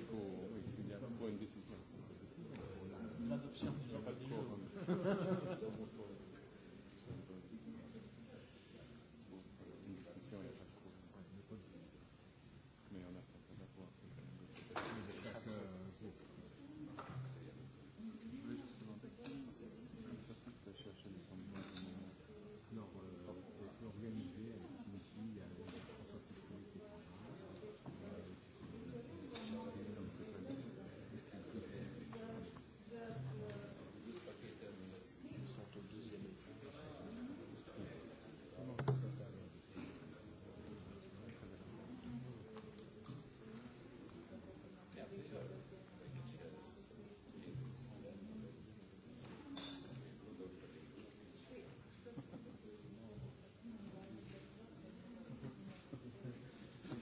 du coup, oui, c'est bien pour une décision. L'adoption du jour.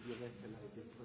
direct leiden.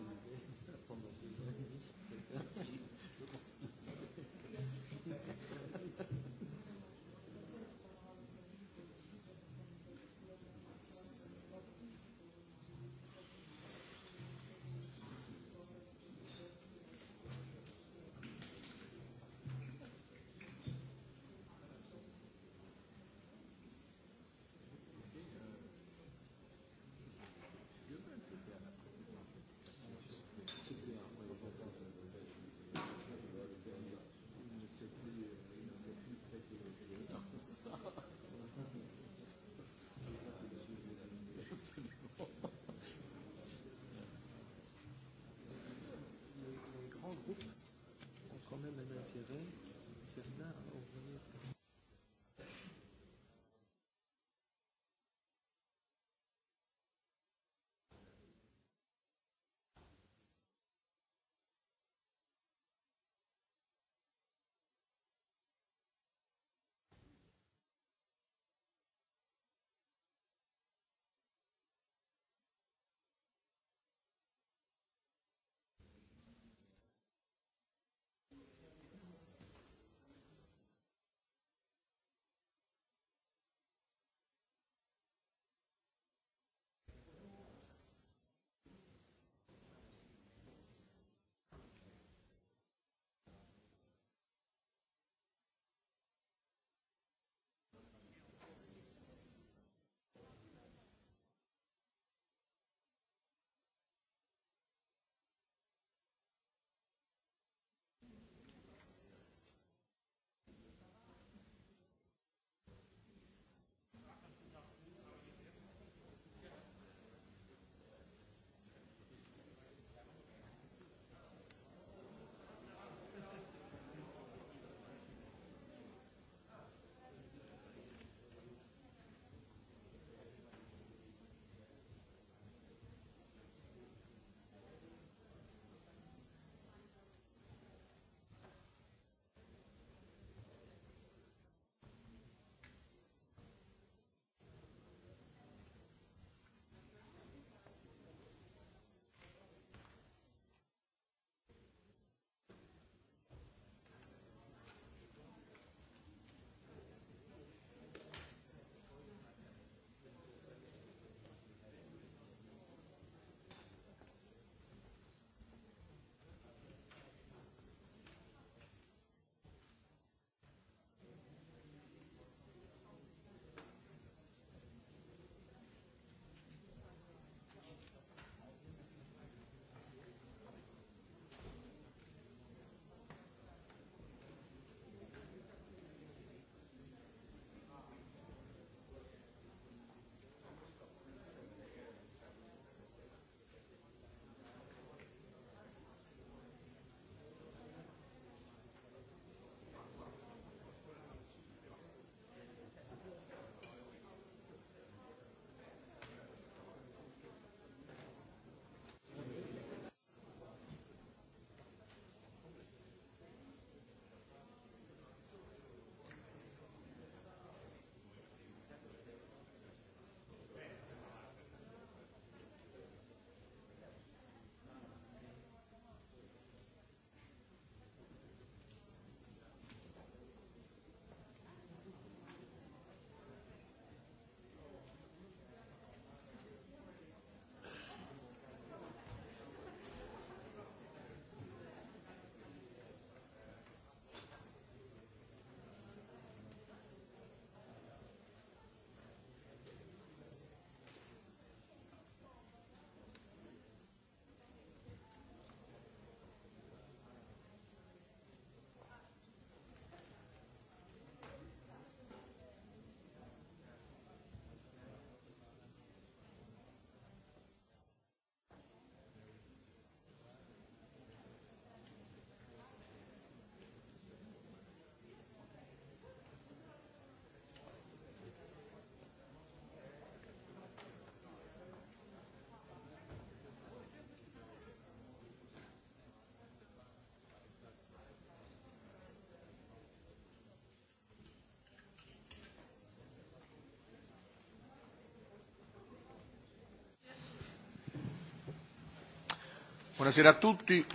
Buonasera a tutti.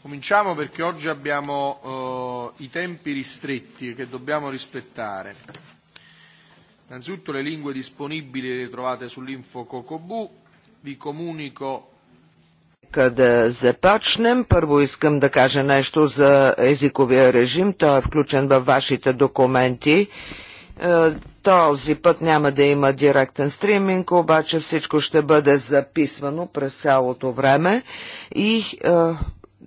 Cominciamo perché oggi abbiamo eh, i tempi ristretti che dobbiamo rispettare. Innanzitutto le lingue disponibili le trovate sull'info Cocobu. Vi comunico Нека да започнем. Първо искам да кажа нещо за езиковия режим. Той е включен във вашите документи. Този път няма да има директен стриминг, обаче всичко ще бъде записвано през цялото време и е,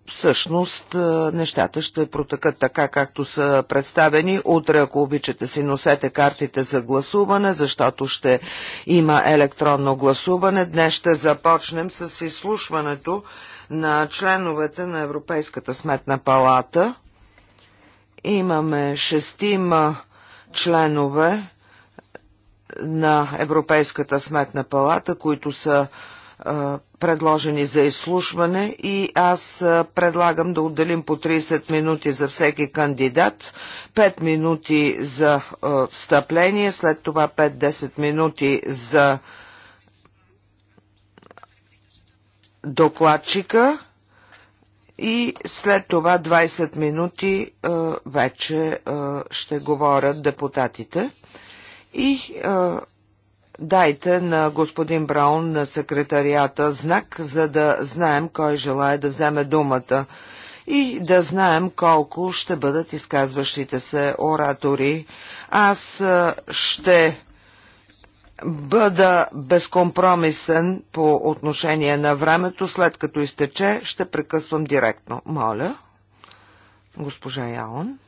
всъщност е, нещата ще протъкат така, както са представени. Утре, ако обичате си, носете картите за гласуване, защото ще има електронно гласуване. Днес ще започнем с изслушването на членовете на Европейската сметна палата. Имаме шестима членове на Европейската сметна палата, които са предложени за изслушване и аз предлагам да отделим по 30 минути за всеки кандидат, 5 минути за встъпление, след това 5-10 минути за докладчика и след това 20 минути вече ще говорят депутатите и а, дайте на господин Браун на секретарията знак, за да знаем кой желая да вземе думата и да знаем колко ще бъдат изказващите се оратори. Аз ще бъда безкомпромисен по отношение на времето. След като изтече, ще прекъсвам директно. Моля, госпожа Ялан.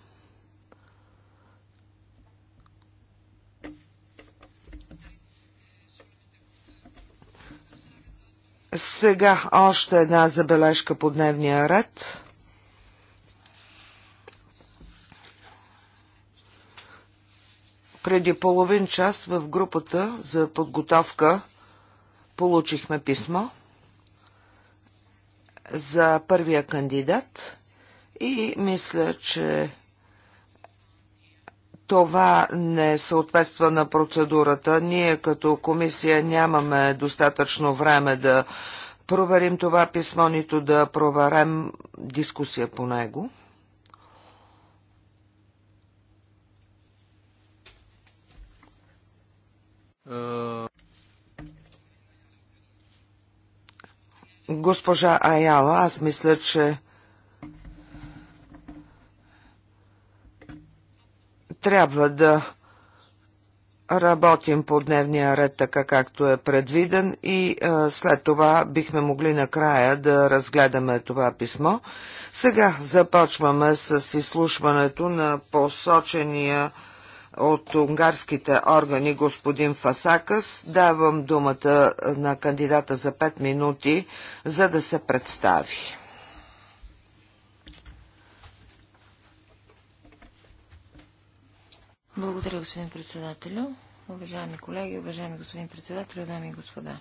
Сега още една забележка по дневния ред. Преди половин час в групата за подготовка получихме писмо за първия кандидат и мисля, че това не съответства на процедурата. Ние като комисия нямаме достатъчно време да проверим това писмо, нито да проверем дискусия по него. Госпожа Аяла, аз мисля, че трябва да работим по дневния ред така както е предвиден и а, след това бихме могли накрая да разгледаме това писмо. Сега започваме с изслушването на посочения от унгарските органи господин Фасакас. Давам думата на кандидата за 5 минути, за да се представи. Благодаря, господин председателю. Уважаеми колеги, уважаеми господин председател, дами и господа.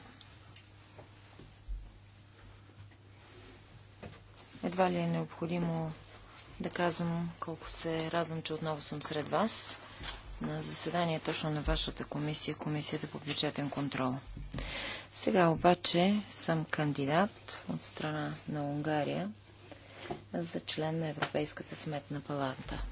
Едва ли е необходимо да казвам колко се радвам, че отново съм сред вас на заседание точно на вашата комисия, Комисията по бюджетен контрол. Сега обаче съм кандидат от страна на Унгария за член на Европейската сметна палата.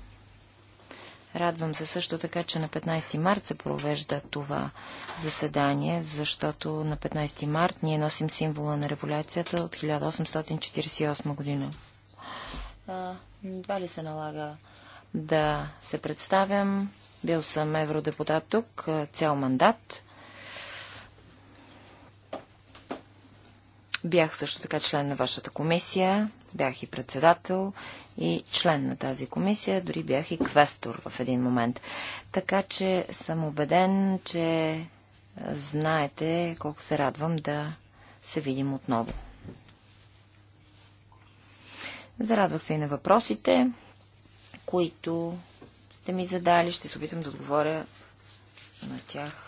Радвам се също така, че на 15 март се провежда това заседание, защото на 15 март ние носим символа на революцията от 1848 година. Два ли се налага да се представям. Бил съм евродепутат тук цял мандат. Бях също така член на вашата комисия. Бях и председател, и член на тази комисия, дори бях и квестор в един момент. Така че съм убеден, че знаете колко се радвам да се видим отново. Зарадвах се и на въпросите, които сте ми задали. Ще се опитам да отговоря на тях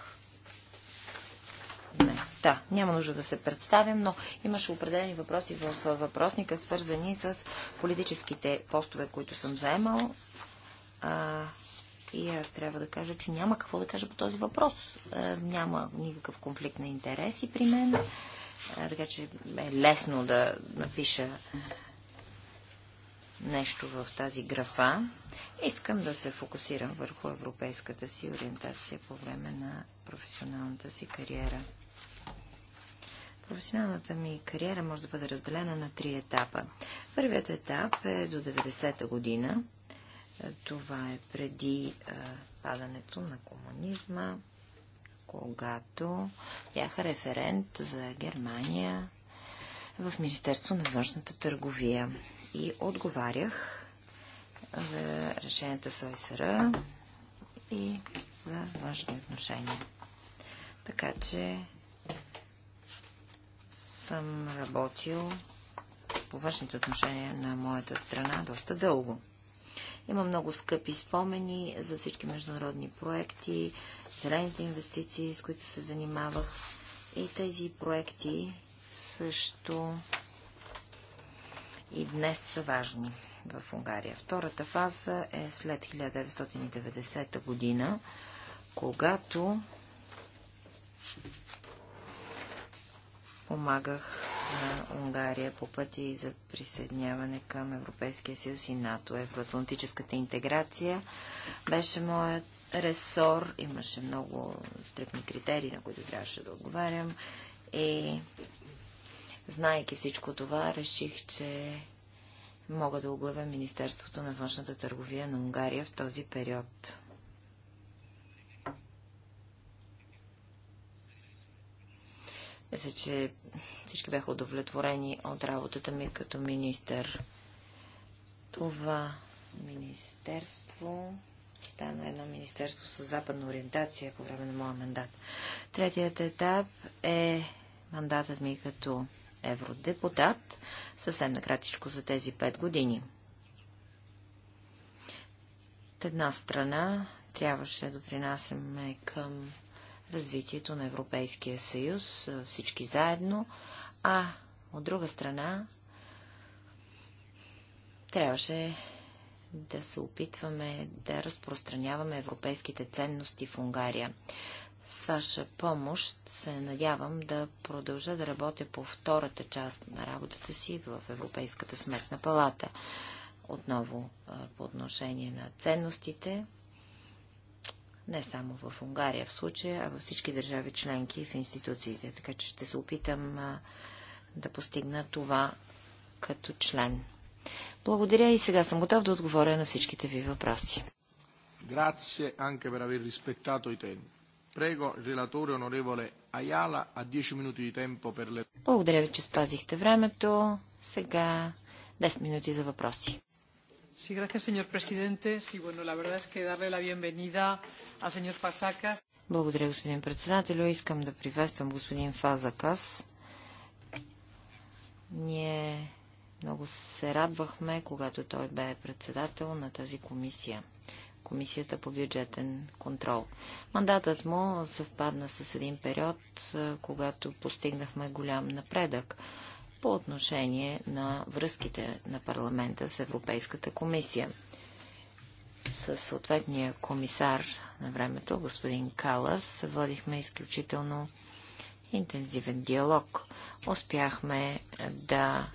да, Няма нужда да се представям, но имаше определени въпроси в въпросника, свързани с политическите постове, които съм заемал. А, и аз трябва да кажа, че няма какво да кажа по този въпрос. А, няма никакъв конфликт на интереси при мен, а, така че е лесно да напиша нещо в тази графа. Искам да се фокусирам върху европейската си ориентация по време на професионалната си кариера. Професионалната ми кариера може да бъде разделена на три етапа. Първият етап е до 90-та година. Е, това е преди е, падането на комунизма, когато бях референт за Германия в Министерство на външната търговия и отговарях за решенията с ОСР и за външни отношения. Така че съм работил по външните отношения на моята страна доста дълго. Има много скъпи спомени за всички международни проекти, зелените инвестиции, с които се занимавах. И тези проекти също и днес са важни в Унгария. Втората фаза е след 1990 година, когато Помагах на Унгария по пъти за присъединяване към Европейския съюз и НАТО. Евроатлантическата интеграция беше моят ресор. Имаше много стрипни критерии, на които трябваше да отговарям. И знаеки всичко това, реших, че мога да оглавя Министерството на външната търговия на Унгария в този период. Мисля, че всички бяха удовлетворени от работата ми като министър. Това министерство стана едно министерство с западна ориентация по време на моя мандат. Третият етап е мандатът ми като евродепутат, съвсем накратичко за тези пет години. От една страна трябваше да принасяме към развитието на Европейския съюз, всички заедно, а от друга страна трябваше да се опитваме да разпространяваме европейските ценности в Унгария. С ваша помощ се надявам да продължа да работя по втората част на работата си в Европейската сметна палата. Отново по отношение на ценностите, не само в Унгария в случая, а във всички държави членки в институциите. Така че ще се опитам а, да постигна това като член. Благодаря и сега съм готов да отговоря на всичките ви въпроси. Grazie anche per aver rispettato i tempi. Prego il relatore onorevole Ayala a 10 minuti di tempo per le... Благодаря ви, че спазихте времето. Сега 10 минути за въпроси señor presidente. la verdad es que darle la bienvenida al señor Fasakas. Благодаря, господин председателю. Искам да приветствам господин Фазакас. Ние много се радвахме, когато той бе председател на тази комисия. Комисията по бюджетен контрол. Мандатът му съвпадна с един период, когато постигнахме голям напредък по отношение на връзките на парламента с Европейската комисия. С съответния комисар на времето, господин Калас, водихме изключително интензивен диалог. Успяхме да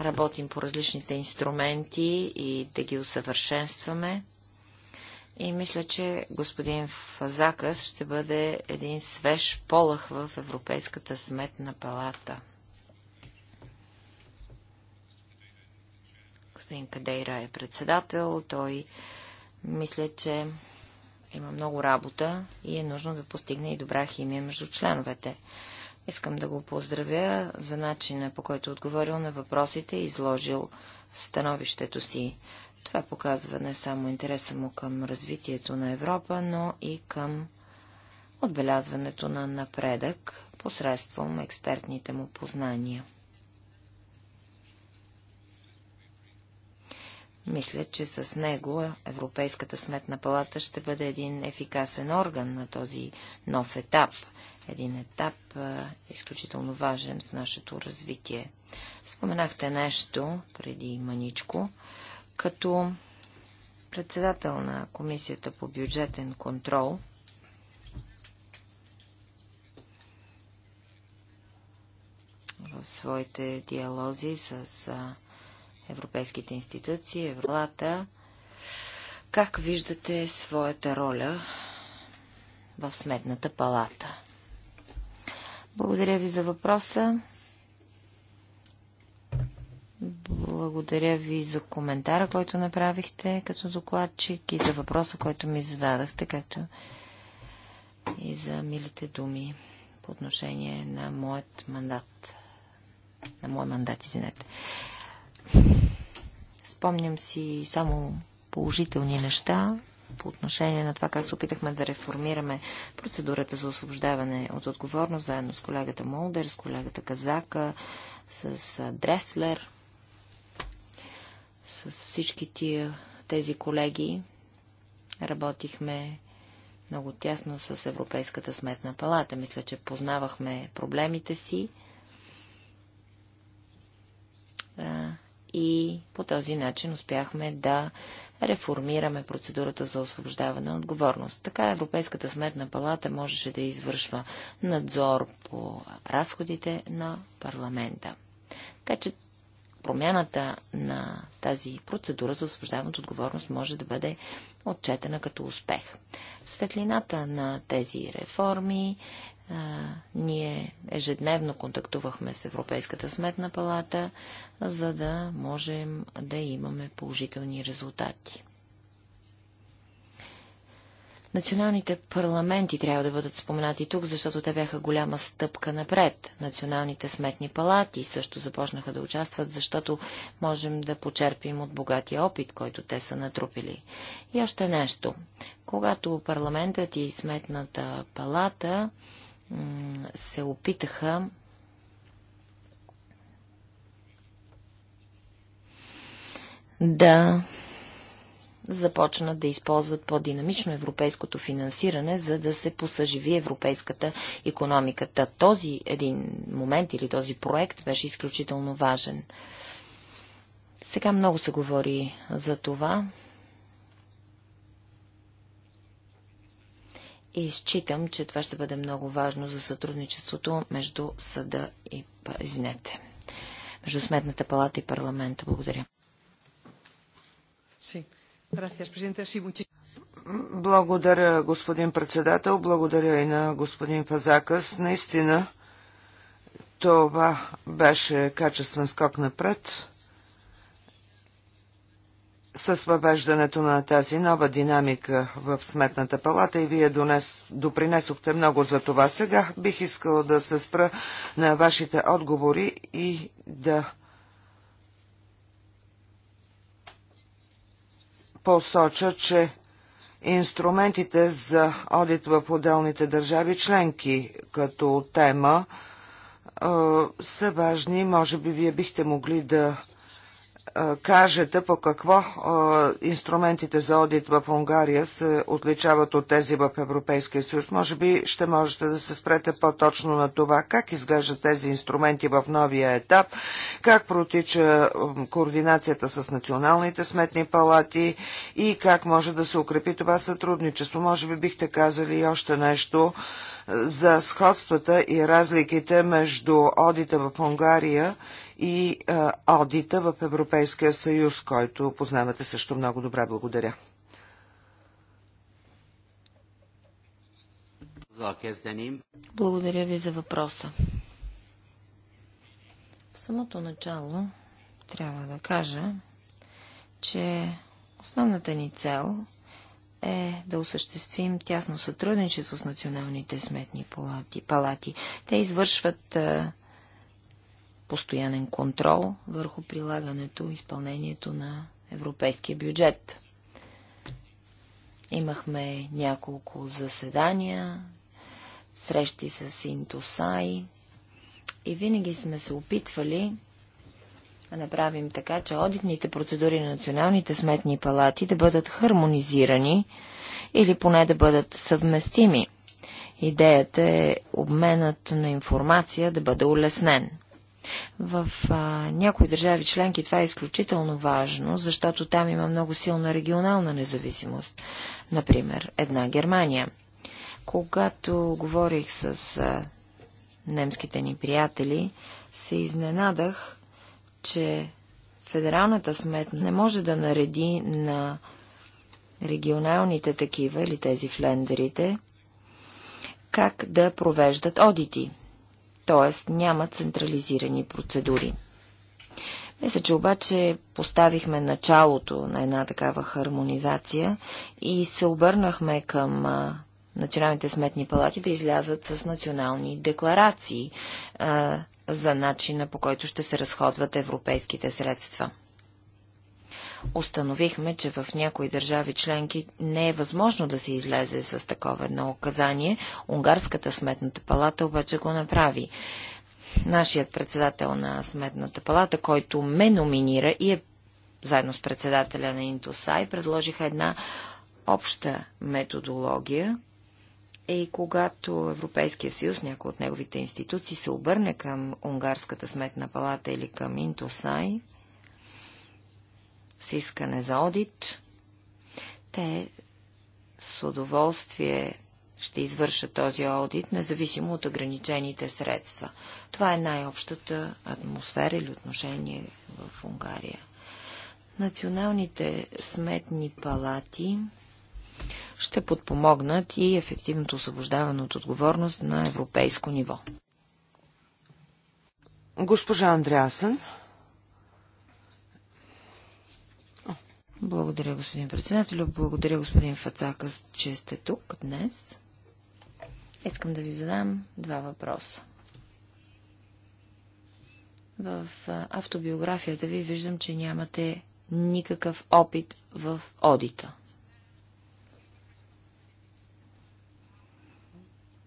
работим по различните инструменти и да ги усъвършенстваме. И мисля, че господин Фазакас ще бъде един свеж полах в Европейската сметна палата. Господин Кадейра е председател. Той мисля, че има много работа и е нужно да постигне и добра химия между членовете. Искам да го поздравя за начина по който е отговорил на въпросите и изложил становището си. Това показва не само интереса му към развитието на Европа, но и към отбелязването на напредък посредством експертните му познания. Мисля, че с него Европейската сметна палата ще бъде един ефикасен орган на този нов етап. Един етап изключително важен в нашето развитие. Споменахте нещо преди маничко като председател на Комисията по бюджетен контрол, в своите диалози с европейските институции, Евролата, как виждате своята роля в Сметната палата? Благодаря ви за въпроса. Благодаря ви за коментара, който направихте като докладчик и за въпроса, който ми зададахте, както и за милите думи по отношение на моят мандат. На мой мандат, извинете. Спомням си само положителни неща по отношение на това как се опитахме да реформираме процедурата за освобождаване от отговорност, заедно с колегата Молдер, с колегата Казака, с Дреслер с всички тия, тези колеги работихме много тясно с Европейската сметна палата. Мисля, че познавахме проблемите си и по този начин успяхме да реформираме процедурата за освобождаване на отговорност. Така Европейската сметна палата можеше да извършва надзор по разходите на парламента. Така че промяната на тази процедура за освобождаване от отговорност може да бъде отчетена като успех. Светлината на тези реформи а, ние ежедневно контактувахме с Европейската сметна палата, за да можем да имаме положителни резултати. Националните парламенти трябва да бъдат споменати тук, защото те бяха голяма стъпка напред. Националните сметни палати също започнаха да участват, защото можем да почерпим от богатия опит, който те са натрупили. И още нещо. Когато парламентът и сметната палата се опитаха да започнат да използват по-динамично европейското финансиране, за да се посъживи европейската економиката. Този един момент или този проект беше изключително важен. Сега много се говори за това. И считам, че това ще бъде много важно за сътрудничеството между съда и... Извинете. Между Сметната палата и парламента. Благодаря. Sim. Благодаря, господин председател. Благодаря и на господин Пазакас. Наистина, това беше качествен скок напред с въвеждането на тази нова динамика в Сметната палата и вие донес, допринесохте много за това. Сега бих искала да се спра на вашите отговори и да посоча, че инструментите за одит в отделните държави членки като тема са важни. Може би вие бихте могли да кажете по какво инструментите за одит в Унгария се отличават от тези в Европейския съюз. Може би ще можете да се спрете по-точно на това как изглеждат тези инструменти в новия етап, как протича координацията с националните сметни палати и как може да се укрепи това сътрудничество. Може би бихте казали и още нещо за сходствата и разликите между одита в Унгария и а, одита в Европейския съюз, който познавате също много добре. Благодаря. Благодаря ви за въпроса. В самото начало трябва да кажа, че основната ни цел е да осъществим тясно сътрудничество с националните сметни палати. Те извършват а, постоянен контрол върху прилагането и изпълнението на европейския бюджет. Имахме няколко заседания, срещи с Интосай и винаги сме се опитвали да направим така, че одитните процедури на националните сметни палати да бъдат хармонизирани или поне да бъдат съвместими. Идеята е обменът на информация да бъде улеснен. В а, някои държави членки това е изключително важно, защото там има много силна регионална независимост. Например, една Германия. Когато говорих с а, немските ни приятели, се изненадах, че Федералната смет не може да нареди на регионалните такива или тези флендерите, как да провеждат одити т.е. няма централизирани процедури. Мисля, че обаче поставихме началото на една такава хармонизация и се обърнахме към националните сметни палати да излязат с национални декларации а, за начина по който ще се разходват европейските средства установихме, че в някои държави членки не е възможно да се излезе с такова едно указание. Унгарската сметната палата обаче го направи. Нашият председател на сметната палата, който ме номинира и е заедно с председателя на Интосай, предложиха една обща методология, и когато Европейския съюз, някои от неговите институции, се обърне към Унгарската сметна палата или към Интосай, с искане за одит. Те с удоволствие ще извършат този аудит, независимо от ограничените средства. Това е най-общата атмосфера или отношение в Унгария. Националните сметни палати ще подпомогнат и ефективното освобождаване от отговорност на европейско ниво. Госпожа Андреасен, Благодаря, господин председател. Благодаря, господин Фацакас, че сте тук днес. Искам да ви задам два въпроса. В автобиографията ви виждам, че нямате никакъв опит в одита.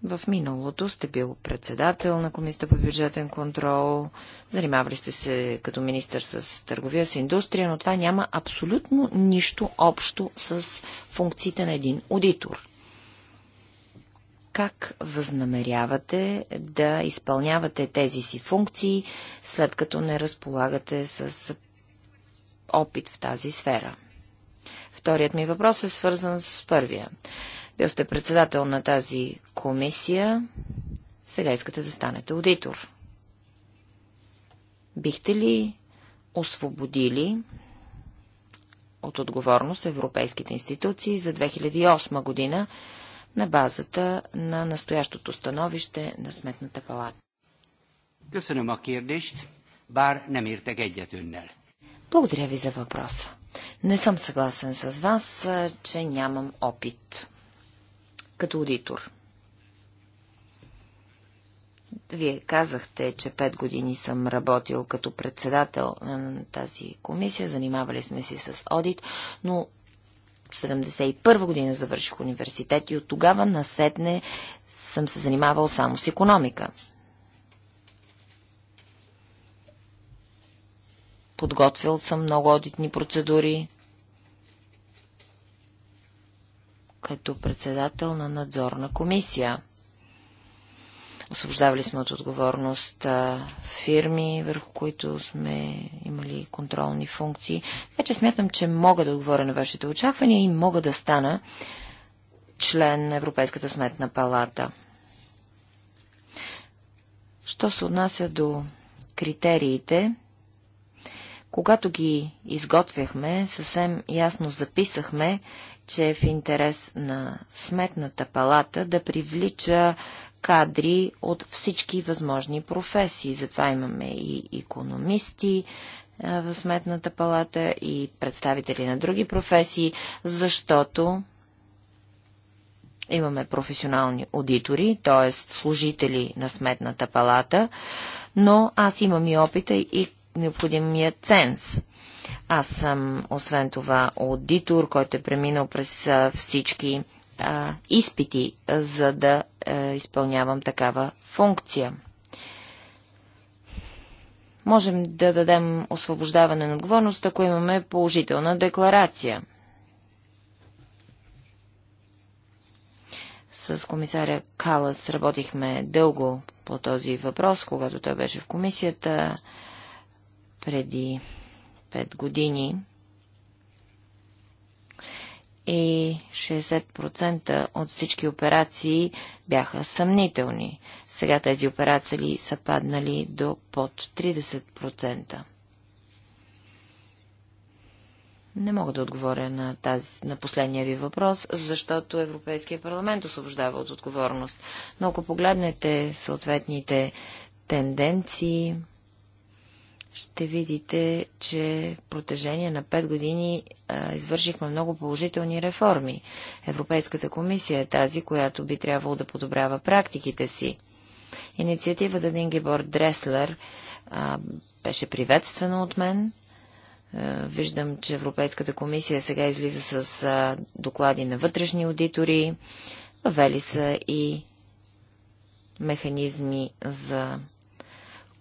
В миналото сте бил председател на Комисията по бюджетен контрол, занимавали сте се като министър с търговия, с индустрия, но това няма абсолютно нищо общо с функциите на един аудитор. Как възнамерявате да изпълнявате тези си функции, след като не разполагате с опит в тази сфера? Вторият ми въпрос е свързан с първия. Бил сте председател на тази комисия. Сега искате да станете аудитор. Бихте ли освободили от отговорност европейските институции за 2008 година на базата на настоящото становище на Сметната палата? Köszönöm a kérdést, bár nem értek Благодаря ви за въпроса. Не съм съгласен с вас, че нямам опит като аудитор. Вие казахте, че пет години съм работил като председател на тази комисия, занимавали сме си с одит, но 1971 година завърших университет и от тогава насетне съм се занимавал само с економика. Подготвил съм много одитни процедури, като председател на надзорна комисия. Освобождавали сме от отговорност фирми, върху които сме имали контролни функции. Така че смятам, че мога да отговоря на вашите очаквания и мога да стана член на Европейската сметна палата. Що се отнася до критериите, когато ги изготвяхме, съвсем ясно записахме че е в интерес на сметната палата да привлича кадри от всички възможни професии. Затова имаме и економисти е, в сметната палата и представители на други професии, защото имаме професионални аудитори, т.е. служители на сметната палата, но аз имам и опита и необходимия ценз. Аз съм, освен това, аудитор, който е преминал през всички а, изпити, за да а, е, изпълнявам такава функция. Можем да дадем освобождаване на отговорност, ако имаме положителна декларация. С комисаря Калас работихме дълго по този въпрос, когато той беше в комисията преди 5 години и е 60% от всички операции бяха съмнителни. Сега тези операции са паднали до под 30%. Не мога да отговоря на, тази, на последния ви въпрос, защото Европейския парламент освобождава от отговорност. Но ако погледнете съответните тенденции, ще видите, че в протежение на 5 години а, извършихме много положителни реформи. Европейската комисия е тази, която би трябвало да подобрява практиките си. Инициативата на Ингеборг Дреслер а, беше приветствена от мен. А, виждам, че Европейската комисия сега излиза с а, доклади на вътрешни аудитори. Въвели са и механизми за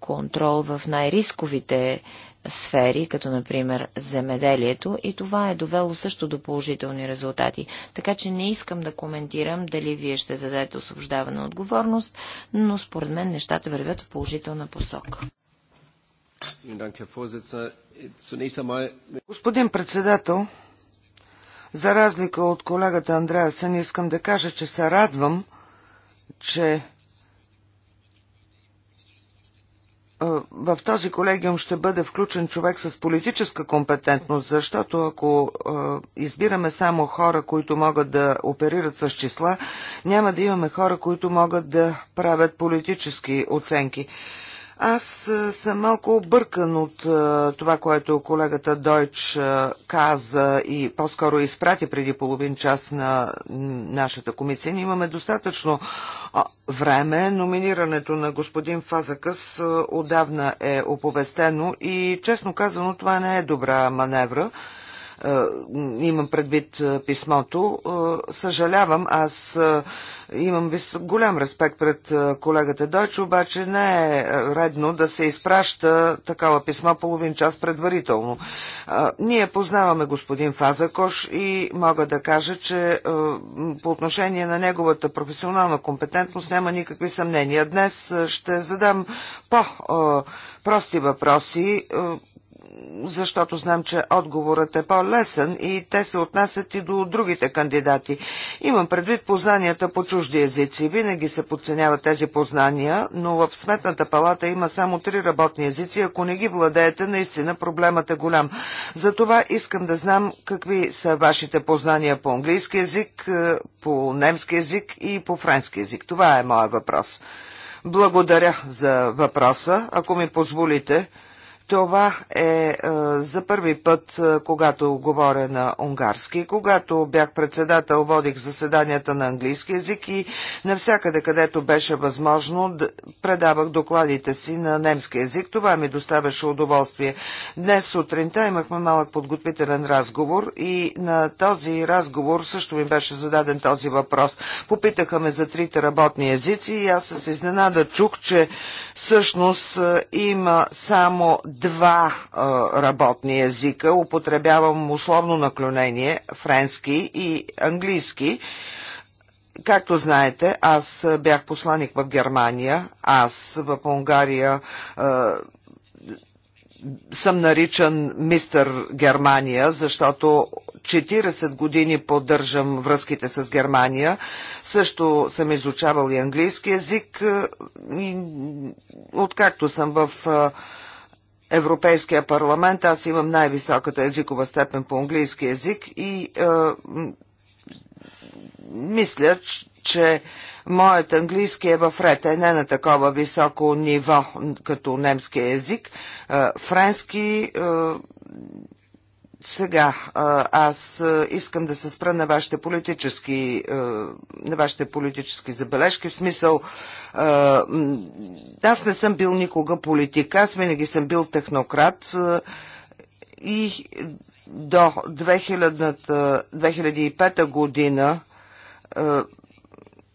контрол в най-рисковите сфери, като например земеделието, и това е довело също до положителни резултати. Така че не искам да коментирам дали вие ще зададете освобождаване отговорност, но според мен нещата вървят в положителна посока. Господин председател, за разлика от колегата Андреасен, искам да кажа, че се радвам, че в този колегиум ще бъде включен човек с политическа компетентност, защото ако е, избираме само хора, които могат да оперират с числа, няма да имаме хора, които могат да правят политически оценки. Аз съм малко объркан от това, което колегата Дойч каза и по-скоро изпрати преди половин час на нашата комисия. Ние имаме достатъчно време. Номинирането на господин Фазакъс отдавна е оповестено и честно казано това не е добра маневра. Е, имам предвид е, писмото. Е, съжалявам, аз имам голям респект пред колегата Дойч, обаче не е редно да се изпраща такава писма половин час предварително. Ние познаваме господин Фазакош и мога да кажа, че по отношение на неговата професионална компетентност няма никакви съмнения. Днес ще задам по- прости въпроси защото знам, че отговорът е по-лесен и те се отнасят и до другите кандидати. Имам предвид познанията по чужди езици. Винаги се подценяват тези познания, но в Сметната палата има само три работни езици. Ако не ги владеете, наистина проблемът е голям. Затова искам да знам какви са вашите познания по английски язик, е, по немски язик и по френски язик. Това е моят въпрос. Благодаря за въпроса. Ако ми позволите, това е, е за първи път, е, когато говоря на унгарски. Когато бях председател, водих заседанията на английски язик и навсякъде, където беше възможно, предавах докладите си на немски язик. Това ми доставяше удоволствие. Днес сутринта имахме малък подготвителен разговор и на този разговор също ми беше зададен този въпрос. Попитаха ме за трите работни езици и аз с изненада чух, че всъщност е, има само два а, работни езика. Употребявам условно наклонение френски и английски. Както знаете, аз бях посланик в Германия, аз в Унгария а, съм наричан Мистер Германия, защото 40 години поддържам връзките с Германия. Също съм изучавал и английски язик. Откакто съм в Европейския парламент. Аз имам най-високата езикова степен по английски език и е, мисля, че моят английски е в ред, е не на такова високо ниво като немски език. Е, френски е, сега аз искам да се спра на вашите политически, на вашите политически забележки. В смисъл, аз не съм бил никога политик, аз винаги съм бил технократ и до 2000, 2005 година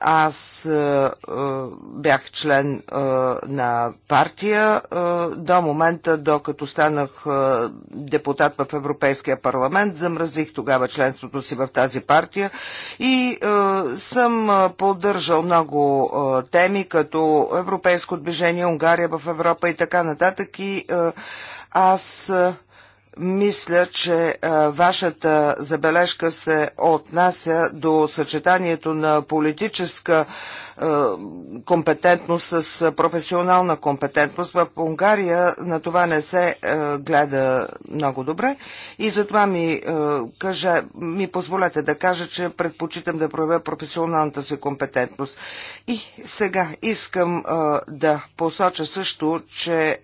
аз а, е, е, бях член а, е, на партия а, до момента, докато станах а, депутат в Европейския парламент. Замразих тогава членството си в тази партия и а, съм поддържал много а, теми, като Европейско движение, Унгария в Европа и така нататък. И а, аз. а, мисля, че вашата забележка се отнася до съчетанието на политическа компетентност с професионална компетентност. В Унгария на това не се гледа много добре и затова ми, кажа, ми позволете да кажа, че предпочитам да проявя професионалната си компетентност. И сега искам да посоча също, че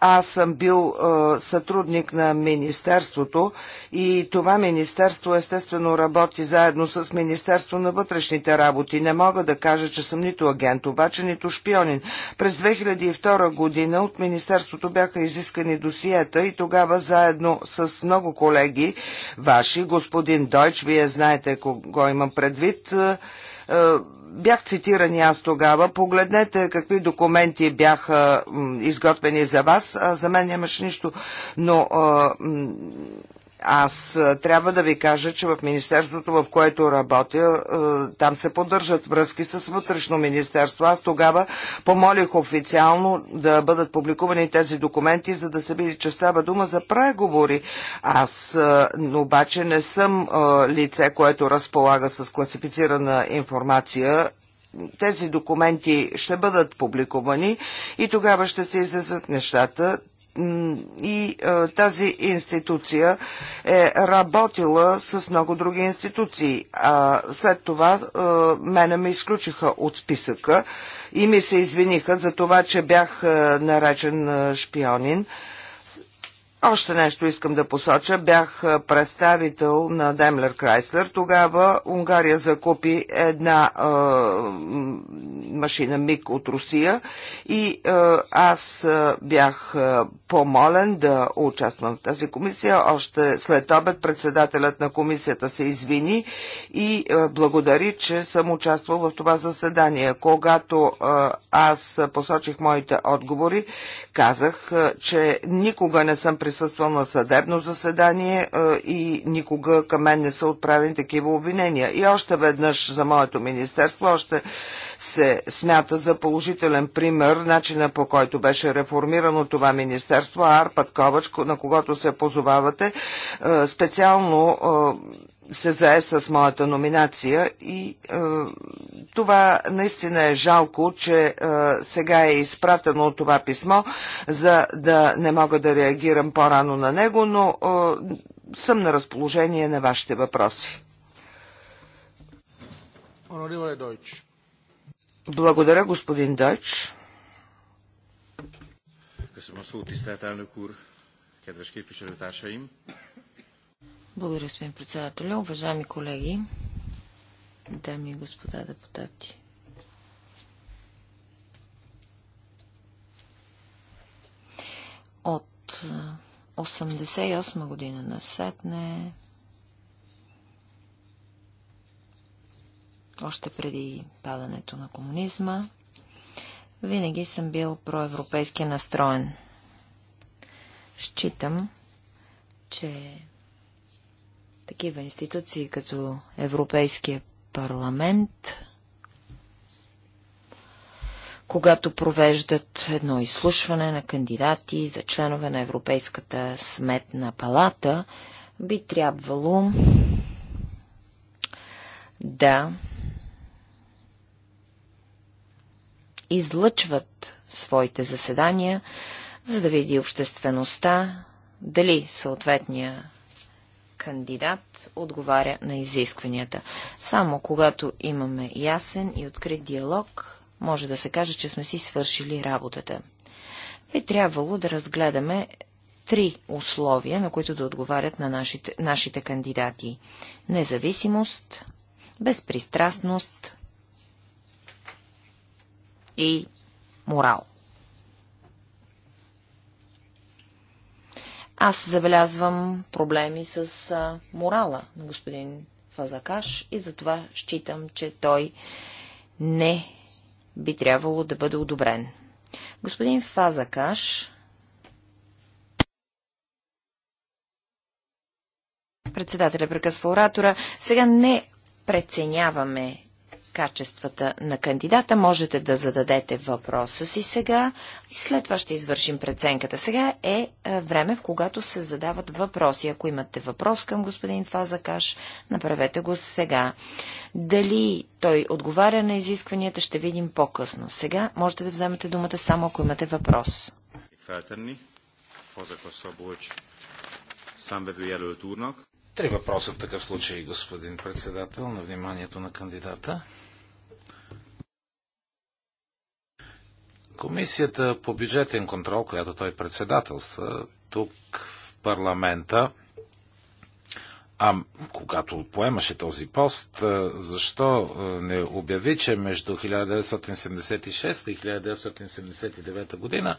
аз съм бил е, сътрудник на Министерството и това Министерство естествено работи заедно с Министерство на вътрешните работи. Не мога да кажа, че съм нито агент, обаче нито шпионин. През 2002 година от Министерството бяха изискани досиета и тогава заедно с много колеги, ваши, господин Дойч, вие знаете кого имам предвид, е, е бях цитиран аз тогава. Погледнете какви документи бяха изготвени за вас. За мен нямаше нищо. Но аз е, трябва да ви кажа, че в Министерството, в което работя, е, там се поддържат връзки с вътрешно Министерство. Аз тогава помолих официално да бъдат публикувани тези документи, за да се види, че става дума за преговори. Аз е, обаче не съм лице, което разполага с класифицирана информация тези документи ще бъдат публикувани и тогава ще се излезат нещата и а, тази институция е работила с много други институции. А след това а, мене ме изключиха от списъка и ми се извиниха за това, че бях а, наречен шпионин. Още нещо искам да посоча. Бях представител на демлер Крайслер. Тогава Унгария закупи една е, машина МИГ от Русия и е, аз бях помолен да участвам в тази комисия. Още след обед председателят на комисията се извини и е, благодари, че съм участвал в това заседание. Когато е, аз посочих моите отговори, казах, е, че никога не съм присъствал на съдебно заседание е, и никога към мен не са отправени такива обвинения. И още веднъж за моето министерство, още се смята за положителен пример начина по който беше реформирано това министерство, Арпад Ковач, на когото се позовавате, е, специално е, се зае с моята номинация и е, това наистина е жалко, че е, сега е изпратено това писмо, за да не мога да реагирам по-рано на него, но е, съм на разположение на вашите въпроси. Благодаря, господин Дойч. Благодаря, господин Дойч. Благодаря, господин председател, Уважаеми колеги, дами и господа депутати. От 88 година на сетне, още преди падането на комунизма, винаги съм бил проевропейски настроен. Считам, че такива институции като Европейския парламент, когато провеждат едно изслушване на кандидати за членове на Европейската сметна палата, би трябвало да излъчват своите заседания, за да види обществеността дали съответния кандидат отговаря на изискванията. Само когато имаме ясен и открит диалог, може да се каже, че сме си свършили работата. Би трябвало да разгледаме три условия, на които да отговарят на нашите, нашите кандидати. Независимост, безпристрастност и морал. Аз забелязвам проблеми с а, морала на господин Фазакаш и затова считам, че той не би трябвало да бъде одобрен. Господин Фазакаш председателя прекъсва оратора. Сега не преценяваме качествата на кандидата. Можете да зададете въпроса си сега и след това ще извършим преценката. Сега е, е време, в когато се задават въпроси. Ако имате въпрос към господин Фазакаш, направете го сега. Дали той отговаря на изискванията, ще видим по-късно. Сега можете да вземете думата само ако имате въпрос. Три въпроса в такъв случай, господин председател, на вниманието на кандидата. Комисията по бюджетен контрол, която той председателства тук в парламента, а когато поемаше този пост, защо не обяви, че между 1976 и 1979 година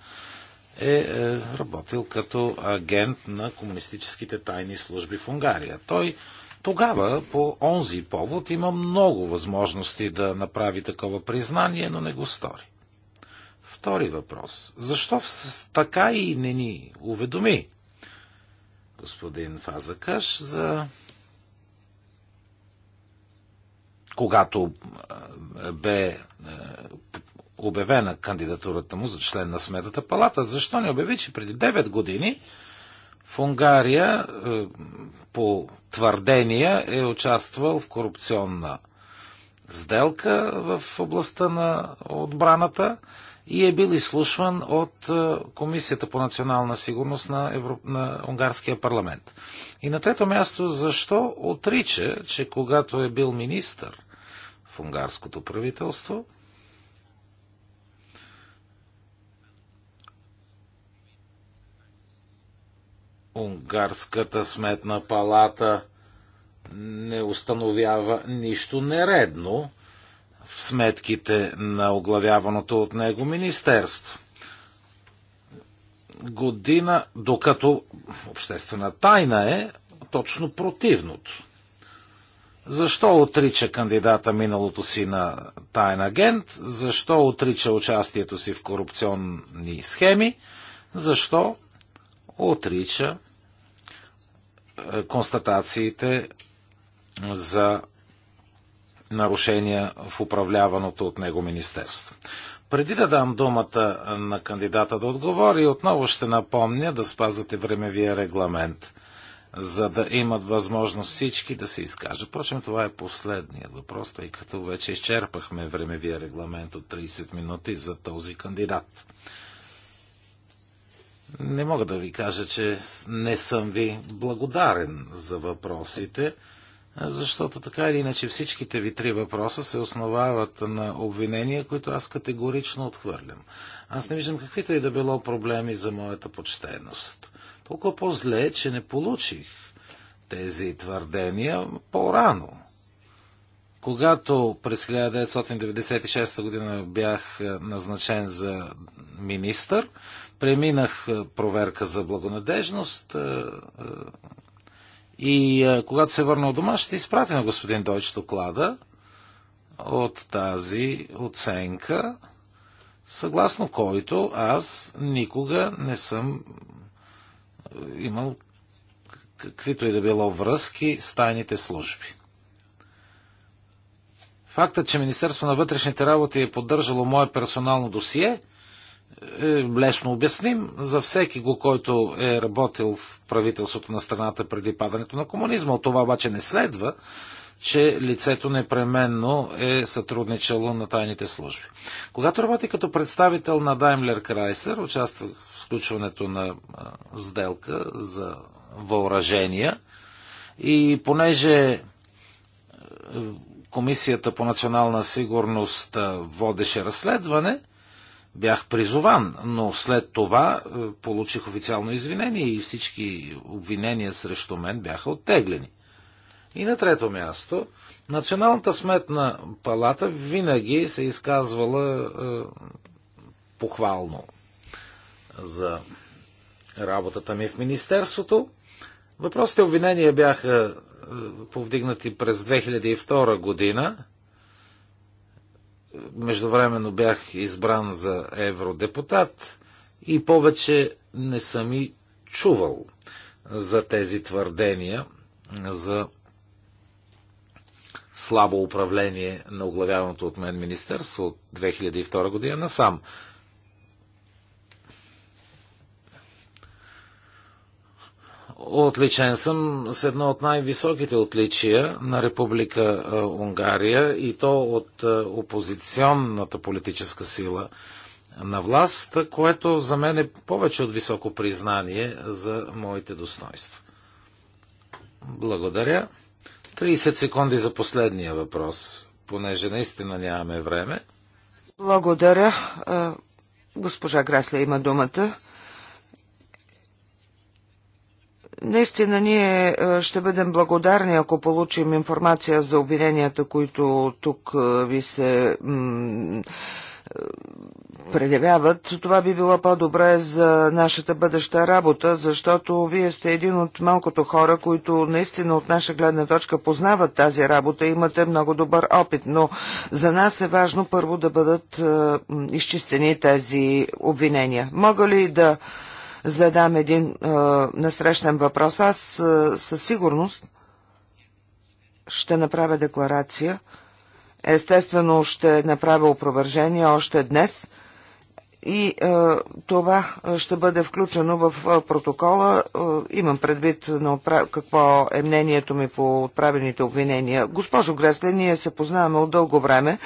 е, е работил като агент на комунистическите тайни служби в Унгария? Той тогава по онзи повод има много възможности да направи такова признание, но не го стори. Втори въпрос. Защо така и не ни уведоми господин Фазакаш за когато бе обявена кандидатурата му за член на Сметата палата. Защо не обяви, че преди 9 години в Унгария по твърдения е участвал в корупционна сделка в областта на отбраната? и е бил изслушван от е, Комисията по национална сигурност на, Евро... на Унгарския парламент. И на трето място, защо отрича, че когато е бил министър в унгарското правителство, Унгарската сметна палата не установява нищо нередно в сметките на оглавяваното от него министерство. Година, докато обществена тайна е точно противното. Защо отрича кандидата миналото си на тайн агент? Защо отрича участието си в корупционни схеми? Защо отрича е, констатациите за нарушения в управляваното от него министерство. Преди да дам думата на кандидата да отговори, отново ще напомня да спазвате времевия регламент, за да имат възможност всички да се изкажат. Впрочем, това е последният въпрос, тъй като вече изчерпахме времевия регламент от 30 минути за този кандидат. Не мога да ви кажа, че не съм ви благодарен за въпросите защото така или иначе всичките ви три въпроса се основават на обвинения, които аз категорично отхвърлям. Аз не виждам каквито и да било проблеми за моята почтеност. Толкова по-зле, е, че не получих тези твърдения по-рано. Когато през 1996 година бях назначен за министър, преминах проверка за благонадежност, и а, когато се върна от дома, ще изпратя на господин Дойч доклада от тази оценка, съгласно който аз никога не съм имал каквито и да било връзки с тайните служби. Фактът, че Министерство на вътрешните работи е поддържало мое персонално досие – е, лесно обясним за всеки го, който е работил в правителството на страната преди падането на комунизма. От това обаче не следва, че лицето непременно е сътрудничало на тайните служби. Когато работи като представител на Даймлер-Крайсер, участва в сключването на сделка за въоръжения и понеже е, Комисията по национална сигурност водеше разследване, бях призован, но след това е, получих официално извинение и всички обвинения срещу мен бяха оттеглени. И на трето място, Националната сметна палата винаги се изказвала е, похвално за работата ми в Министерството. Въпросите обвинения бяха е, повдигнати през 2002 година Междувременно бях избран за евродепутат и повече не съм и чувал за тези твърдения за слабо управление на оглавяваното от мен министерство от 2002 година насам. Отличен съм с едно от най-високите отличия на Република Унгария и то от опозиционната политическа сила на власт, което за мен е повече от високо признание за моите достоинства. Благодаря. 30 секунди за последния въпрос, понеже наистина нямаме време. Благодаря. Госпожа Грасля има думата. Наистина ние е, ще бъдем благодарни, ако получим информация за обвиненията, които тук е, ви се е, предявяват. Това би било по-добре за нашата бъдеща работа, защото вие сте един от малкото хора, които наистина от наша гледна точка познават тази работа и имате много добър опит. Но за нас е важно първо да бъдат изчистени тези обвинения. Мога ли да задам един а, насрещен въпрос. Аз а, със сигурност ще направя декларация. Естествено ще направя опровержение още днес – и е, това е, ще бъде включено в е, протокола. Е, имам предвид на отпра... какво е мнението ми по отправените обвинения. Госпожо Гресле, ние се познаваме от дълго време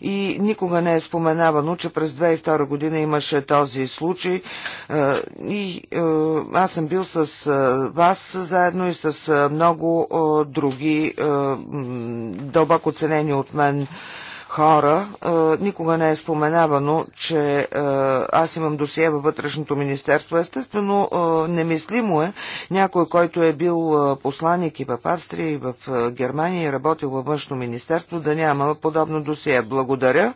и никога не е споменавано, че през 2002 година имаше този случай. Е, и е, аз съм бил с е, вас заедно и с е, много е, други е, дълбоко ценени от мен хора. Е, никога не е споменавано, че е, аз имам досие във вътрешното министерство. Естествено, е, немислимо е някой, който е бил посланник и в Австрия, и в Германия и работил във външно министерство, да няма подобно досие. Благодаря.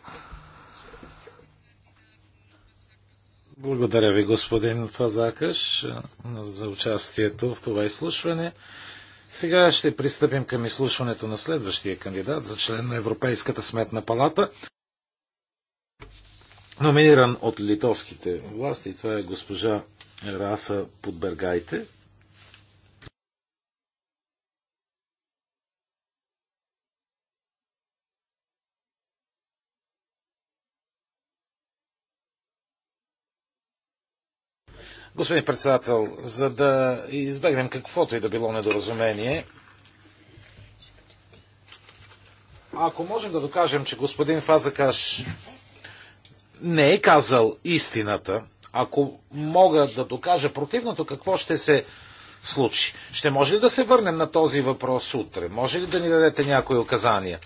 Благодаря ви, господин Фазакаш, за участието в това изслушване. Сега ще пристъпим към изслушването на следващия кандидат за член на Европейската сметна палата, номиниран от литовските власти. Това е госпожа Раса Подбергайте. Господин председател, за да избегнем каквото и да било недоразумение, ако можем да докажем, че господин Фазакаш не е казал истината, ако мога да докажа противното, какво ще се случи? Ще може ли да се върнем на този въпрос утре? Може ли да ни дадете някои указания?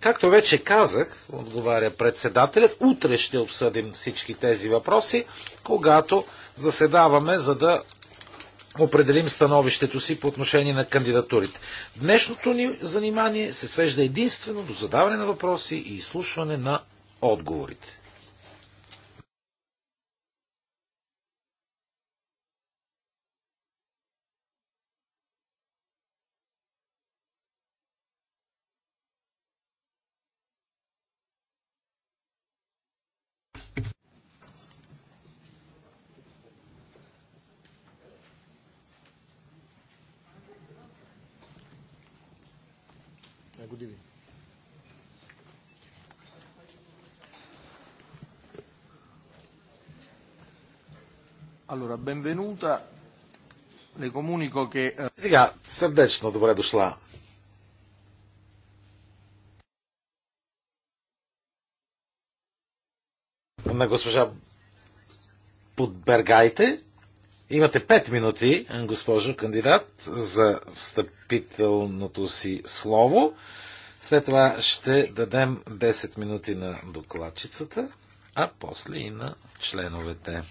Както вече казах, отговаря председателят, утре ще обсъдим всички тези въпроси, когато заседаваме, за да определим становището си по отношение на кандидатурите. Днешното ни занимание се свежда единствено до задаване на въпроси и изслушване на отговорите. Allora, benvenuta. Le comunico che... Eh, Сега, сърдечно добре дошла. На госпожа Подбергайте. Имате 5 минути, госпожо кандидат, за встъпителното си слово. След това ще дадем 10 минути на докладчицата, а после и на членовете.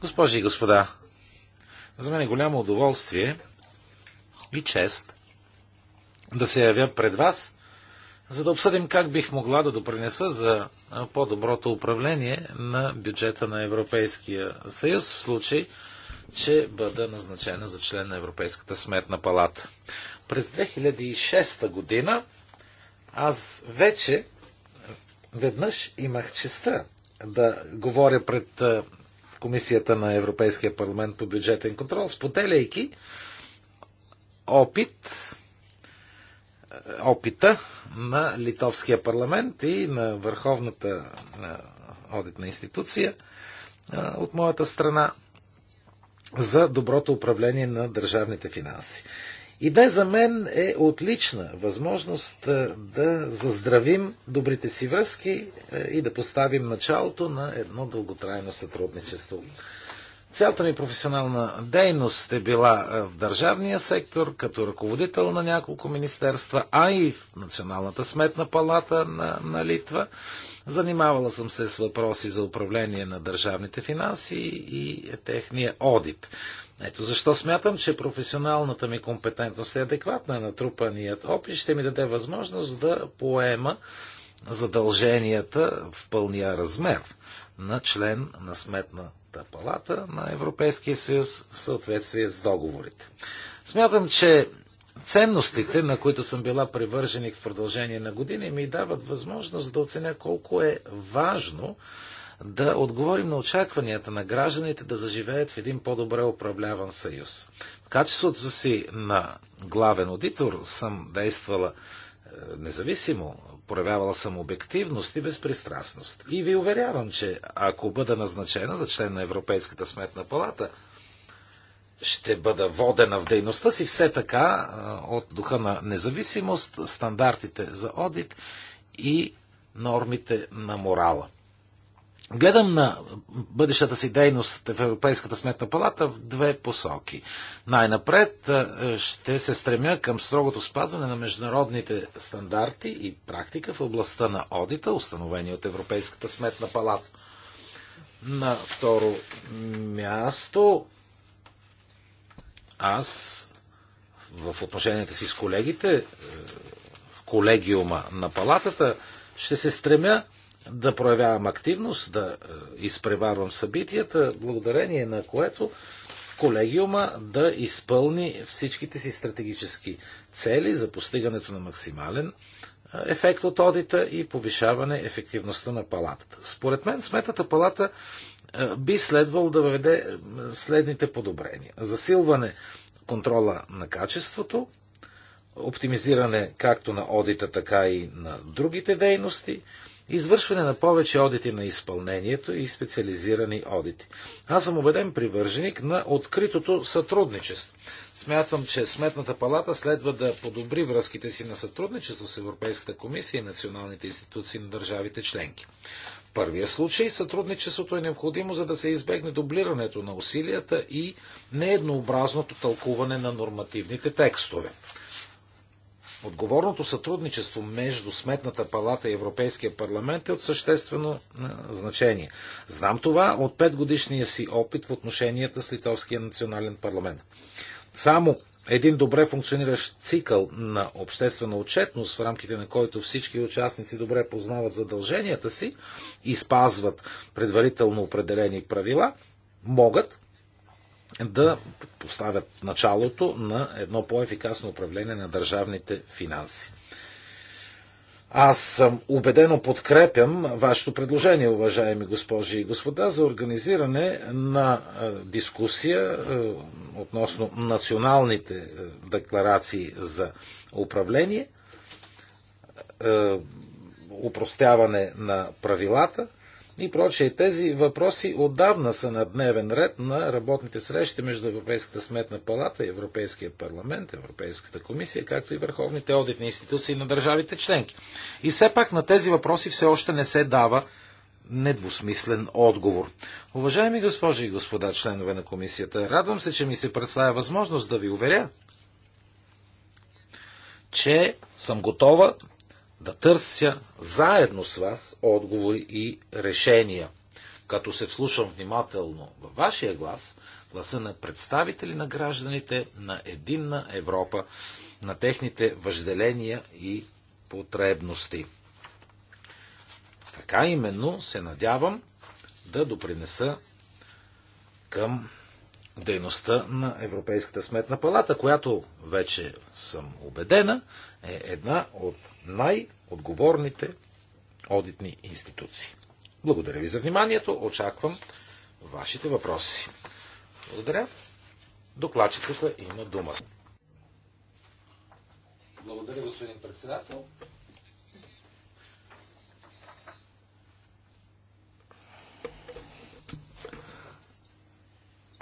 Госпожи и господа, за мен е голямо удоволствие и чест да се явя пред вас, за да обсъдим как бих могла да допринеса за по-доброто управление на бюджета на Европейския съюз в случай, че бъда назначена за член на Европейската сметна палата. През 2006 година аз вече веднъж имах честа да говоря пред Комисията на Европейския парламент по бюджетен контрол, споделяйки опит, опита на Литовския парламент и на Върховната одитна институция от моята страна за доброто управление на държавните финанси. Иде за мен е отлична възможност е, да заздравим добрите си връзки е, и да поставим началото на едно дълготрайно сътрудничество. Цялата ми професионална дейност е била е, в държавния сектор, като ръководител на няколко министерства, а и в Националната сметна палата на, на Литва. Занимавала съм се с въпроси за управление на държавните финанси и техния одит. Ето защо смятам, че професионалната ми компетентност е адекватна на трупаният опит, ще ми даде възможност да поема задълженията в пълния размер на член на Сметната палата на Европейския съюз в съответствие с договорите. Смятам, че ценностите, на които съм била привърженик в продължение на години, ми дават възможност да оценя колко е важно да отговорим на очакванията на гражданите да заживеят в един по-добре управляван съюз. В качеството си на главен аудитор съм действала е, независимо, проявявала съм обективност и безпристрастност. И ви уверявам, че ако бъда назначена за член на Европейската сметна палата, ще бъда водена в дейността си все така е, от духа на независимост, стандартите за одит и нормите на морала. Гледам на бъдещата си дейност в Европейската сметна палата в две посоки. Най-напред ще се стремя към строгото спазване на международните стандарти и практика в областта на одита, установени от Европейската сметна палата. На второ място аз в отношенията си с колегите е, в колегиума на палатата ще се стремя да проявявам активност, да е, изпреварвам събитията, благодарение на което колегиума да изпълни всичките си стратегически цели за постигането на максимален е, ефект от одита и повишаване ефективността на палатата. Според мен сметата палата е, би следвало да въведе следните подобрения. Засилване контрола на качеството, оптимизиране както на одита, така и на другите дейности, извършване на повече одити на изпълнението и специализирани одити. Аз съм убеден привърженик на откритото сътрудничество. Смятам, че Сметната палата следва да подобри връзките си на сътрудничество с Европейската комисия и националните институции на държавите членки. В първия случай сътрудничеството е необходимо, за да се избегне дублирането на усилията и нееднообразното тълкуване на нормативните текстове. Отговорното сътрудничество между Сметната палата и Европейския парламент е от съществено значение. Знам това от годишния си опит в отношенията с Литовския национален парламент. Само един добре функциониращ цикъл на обществена отчетност, в рамките на който всички участници добре познават задълженията си и спазват предварително определени правила, могат да поставят началото на едно по-ефикасно управление на държавните финанси. Аз съм убедено подкрепям вашето предложение, уважаеми госпожи и господа, за организиране на е, дискусия е, относно националните е, декларации за управление, упростяване на правилата – и прочее. Тези въпроси отдавна са на дневен ред на работните срещи между Европейската сметна палата и Европейския парламент, Европейската комисия, както и върховните одитни институции на държавите членки. И все пак на тези въпроси все още не се дава недвусмислен отговор. Уважаеми госпожи и господа членове на комисията, радвам се, че ми се представя възможност да ви уверя, че съм готова да търся заедно с вас отговори и решения, като се вслушвам внимателно във вашия глас, гласа на представители на гражданите на единна Европа, на техните въжделения и потребности. Така именно се надявам да допринеса към дейността на Европейската сметна палата, която вече съм убедена, е една от най-отговорните одитни институции. Благодаря ви за вниманието. Очаквам вашите въпроси. Благодаря. Докладчицата има дума. Благодаря, господин председател.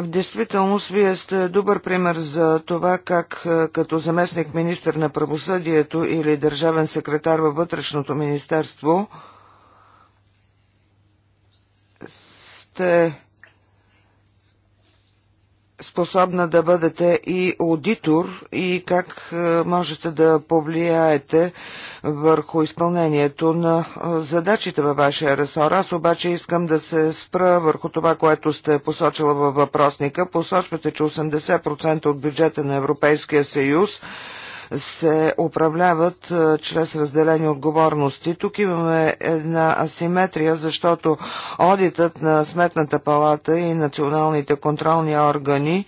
В действителност, вие сте добър пример за това как е, като заместник министр на правосъдието или държавен секретар във вътрешното министерство сте способна да бъдете и аудитор и как е, можете да повлияете върху изпълнението на е, задачите във вашия ресор. Аз обаче искам да се спра върху това, което сте посочила във въпросника. Посочвате, че 80% от бюджета на Европейския съюз се управляват е, чрез разделени отговорности. Тук имаме една асиметрия, защото одитът на Сметната палата и националните контролни органи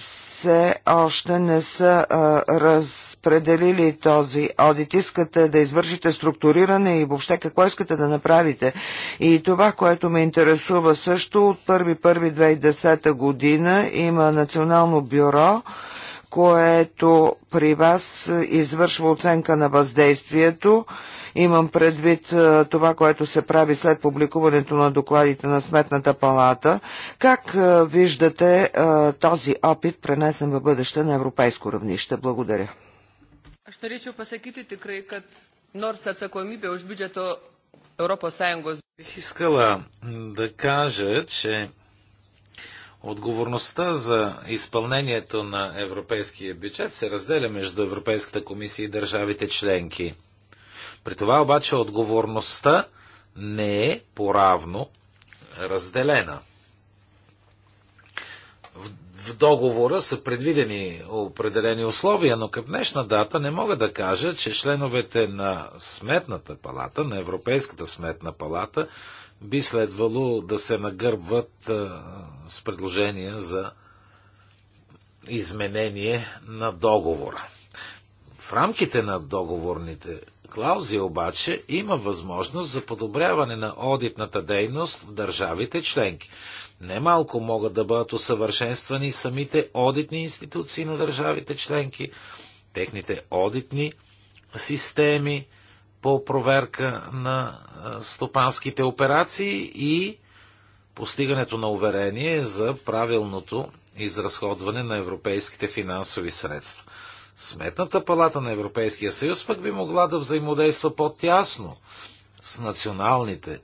все още не са е, разпределили този одит. Искате да извършите структуриране и въобще какво искате да направите. И това, което ме интересува също, от 1.1.2010 година има Национално бюро, което при вас извършва оценка на въздействието. Имам предвид е, това, което се прави след публикуването на докладите на Сметната палата. Как е, виждате е, този опит пренесен в бъдеще на европейско равнище? Благодаря. Aš norėčiau pasakyti tikrai, kad nors atsakomybė už biudžeto Бих искала да кажа, че Отговорността за изпълнението на европейския бюджет се разделя между Европейската комисия и държавите членки. При това обаче отговорността не е поравно разделена. В договора са предвидени определени условия, но към днешна дата не мога да кажа, че членовете на Сметната палата, на Европейската сметна палата, би следвало да се нагърбват с предложения за изменение на договора. В рамките на договорните клаузи обаче има възможност за подобряване на одитната дейност в държавите членки. Немалко могат да бъдат усъвършенствани самите одитни институции на държавите членки, техните одитни системи, по проверка на стопанските операции и постигането на уверение за правилното изразходване на европейските финансови средства. Сметната палата на Европейския съюз пък би могла да взаимодейства по-тясно с националните е,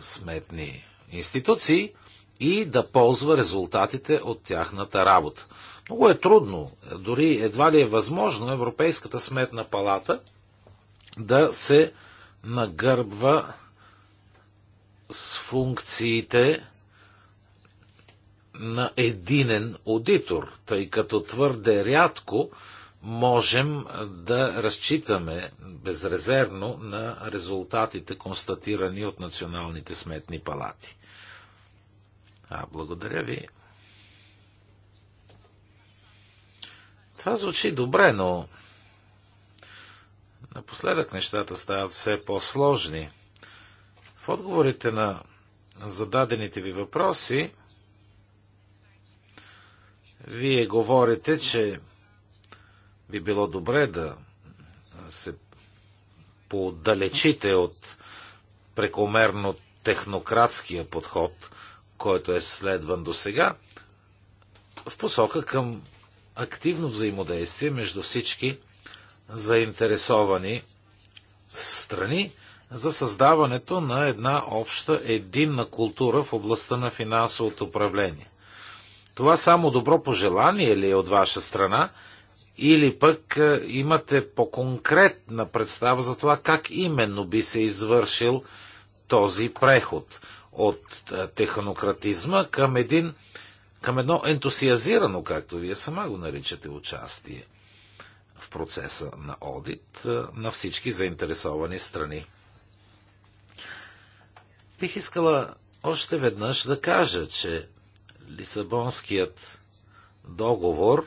сметни институции и да ползва резултатите от тяхната работа. Много е трудно, дори едва ли е възможно Европейската сметна палата да се нагърбва с функциите на единен аудитор, тъй като твърде рядко можем да разчитаме безрезервно на резултатите, констатирани от националните сметни палати. А, благодаря ви. Това звучи добре, но Напоследък нещата стават все по-сложни. В отговорите на зададените ви въпроси, вие говорите, че би било добре да се поотдалечите от прекомерно технократския подход, който е следван до сега, в посока към активно взаимодействие между всички заинтересовани страни за създаването на една обща единна култура в областта на финансовото управление. Това само добро пожелание ли е от ваша страна или пък е, имате по-конкретна представа за това как именно би се извършил този преход от е, технократизма към един към едно ентусиазирано, както вие сама го наричате, участие в процеса на одит е, на всички заинтересовани страни. Бих искала още веднъж да кажа, че Лисабонският договор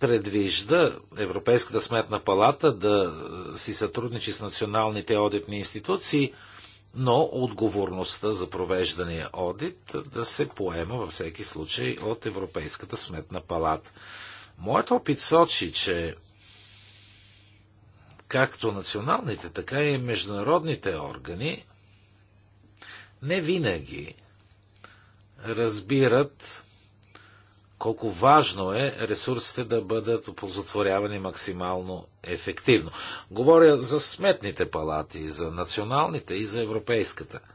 предвижда Европейската сметна палата да си сътрудничи с националните одитни институции, но отговорността за провеждания одит да се поема във всеки случай от Европейската сметна палата. Моят опит сочи, че както националните, така и международните органи не винаги разбират колко важно е ресурсите да бъдат оползотворявани максимално ефективно. Говоря за сметните палати, за националните и за европейската –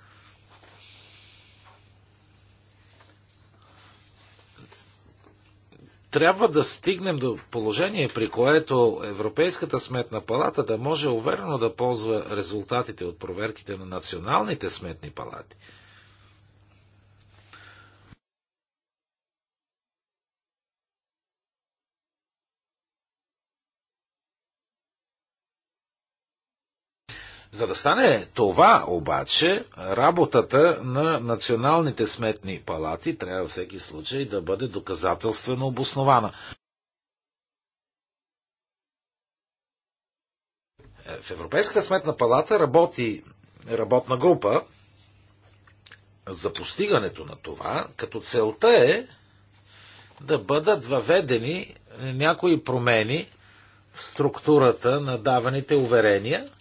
трябва да стигнем до положение, при което Европейската сметна палата да може уверено да ползва резултатите от проверките на националните сметни палати – За да стане това обаче, работата на националните сметни палати трябва във всеки случай да бъде доказателствено обоснована. Е, в Европейската сметна палата работи работна група за постигането на това, като целта е да бъдат въведени някои промени в структурата на даваните уверения –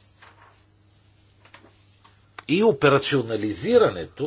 и операционализирането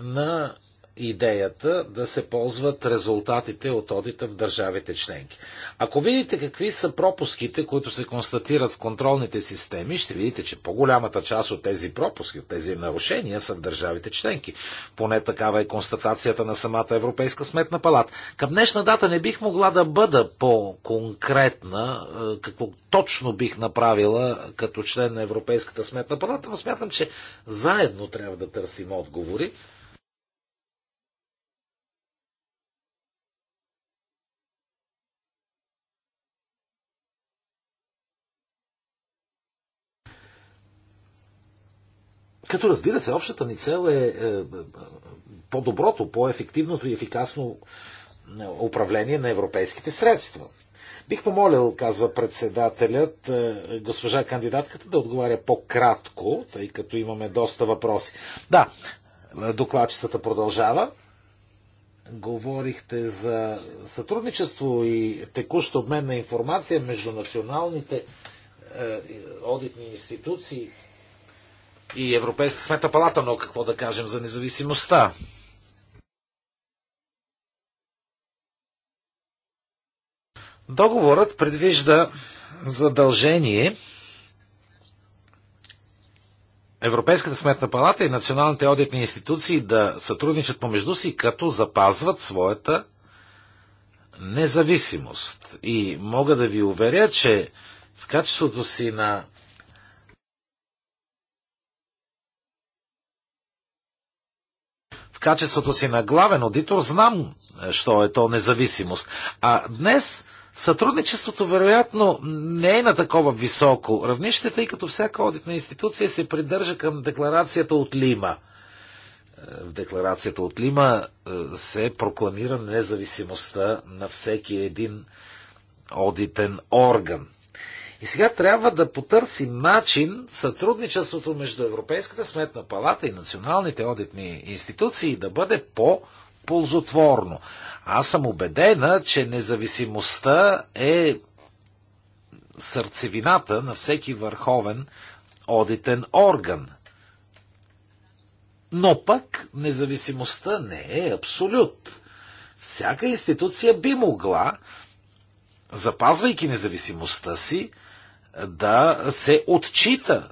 на идеята да се ползват резултатите от одита в държавите членки. Ако видите какви са пропуските, които се констатират в контролните системи, ще видите, че по-голямата част от тези пропуски, от тези нарушения са в държавите членки. Поне такава е констатацията на самата Европейска сметна палата. Към днешна дата не бих могла да бъда по-конкретна е, какво точно бих направила като член на Европейската сметна палата, но смятам, че заедно трябва да търсим отговори Като разбира се, общата ни цел е, е, е по-доброто, по-ефективното и ефикасно е, управление на европейските средства. Бих помолил, казва председателят, госпожа кандидатката да отговаря по-кратко, тъй като имаме доста въпроси. Да, докладчицата продължава. Говорихте за сътрудничество и текущ обмен на информация между националните е, одитни институции и Европейска смета палата, но какво да кажем за независимостта? Договорът предвижда задължение Европейската сметна палата и националните одитни институции да сътрудничат помежду си, като запазват своята независимост. И мога да ви уверя, че в качеството си на качеството си на главен аудитор знам, е, що е то независимост. А днес сътрудничеството вероятно не е на такова високо равнище, тъй като всяка аудитна институция се придържа към декларацията от Лима. Е, в декларацията от Лима е, се прокламира независимостта на всеки един одитен орган. И сега трябва да потърсим начин сътрудничеството между Европейската сметна палата и националните одитни институции да бъде по- ползотворно. Аз съм убедена, че независимостта е сърцевината на всеки върховен одитен орган. Но пък независимостта не е абсолют. Всяка институция би могла, запазвайки независимостта си, да се отчита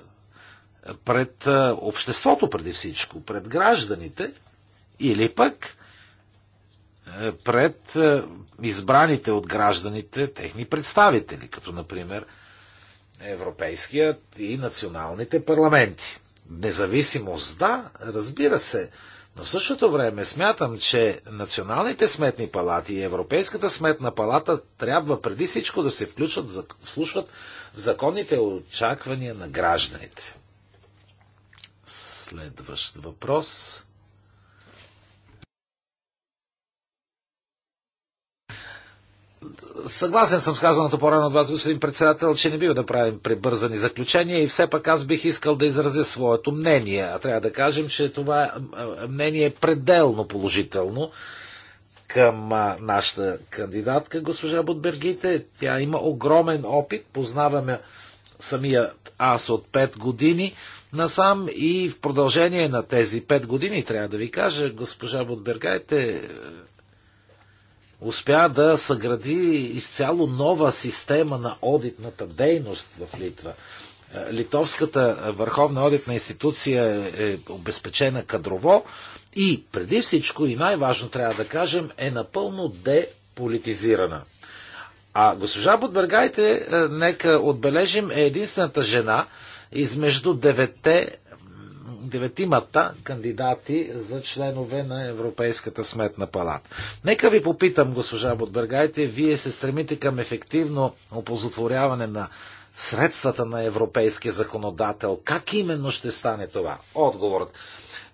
пред обществото преди всичко, пред гражданите или пък пред избраните от гражданите техни представители, като например Европейският и националните парламенти. Независимост, да, разбира се, но в същото време смятам, че националните сметни палати и Европейската сметна палата трябва преди всичко да се включат, вслушват в законните очаквания на гражданите. Следващ въпрос. Съгласен съм с казаното по-рано от вас, господин председател, че не бива да правим прибързани заключения и все пак аз бих искал да изразя своето мнение. А трябва да кажем, че това мнение е пределно положително към нашата кандидатка, госпожа Бутбергите. Тя има огромен опит, познаваме самия аз от 5 години насам и в продължение на тези 5 години, трябва да ви кажа, госпожа Бутбергайте е, успя да съгради изцяло нова система на одитната дейност в Литва. Е, Литовската върховна одитна институция е, е обезпечена кадрово, и преди всичко и най-важно трябва да кажем е напълно деполитизирана. А госпожа Будбергайте, е, нека отбележим, е единствената жена измежду девете деветимата кандидати за членове на Европейската сметна палата. Нека ви попитам, госпожа Бодбергайте, вие се стремите към ефективно опозотворяване на средствата на европейския законодател. Как именно ще стане това? Отговорът.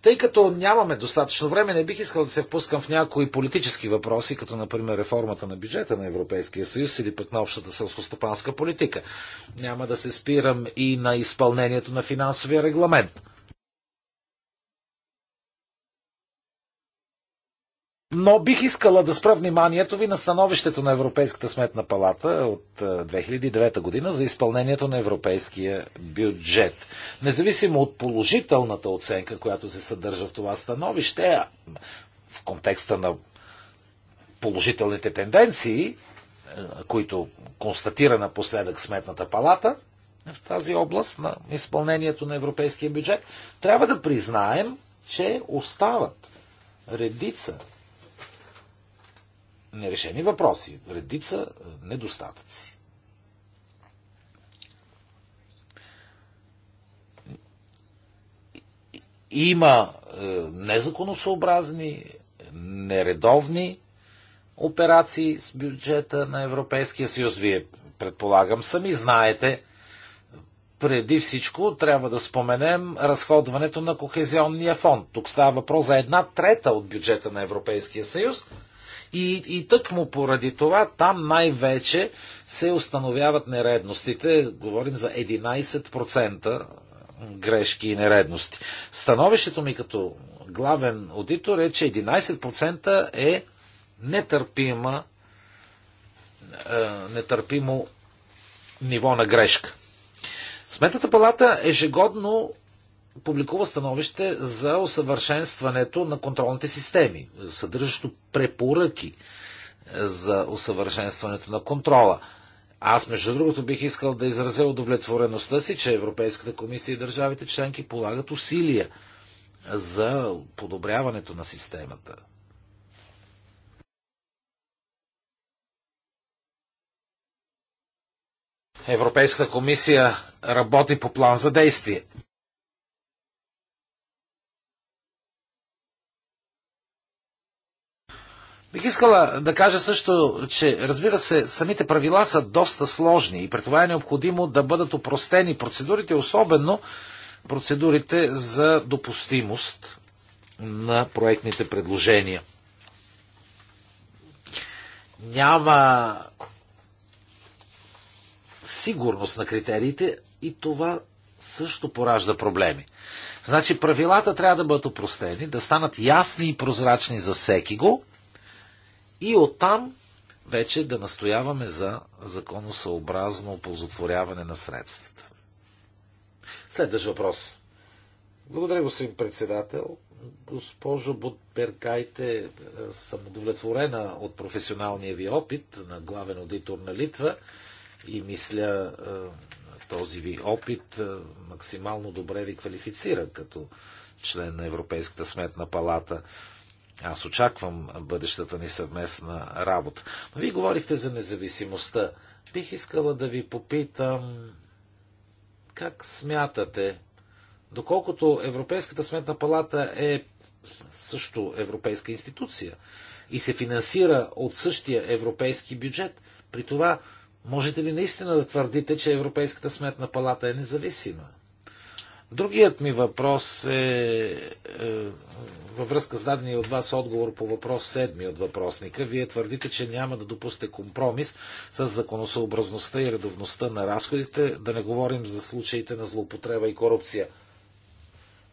Тъй като нямаме достатъчно време, не бих искал да се впускам в някои политически въпроси, като например реформата на бюджета на Европейския съюз или пък на общата селскостопанска политика. Няма да се спирам и на изпълнението на финансовия регламент. Но бих искала да спра вниманието ви на становището на Европейската сметна палата от 2009 е, година за изпълнението на европейския бюджет. Независимо от положителната оценка, която се съдържа в това становище, в контекста на положителните тенденции, е, които констатира напоследък Сметната палата в тази област на изпълнението на европейския бюджет, трябва да признаем, че остават редица нерешени въпроси, редица е, недостатъци. Има е, незаконосъобразни, нередовни операции с бюджета на Европейския съюз. Вие, предполагам, сами знаете, преди всичко трябва да споменем разходването на Кохезионния фонд. Тук става въпрос за една трета от бюджета на Европейския съюз – и, и тъкмо поради това там най-вече се установяват нередностите. Говорим за 11% грешки и нередности. Становището ми като главен аудитор е, че 11% е нетърпима, е, нетърпимо ниво на грешка. Сметната палата ежегодно публикува становище за усъвършенстването на контролните системи, съдържащо препоръки е, за усъвършенстването на контрола. Аз, между другото, бих искал да изразя удовлетвореността си, че Европейската комисия и държавите членки полагат усилия за подобряването на системата. Европейската комисия работи по план за действие. Бих искала да кажа също, че разбира се, самите правила са доста сложни и при това е необходимо да бъдат опростени процедурите, особено процедурите за допустимост на проектните предложения. Няма сигурност на критериите и това също поражда проблеми. Значи правилата трябва да бъдат опростени, да станат ясни и прозрачни за всеки го – и оттам вече да настояваме за законосъобразно оползотворяване на средствата. Следващ въпрос. Благодаря, господин председател. Госпожо Бутбергайте, съм удовлетворена от професионалния ви опит на главен аудитор на Литва и мисля е, този ви опит е, максимално добре ви квалифицира като член на Европейската сметна палата. Аз очаквам бъдещата ни съвместна работа. Но вие говорихте за независимостта. Бих искала да ви попитам как смятате, доколкото Европейската сметна палата е също европейска институция и се финансира от същия европейски бюджет, при това можете ли наистина да твърдите, че Европейската сметна палата е независима? Другият ми въпрос е, е във връзка с дадения от вас отговор по въпрос 7 от въпросника. Вие твърдите, че няма да допусте компромис с законосъобразността и редовността на разходите, да не говорим за случаите на злоупотреба и корупция.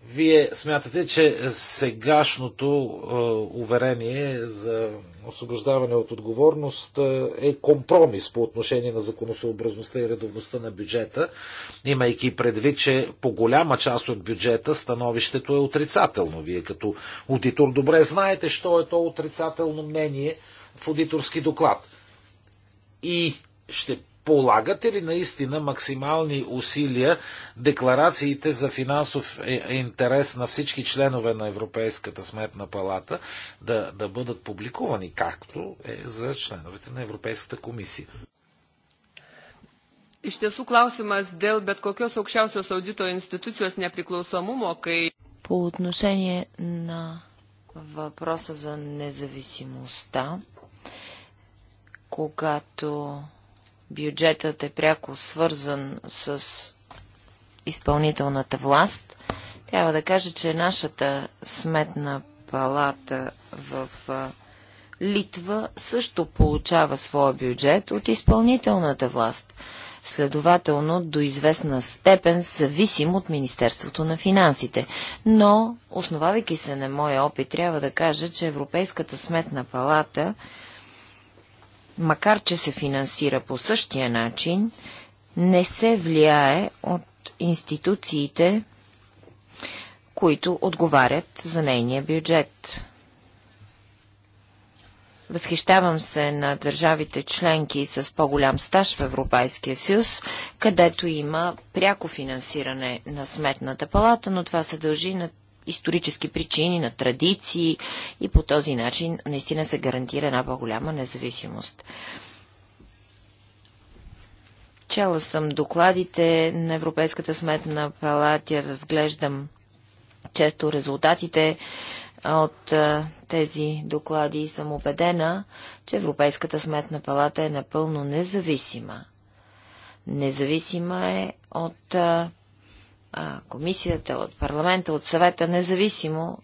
Вие смятате, че сегашното е, уверение за освобождаване от отговорност е, е компромис по отношение на законосъобразността и редовността на бюджета, имайки предвид, че по голяма част от бюджета становището е отрицателно. Вие като аудитор добре знаете, що е то отрицателно мнение в аудиторски доклад. И ще полагате ли наистина максимални усилия декларациите за финансов е, е, интерес на всички членове на Европейската сметна палата да, да бъдат публикувани, както е за членовете на Европейската комисия? Iš tiesų klausimas dėl bet kokios aukščiausios audito institucijos nepriklausomumo, kai... По отношение на въпроса за независимостта, когато бюджетът е пряко свързан с изпълнителната власт, трябва да кажа, че нашата сметна палата в Литва също получава своя бюджет от изпълнителната власт. Следователно, до известна степен зависим от Министерството на финансите. Но, основавайки се на моя опит, трябва да кажа, че Европейската сметна палата макар че се финансира по същия начин, не се влияе от институциите, които отговарят за нейния бюджет. Възхищавам се на държавите членки с по-голям стаж в Европейския съюз, където има пряко финансиране на сметната палата, но това се дължи на исторически причини, на традиции и по този начин наистина се гарантира една по-голяма независимост. Чела съм докладите на Европейската сметна палатия, разглеждам често резултатите от тези доклади и съм убедена, че Европейската сметна палата е напълно независима. Независима е от комисията, от парламента, от съвета, независимо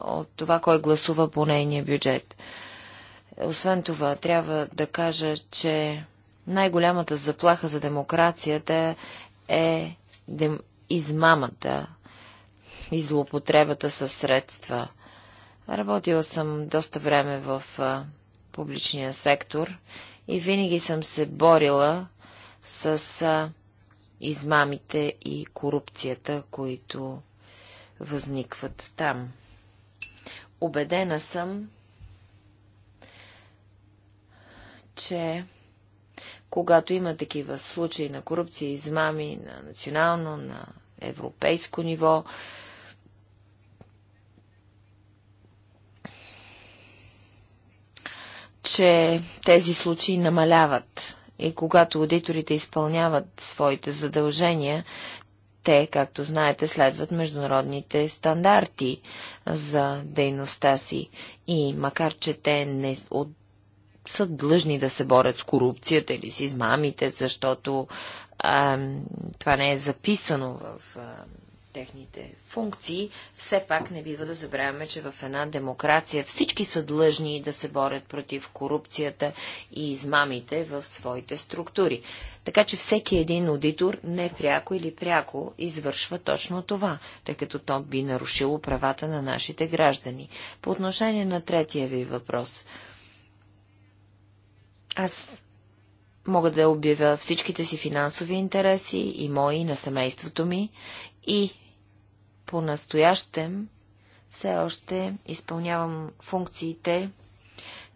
от това кой гласува по нейния бюджет. Освен това, трябва да кажа, че най-голямата заплаха за демокрацията е дем... измамата и злопотребата със средства. Работила съм доста време в а, публичния сектор и винаги съм се борила с а, измамите и корупцията, които възникват там. Обедена съм, че когато има такива случаи на корупция и измами на национално, на европейско ниво, че тези случаи намаляват и когато аудиторите изпълняват своите задължения, те, както знаете, следват международните стандарти за дейността си. И макар, че те не от... са длъжни да се борят с корупцията или с измамите, защото а, това не е записано в а, техните функции, все пак не бива да забравяме, че в една демокрация всички са длъжни да се борят против корупцията и измамите в своите структури. Така че всеки един аудитор непряко или пряко извършва точно това, тъй като то би нарушило правата на нашите граждани. По отношение на третия ви въпрос. Аз мога да обявя всичките си финансови интереси и мои на семейството ми и по-настоящем все още изпълнявам функциите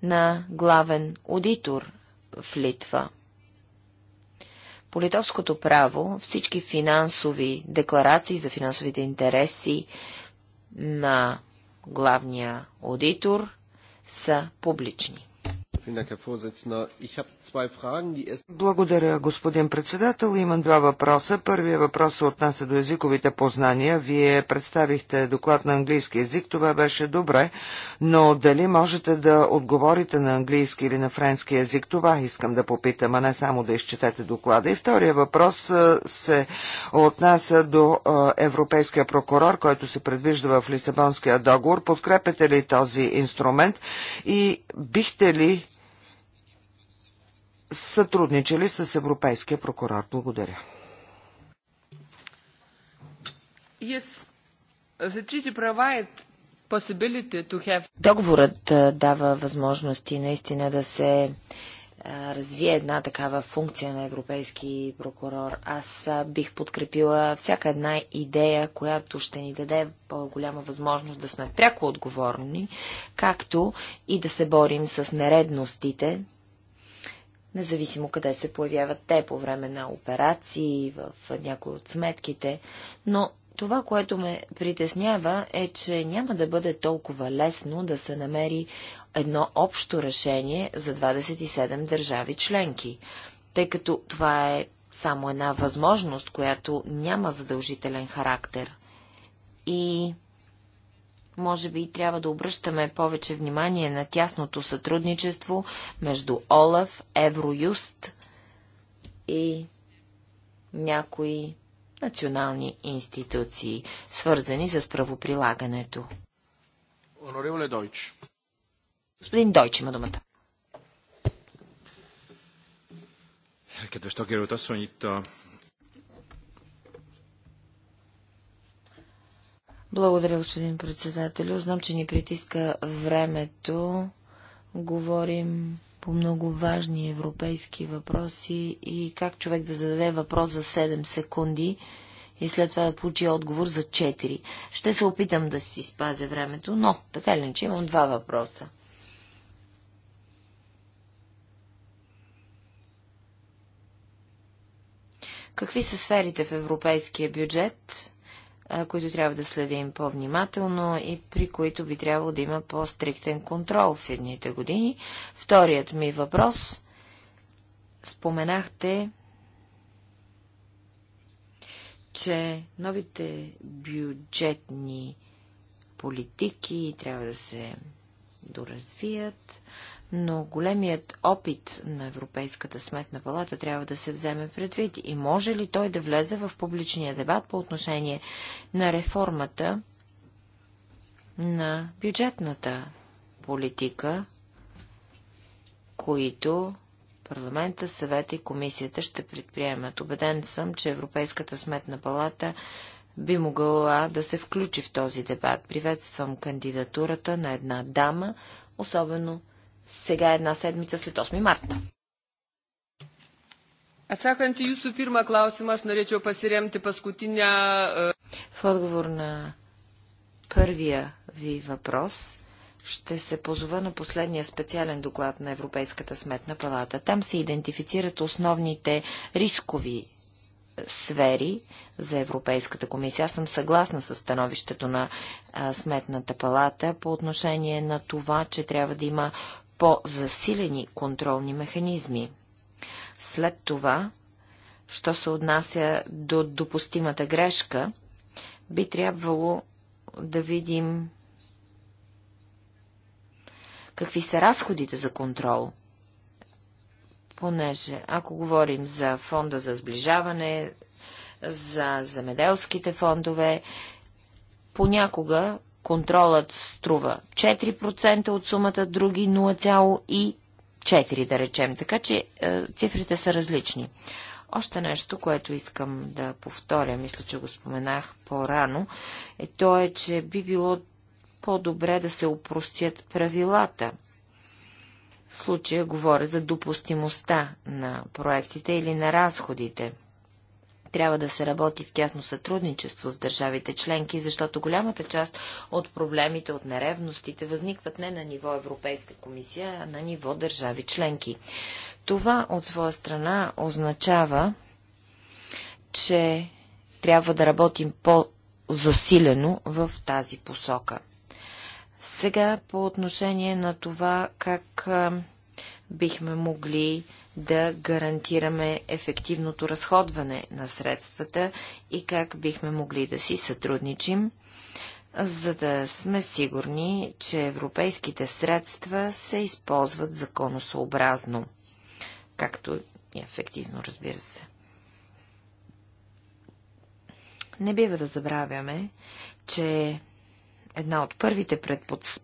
на главен аудитор в Литва. По литовското право всички финансови декларации за финансовите интереси на главния аудитор са публични. Благодаря, господин председател. Имам два въпроса. Първият въпрос се отнася до езиковите познания. Вие представихте доклад на английски език. Това беше добре, но дали можете да отговорите на английски или на френски език? Това искам да попитам, а не само да изчетете доклада. И втория въпрос се отнася до европейския прокурор, който се предвижда в Лисабонския договор. Подкрепете ли този инструмент и бихте ли сътрудничали с Европейския прокурор. Благодаря. Е Договорът дава възможности наистина да се развие една такава функция на европейски прокурор. Аз бих подкрепила всяка една идея, която ще ни даде по-голяма възможност да сме пряко отговорни, както и да се борим с нередностите, независимо къде се появяват те по време на операции, в някои от сметките, но това, което ме притеснява е, че няма да бъде толкова лесно да се намери едно общо решение за 27 държави членки, тъй като това е само една възможност, която няма задължителен характер. И може би трябва да обръщаме повече внимание на тясното сътрудничество между ОЛАФ, Евроюст и някои национални институции, свързани с правоприлагането. Оноревле Дойч. Господин Дойч има думата. Kedves tagjelölt asszony, Благодаря, господин председател. Знам, че ни притиска времето. Говорим по много важни европейски въпроси и как човек да зададе въпрос за 7 секунди и след това да получи отговор за 4. Ще се опитам да си спазя времето, но така или иначе имам два въпроса. Какви са сферите в европейския бюджет, които трябва да следим по-внимателно и при които би трябвало да има по-стриктен контрол в едните години. Вторият ми въпрос. Споменахте, че новите бюджетни политики трябва да се доразвият но големият опит на Европейската сметна палата трябва да се вземе предвид. И може ли той да влезе в публичния дебат по отношение на реформата на бюджетната политика, които парламента, съвета и комисията ще предприемат. Обеден съм, че Европейската сметна палата би могла да се включи в този дебат. Приветствам кандидатурата на една дама, особено сега е една седмица след 8 марта. Atsakant į jūsų pirmą klausimą, aš norėčiau pasiremti paskutinę. E, В отговор на първия ви въпрос ще се позова на последния специален доклад на Европейската сметна палата. Там се идентифицират основните рискови е, сфери за Европейската комисия. Аз съм съгласна с становището на а, Сметната палата по отношение на това, че трябва да има по-засилени контролни механизми. След това, що се отнася до допустимата грешка, би трябвало да видим какви са разходите за контрол. Понеже, ако говорим за фонда за сближаване, за замеделските фондове, понякога контролът струва 4% от сумата, други 0,4 да речем. Така че е, цифрите са различни. Още нещо, което искам да повторя, мисля, че го споменах по-рано, е то е, че би било по-добре да се упростят правилата. В случая говоря за допустимостта на проектите или на разходите – трябва да се работи в тясно сътрудничество с държавите членки, защото голямата част от проблемите, от неревностите възникват не на ниво Европейска комисия, а на ниво държави членки. Това от своя страна означава, че трябва да работим по-засилено в тази посока. Сега по отношение на това как бихме могли да гарантираме ефективното разходване на средствата и как бихме могли да си сътрудничим, за да сме сигурни, че европейските средства се използват законосъобразно, както и ефективно, разбира се. Не бива да забравяме, че една от първите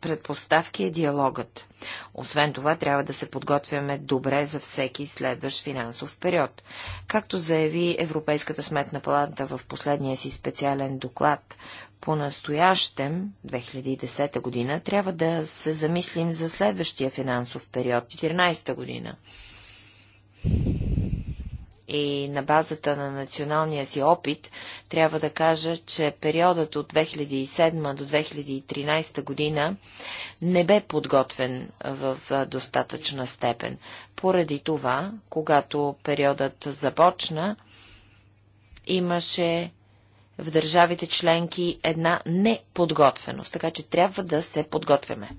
предпоставки е диалогът. Освен това, трябва да се подготвяме добре за всеки следващ финансов период. Както заяви Европейската сметна палата в последния си специален доклад, по-настоящем, 2010 година, трябва да се замислим за следващия финансов период, 2014 година и на базата на националния си опит, трябва да кажа, че периодът от 2007 до 2013 година не бе подготвен в достатъчна степен. Поради това, когато периодът започна, имаше в държавите членки една неподготвеност, така че трябва да се подготвяме.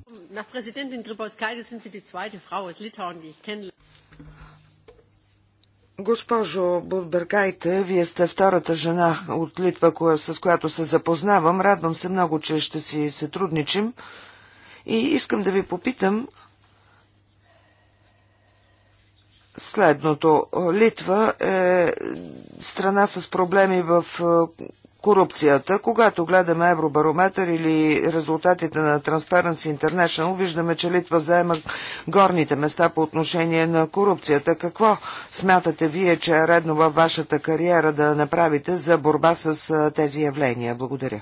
Госпожо Будберкайте, вие сте втората жена от Литва, коя, с която се запознавам. Радвам се много, че ще си сътрудничим. И искам да ви попитам следното. Литва е страна с проблеми в корупцията. Когато гледаме Евробарометър или резултатите на Transparency International, виждаме, че Литва заема горните места по отношение на корупцията. Какво смятате вие, че е редно във вашата кариера да направите за борба с тези явления? Благодаря.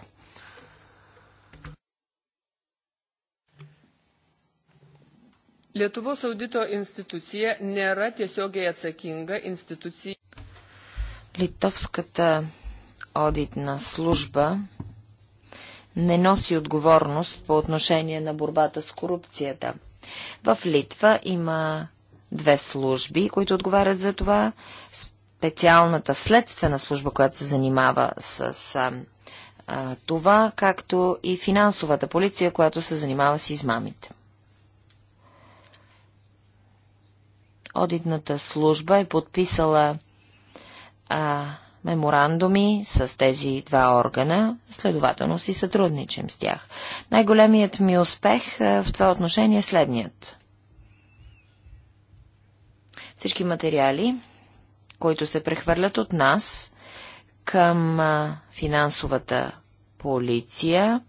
Lietuvos audito institucija nėra tiesiogiai цакинга институция. Литовската одитна служба не носи отговорност по отношение на борбата с корупцията. В Литва има две служби, които отговарят за това. Специалната следствена служба, която се занимава с а, това, както и финансовата полиция, която се занимава с измамите. Одитната служба е подписала а, меморандуми с тези два органа, следователно си сътрудничим с тях. Най-големият ми успех е, в това отношение е следният. Всички материали, които се прехвърлят от нас към финансовата полиция,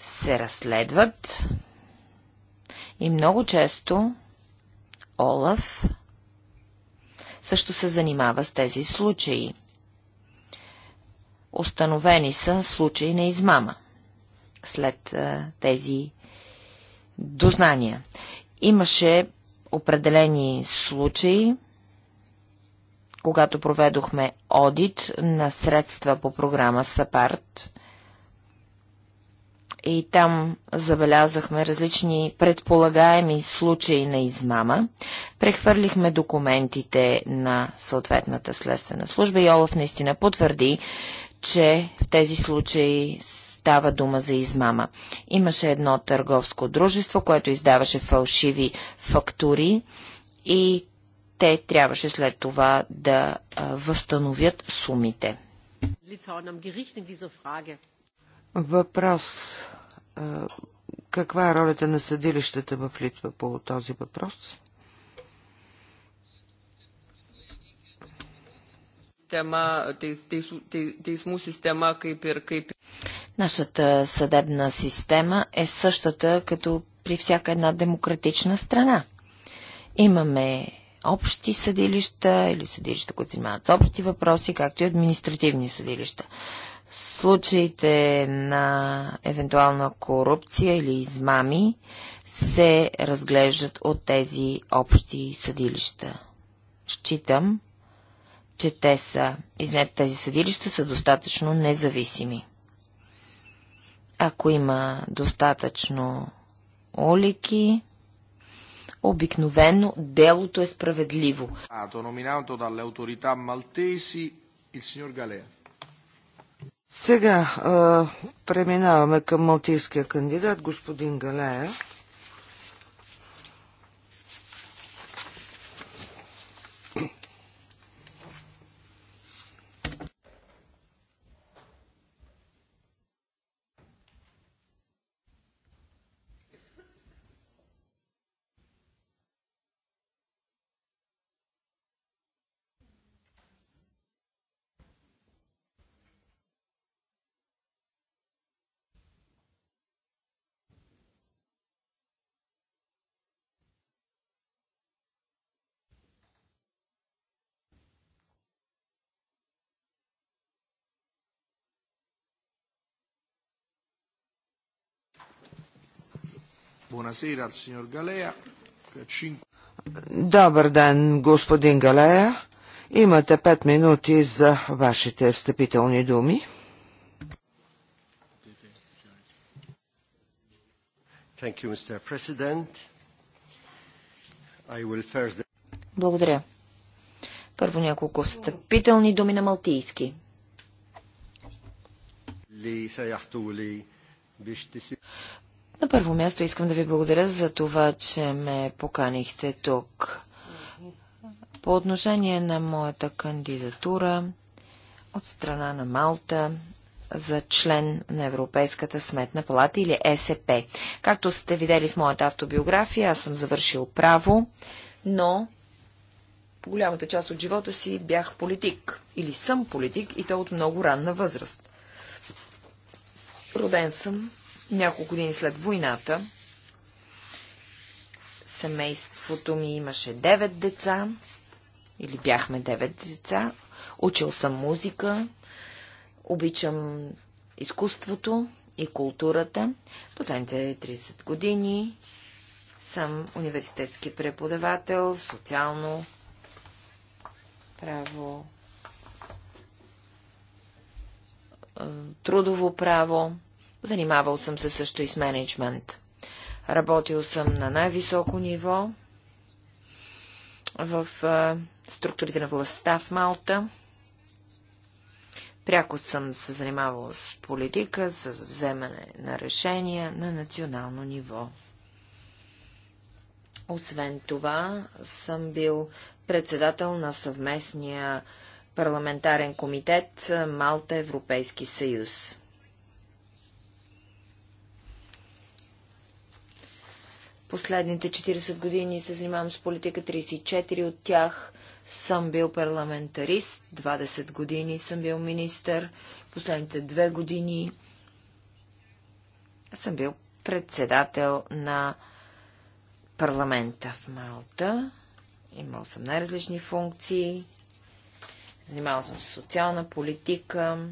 се разследват и много често Олаф също се занимава с тези случаи. Установени са случаи на измама след е, тези дознания. Имаше определени случаи, когато проведохме одит на средства по програма САПАРТ и там забелязахме различни предполагаеми случаи на измама. Прехвърлихме документите на съответната следствена служба и Олаф наистина потвърди, че в тези случаи става дума за измама. Имаше едно търговско дружество, което издаваше фалшиви фактури и те трябваше след това да възстановят сумите. Въпрос. Каква е ролята на съдилищата в Литва по този въпрос? система, теис, система kaip ir kaip. Нашата съдебна система е същата като при всяка една демократична страна. Имаме общи съдилища или съдилища, които занимават с общи въпроси, както и административни съдилища. Случаите на евентуална корупция или измами се разглеждат от тези общи съдилища. Считам, че те са, извинете, тези съдилища са достатъчно независими. Ако има достатъчно олики, обикновено делото е справедливо. Сега а, преминаваме към малтийския кандидат, господин Галея. Добър ден, господин Галея. Имате пет минути за вашите встъпителни думи. Благодаря. Първо няколко встъпителни думи на малтийски. На първо място искам да ви благодаря за това, че ме поканихте тук. По отношение на моята кандидатура от страна на Малта за член на Европейската сметна палата или СП. Както сте видели в моята автобиография, аз съм завършил право, но по голямата част от живота си бях политик или съм политик и то от много ранна възраст. Роден съм няколко години след войната. Семейството ми имаше 9 деца, или бяхме 9 деца. Учил съм музика, обичам изкуството и културата. Последните 30 години съм университетски преподавател, социално право, е, трудово право. Занимавал съм се също и с менеджмент. Работил съм на най-високо ниво в структурите на властта в Малта. Пряко съм се занимавал с политика, с вземане на решения на национално ниво. Освен това, съм бил председател на съвместния парламентарен комитет Малта Европейски съюз. Последните 40 години се занимавам с политика, 34 от тях съм бил парламентарист, 20 години съм бил министър, последните две години съм бил председател на парламента в Малта. Имал съм най-различни функции. Занимавал съм с социална политика,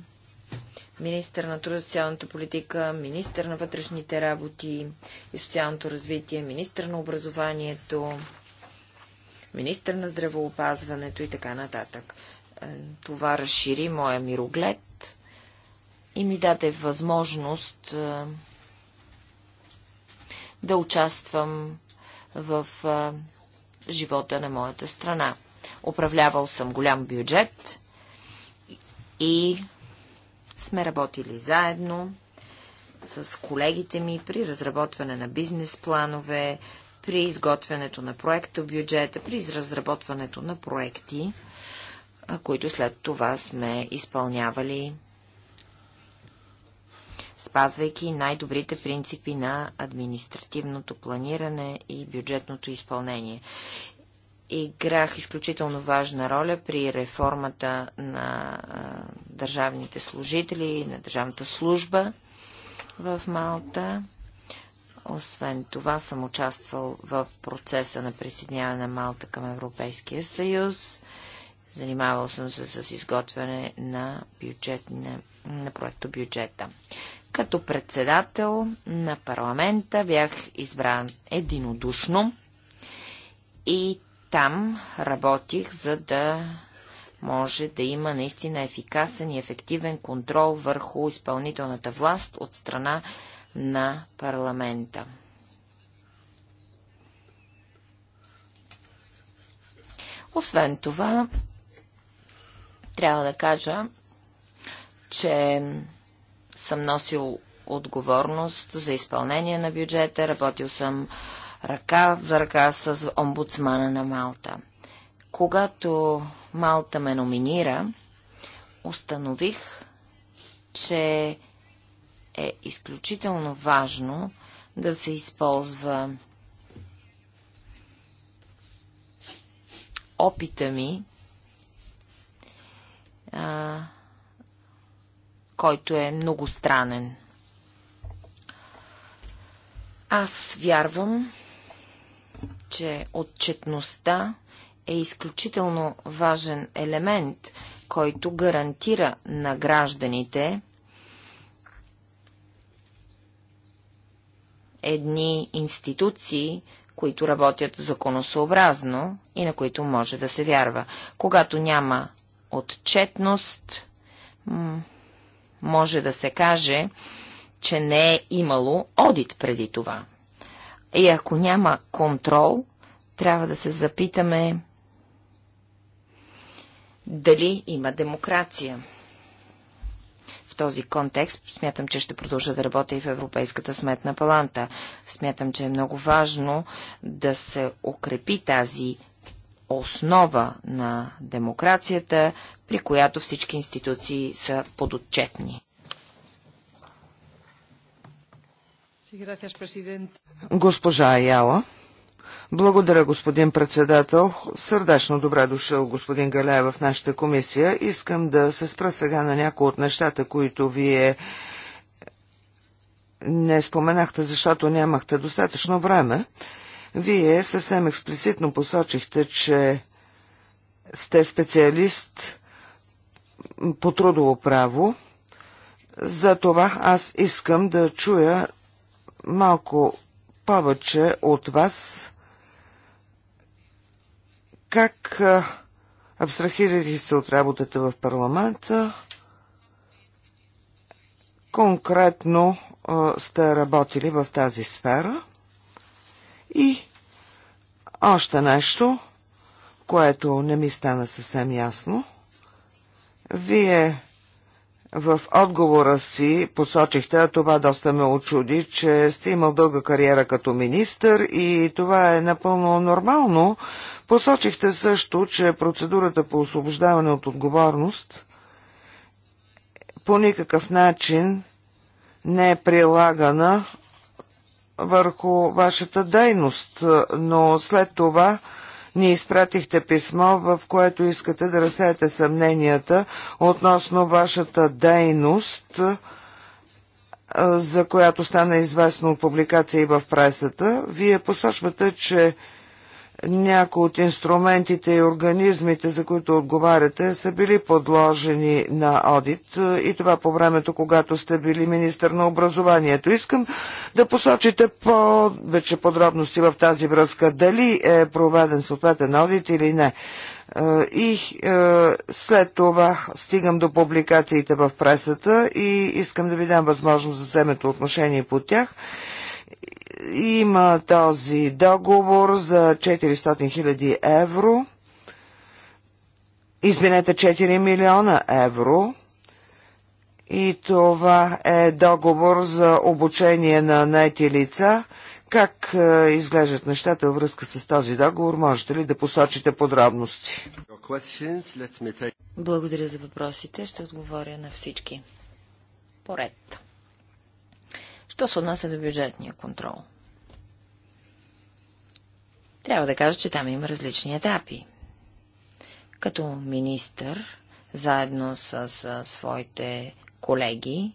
министър на труда социалната политика, министър на вътрешните работи и социалното развитие, министър на образованието, министър на здравоопазването и така нататък. Е, това разшири моя мироглед и ми даде възможност е, да участвам в е, живота на моята страна. Управлявал съм голям бюджет и сме работили заедно с колегите ми при разработване на бизнес планове, при изготвянето на проекта бюджета, при разработването на проекти, които след това сме изпълнявали, спазвайки най-добрите принципи на административното планиране и бюджетното изпълнение играх изключително важна роля при реформата на държавните служители, на държавната служба в Малта. Освен това съм участвал в процеса на присъединяване на Малта към Европейския съюз. Занимавал съм се с изготвяне на, бюджет, на, на проекто бюджета. Като председател на парламента бях избран единодушно и там работих, за да може да има наистина ефикасен и ефективен контрол върху изпълнителната власт от страна на парламента. Освен това, трябва да кажа, че съм носил отговорност за изпълнение на бюджета, работил съм ръка за ръка с омбудсмана на Малта. Когато Малта ме номинира, установих, че е изключително важно да се използва опита ми, а, който е многостранен. Аз вярвам, че отчетността е изключително важен елемент, който гарантира на гражданите едни институции, които работят законосъобразно и на които може да се вярва. Когато няма отчетност, може да се каже, че не е имало одит преди това. И ако няма контрол, трябва да се запитаме дали има демокрация. В този контекст смятам, че ще продължа да работя и в Европейската сметна паланта. Смятам, че е много важно да се укрепи тази основа на демокрацията, при която всички институции са подотчетни. Госпожа Аяла. Благодаря, господин председател. Сърдечно добре дошъл, господин Галяев, в нашата комисия. Искам да се спра сега на някои от нещата, които вие не споменахте, защото нямахте достатъчно време. Вие съвсем експлицитно посочихте, че сте специалист по трудово право. За това аз искам да чуя малко повече от вас как абстрахирате се от работата в парламента. Конкретно сте работили в тази сфера и още нещо, което не ми стана съвсем ясно. Вие в отговора си посочихте, а това доста ме очуди, че сте имал дълга кариера като министър и това е напълно нормално. Посочихте също, че процедурата по освобождаване от отговорност по никакъв начин не е прилагана върху вашата дейност, но след това ни изпратихте писмо, в което искате да разсеете съмненията относно вашата дейност, за която стана известно от публикации в пресата. Вие посочвате, че някои от инструментите и организмите, за които отговаряте, са били подложени на одит е, и това по времето, когато сте били министър на образованието. Искам да посочите повече подробности в тази връзка. Дали е проведен съответен одит или не. Е, и е, след това стигам до публикациите в пресата и искам да ви дам възможност да вземете отношение по тях има този договор за 400 000 евро, извинете 4 милиона евро и това е договор за обучение на найти лица. Как е, изглеждат нещата във връзка с този договор? Можете ли да посочите подробности? Благодаря за въпросите. Ще отговоря на всички. Поред. Що се отнася до бюджетния контрол? Трябва да кажа, че там има различни етапи. Като министър, заедно с, с своите колеги,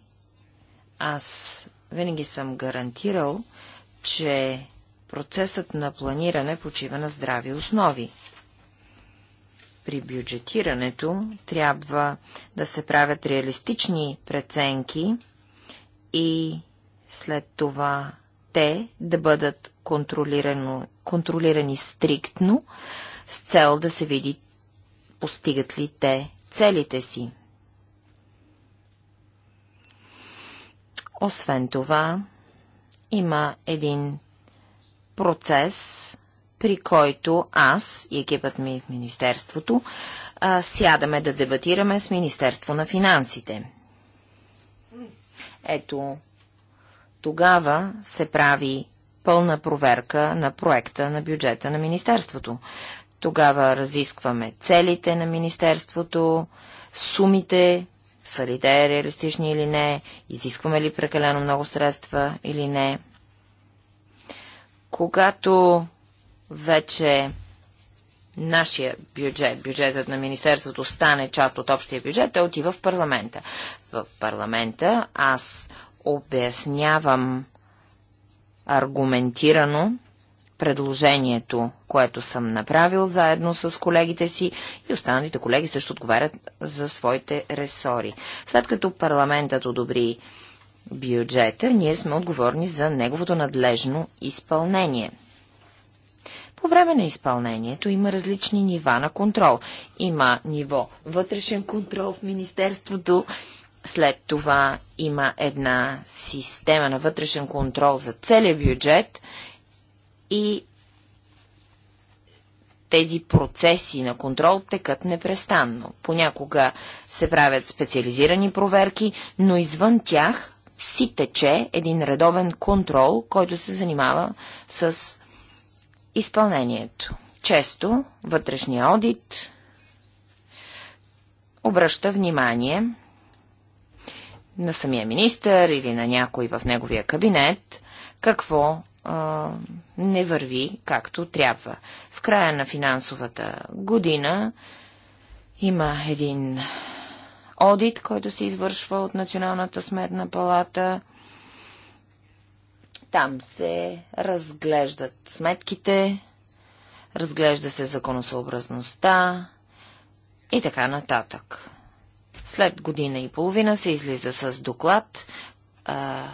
аз винаги съм гарантирал, че процесът на планиране почива на здрави основи. При бюджетирането трябва да се правят реалистични преценки и след това те да бъдат контролирани стриктно с цел да се види постигат ли те целите си. Освен това, има един процес, при който аз и екипът ми в Министерството а, сядаме да дебатираме с Министерство на финансите. Ето тогава се прави пълна проверка на проекта на бюджета на Министерството. Тогава разискваме целите на Министерството, сумите, са ли те е реалистични или не, изискваме ли прекалено много средства или не. Когато вече нашия бюджет, бюджетът на Министерството стане част от общия бюджет, той отива в парламента. В парламента аз обяснявам аргументирано предложението, което съм направил заедно с колегите си и останалите колеги също отговарят за своите ресори. След като парламентът одобри бюджета, ние сме отговорни за неговото надлежно изпълнение. По време на изпълнението има различни нива на контрол. Има ниво вътрешен контрол в Министерството, след това има една система на вътрешен контрол за целия бюджет и тези процеси на контрол текат непрестанно. Понякога се правят специализирани проверки, но извън тях си тече един редовен контрол, който се занимава с изпълнението. Често вътрешния одит обръща внимание на самия министър или на някой в неговия кабинет, какво а, не върви както трябва. В края на финансовата година има един одит, който се извършва от Националната сметна палата. Там се разглеждат сметките, разглежда се законосъобразността и така нататък. След година и половина се излиза с доклад. А,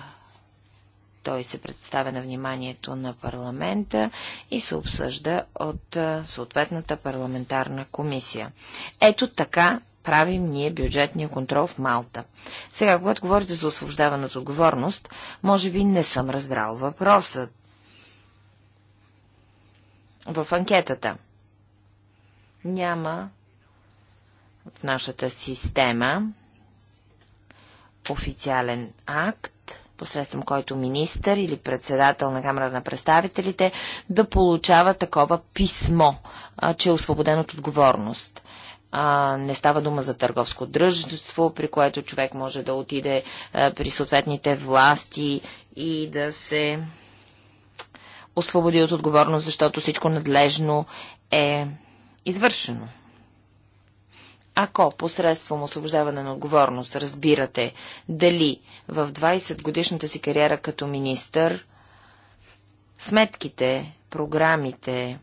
той се представя на вниманието на парламента и се обсъжда от а, съответната парламентарна комисия. Ето така правим ние бюджетния контрол в Малта. Сега, когато говорите за освобождаване от отговорност, може би не съм разбрал въпроса. В анкетата няма от нашата система официален акт, посредством който министър или председател на Камера на представителите да получава такова писмо, а, че е освободен от отговорност. А, не става дума за търговско дружество, при което човек може да отиде а, при съответните власти и да се освободи от отговорност, защото всичко надлежно е извършено. Ако посредством освобождаване на отговорност разбирате дали в 20 годишната си кариера като министър сметките, програмите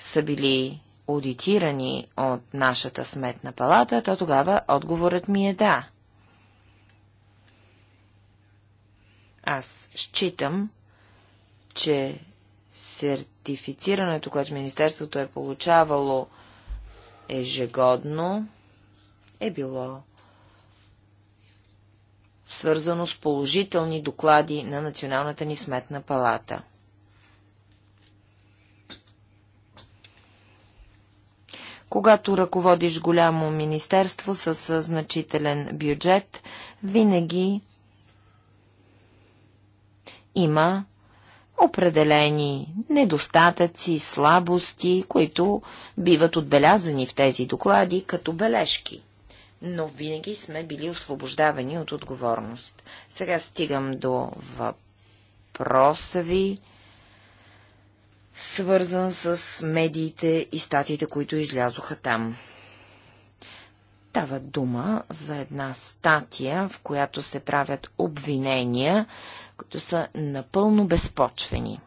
са били аудитирани от нашата сметна палата, то тогава отговорът ми е да. Аз считам, че сертифицирането, което Министерството е получавало ежегодно е било свързано с положителни доклади на Националната ни сметна палата. Когато ръководиш голямо министерство с значителен бюджет, винаги има определени недостатъци, слабости, които биват отбелязани в тези доклади като бележки. Но винаги сме били освобождавани от отговорност. Сега стигам до въпроса ви, свързан с медиите и статиите, които излязоха там. Става дума за една статия, в която се правят обвинения които са напълно безпочвени.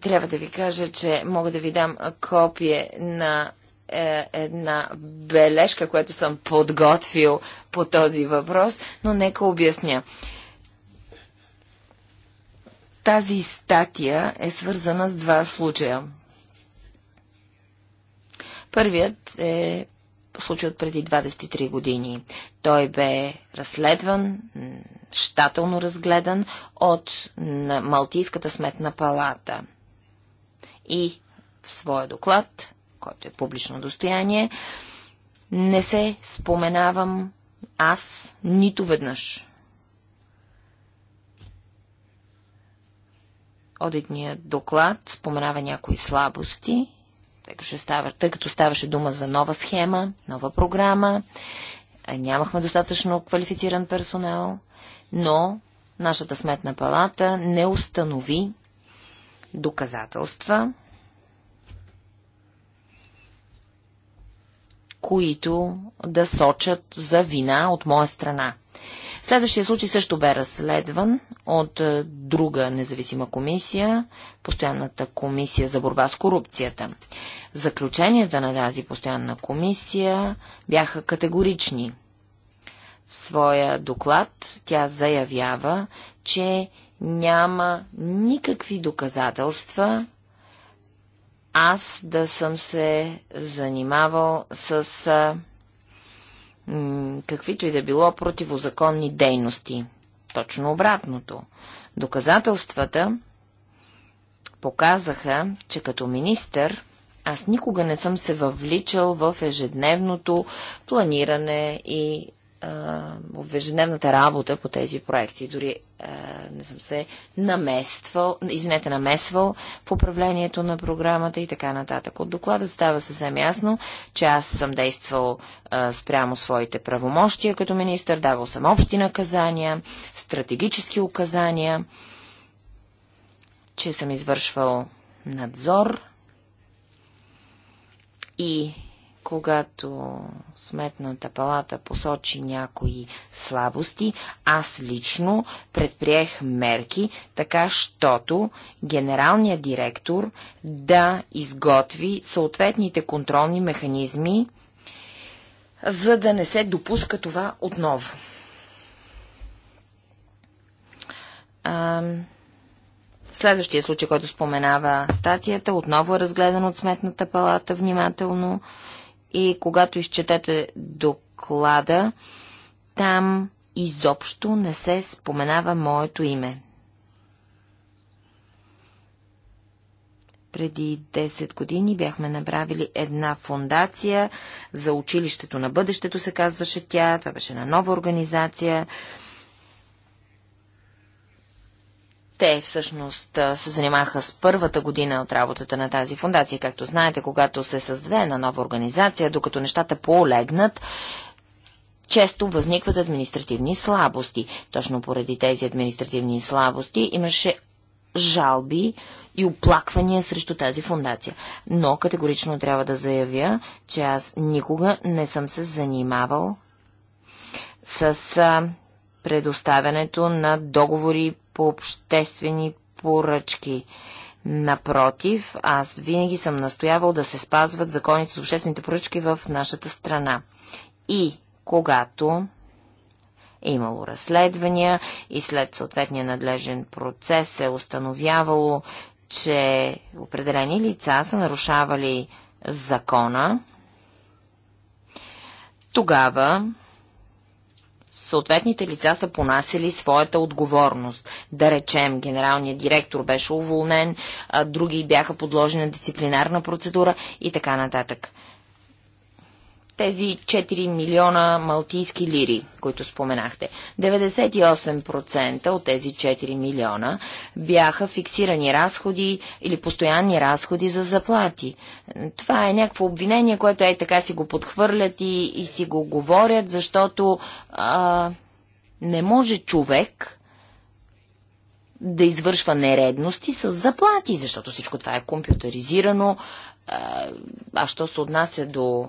трябва да ви кажа, че мога да ви дам копие на е, една бележка, която съм подготвил по този въпрос, но нека обясня. Тази статия е свързана с два случая. Първият е случай от преди 23 години. Той бе разследван, щателно разгледан от Малтийската сметна палата. И в своя доклад, който е публично достояние, не се споменавам аз нито веднъж. Одитният доклад споменава някои слабости тъй като, става, тъй като ставаше дума за нова схема, нова програма, е, нямахме достатъчно квалифициран персонал, но нашата сметна палата не установи доказателства, които да сочат за вина от моя страна. Следващия случай също бе разследван от е, друга независима комисия, постоянната комисия за борба с корупцията. Заключенията на тази постоянна комисия бяха категорични. В своя доклад тя заявява, че няма никакви доказателства аз да съм се занимавал с е, каквито и да било противозаконни дейности. Точно обратното. Доказателствата показаха, че като министър аз никога не съм се въвличал в ежедневното планиране и а, в ежедневната работа по тези проекти. Дори е, не съм се намествал, извинете, намесвал в управлението на програмата и така нататък. От доклада става съвсем ясно, че аз съм действал е, спрямо своите правомощия като министър, давал съм общи наказания, стратегически указания, че съм извършвал надзор и когато Сметната палата посочи някои слабости, аз лично предприех мерки, така щото генералният директор да изготви съответните контролни механизми, за да не се допуска това отново. Следващия случай, който споменава статията, отново е разгледан от Сметната палата внимателно и когато изчетете доклада, там изобщо не се споменава моето име. преди 10 години бяхме направили една фундация за училището на бъдещето, се казваше тя. Това беше една нова организация. Те всъщност се занимаха с първата година от работата на тази фундация. Както знаете, когато се създаде една нова организация, докато нещата по-олегнат, често възникват административни слабости. Точно поради тези административни слабости имаше жалби и оплаквания срещу тази фундация. Но категорично трябва да заявя, че аз никога не съм се занимавал с предоставянето на договори по обществени поръчки. Напротив, аз винаги съм настоявал да се спазват законите с обществените поръчки в нашата страна. И когато е имало разследвания и след съответния надлежен процес е установявало, че определени лица са нарушавали закона, тогава съответните лица са понасили своята отговорност. Да речем, генералният директор беше уволнен, други бяха подложени на дисциплинарна процедура и така нататък тези 4 милиона малтийски лири, които споменахте. 98% от тези 4 милиона бяха фиксирани разходи или постоянни разходи за заплати. Това е някакво обвинение, което е така си го подхвърлят и, и си го говорят, защото а, не може човек да извършва нередности с заплати, защото всичко това е компютъризирано. А, а що се отнася до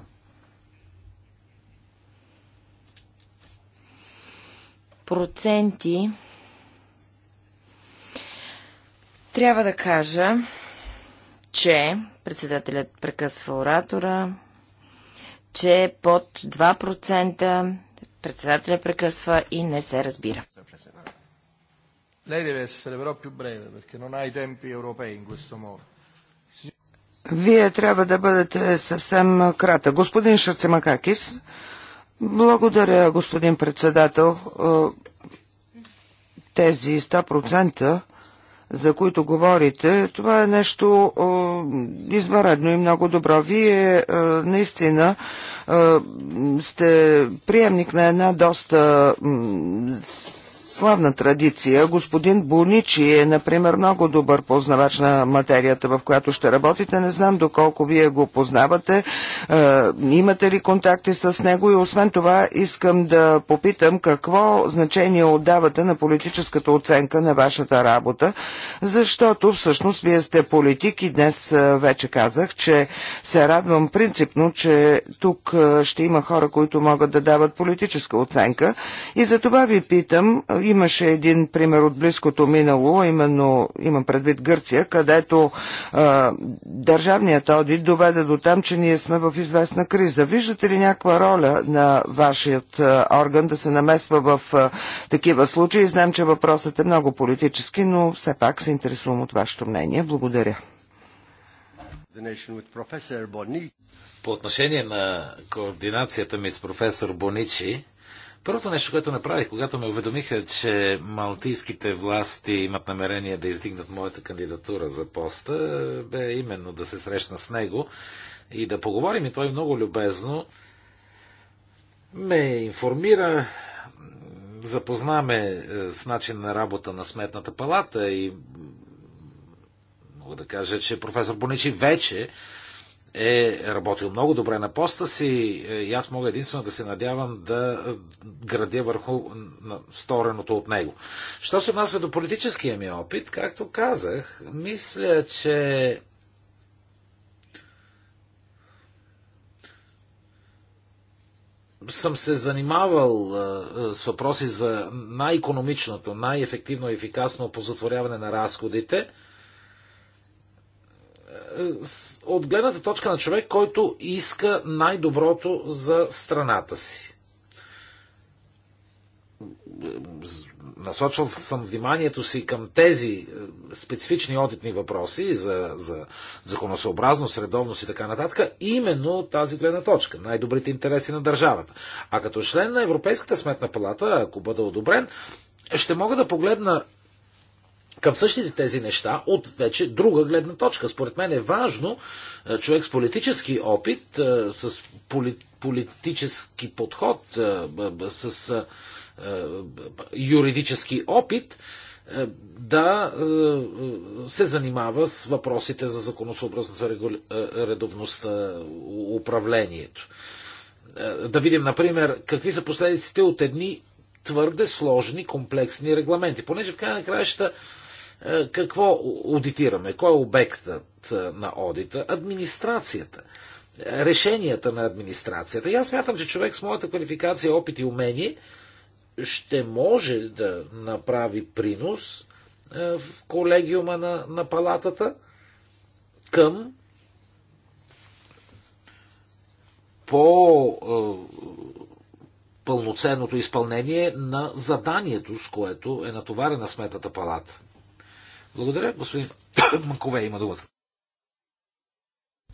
проценти, трябва да кажа, че председателят прекъсва оратора, че под 2% председателя прекъсва и не се разбира. Вие трябва да бъдете съвсем крата. Господин Шацемакакис, благодаря, господин председател. Е, тези 100%, за които говорите, това е нещо е, извънредно и много добро. Вие е, наистина сте приемник на една доста славна традиция. Господин Буничи е, например, много добър познавач на материята, в която ще работите. Не знам доколко вие го познавате. Е, имате ли контакти с него? И освен това искам да попитам какво значение отдавате на политическата оценка на вашата работа, защото всъщност вие сте политик и днес е, вече казах, че се радвам принципно, че тук е, ще има хора, които могат да дават политическа оценка. И за това ви питам, Имаше един пример от близкото минало, именно имам предвид Гърция, където а, държавният одит доведе до там, че ние сме в известна криза. Виждате ли някаква роля на вашият а, орган да се намесва в а, такива случаи? Знам, че въпросът е много политически, но все пак се интересувам от вашето мнение. Благодаря. По отношение на координацията ми с професор Боничи, Първото нещо, което направих, когато ме уведомиха, че малтийските власти имат намерение да издигнат моята кандидатура за поста, бе именно да се срещна с него и да поговорим. И той много любезно ме информира, запознаме е, с начин на работа на Сметната палата и мога да кажа, че професор Боничи вече е работил много добре на поста си е, и аз мога единствено да се надявам да е, градя върху стореното от него. Що се отнася до политическия ми опит, както казах, мисля, че съм се занимавал е, с въпроси за най-економичното, най-ефективно и ефикасно позатворяване на разходите – от гледната точка на човек, който иска най-доброто за страната си. Насочвал съм вниманието си към тези е, специфични одитни въпроси за, за законосъобразност, редовност и така нататък, именно от тази гледна точка. Най-добрите интереси на държавата. А като член на Европейската сметна палата, ако бъда одобрен, ще мога да погледна към същите тези неща от вече друга гледна точка. Според мен е важно е, човек с политически опит, е, с политически подход, е, с юридически опит, да се занимава с въпросите за законосъобразната редовност, управлението. Да видим, например, какви са последиците от едни твърде сложни, комплексни регламенти. Понеже в края на краища е, какво аудитираме? Кой е обектът е, на одита? Администрацията. Решенията на администрацията. И аз смятам, че човек с моята квалификация, опит и умение ще може да направи принос е, в колегиума на, на палатата към по пълноценното изпълнение на заданието, с което е натоварена сметата палата. Благодаря. Господин Макове има думата.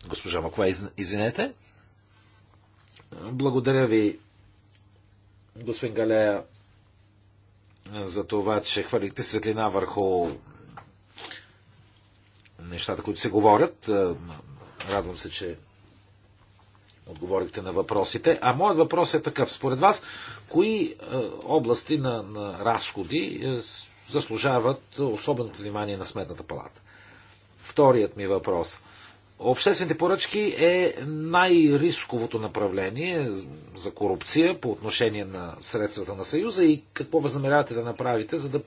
Госпожа Макове, извинете. Благодаря ви, господин Галея, за това, че хвърлихте светлина върху нещата, които се говорят. Радвам се, че отговорихте на въпросите. А моят въпрос е такъв. Според вас, кои е, области на, на разходи е, заслужават особеното внимание на Сметната палата. Вторият ми въпрос. Обществените поръчки е най-рисковото направление за корупция по отношение на средствата на Съюза и какво възнамерявате да направите, за да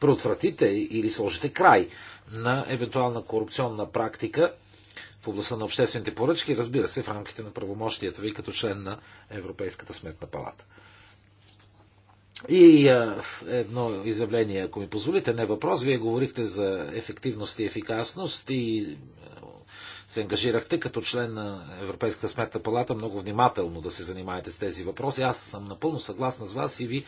предотвратите или сложите край на евентуална корупционна практика в областта на обществените поръчки, разбира се, в рамките на правомощията ви като член на Европейската сметна палата. И а, едно изявление, ако ми позволите, не въпрос. Вие говорихте за ефективност и ефикасност и се ангажирахте като член на Европейската сметна палата много внимателно да се занимаете с тези въпроси. Аз съм напълно съгласна с вас и ви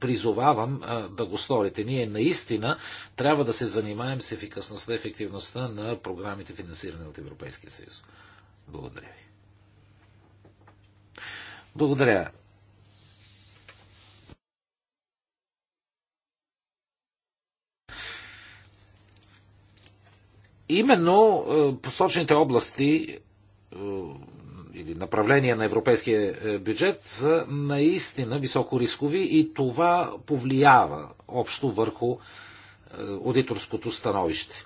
призовавам а, да го сторите. Ние наистина трябва да се занимаем с ефикасността и ефективността на програмите финансирани от Европейския съюз. Благодаря ви. Благодаря. Именно е, посочените области е, или направления на европейския е, бюджет са наистина високо рискови и това повлиява общо върху аудиторското становище.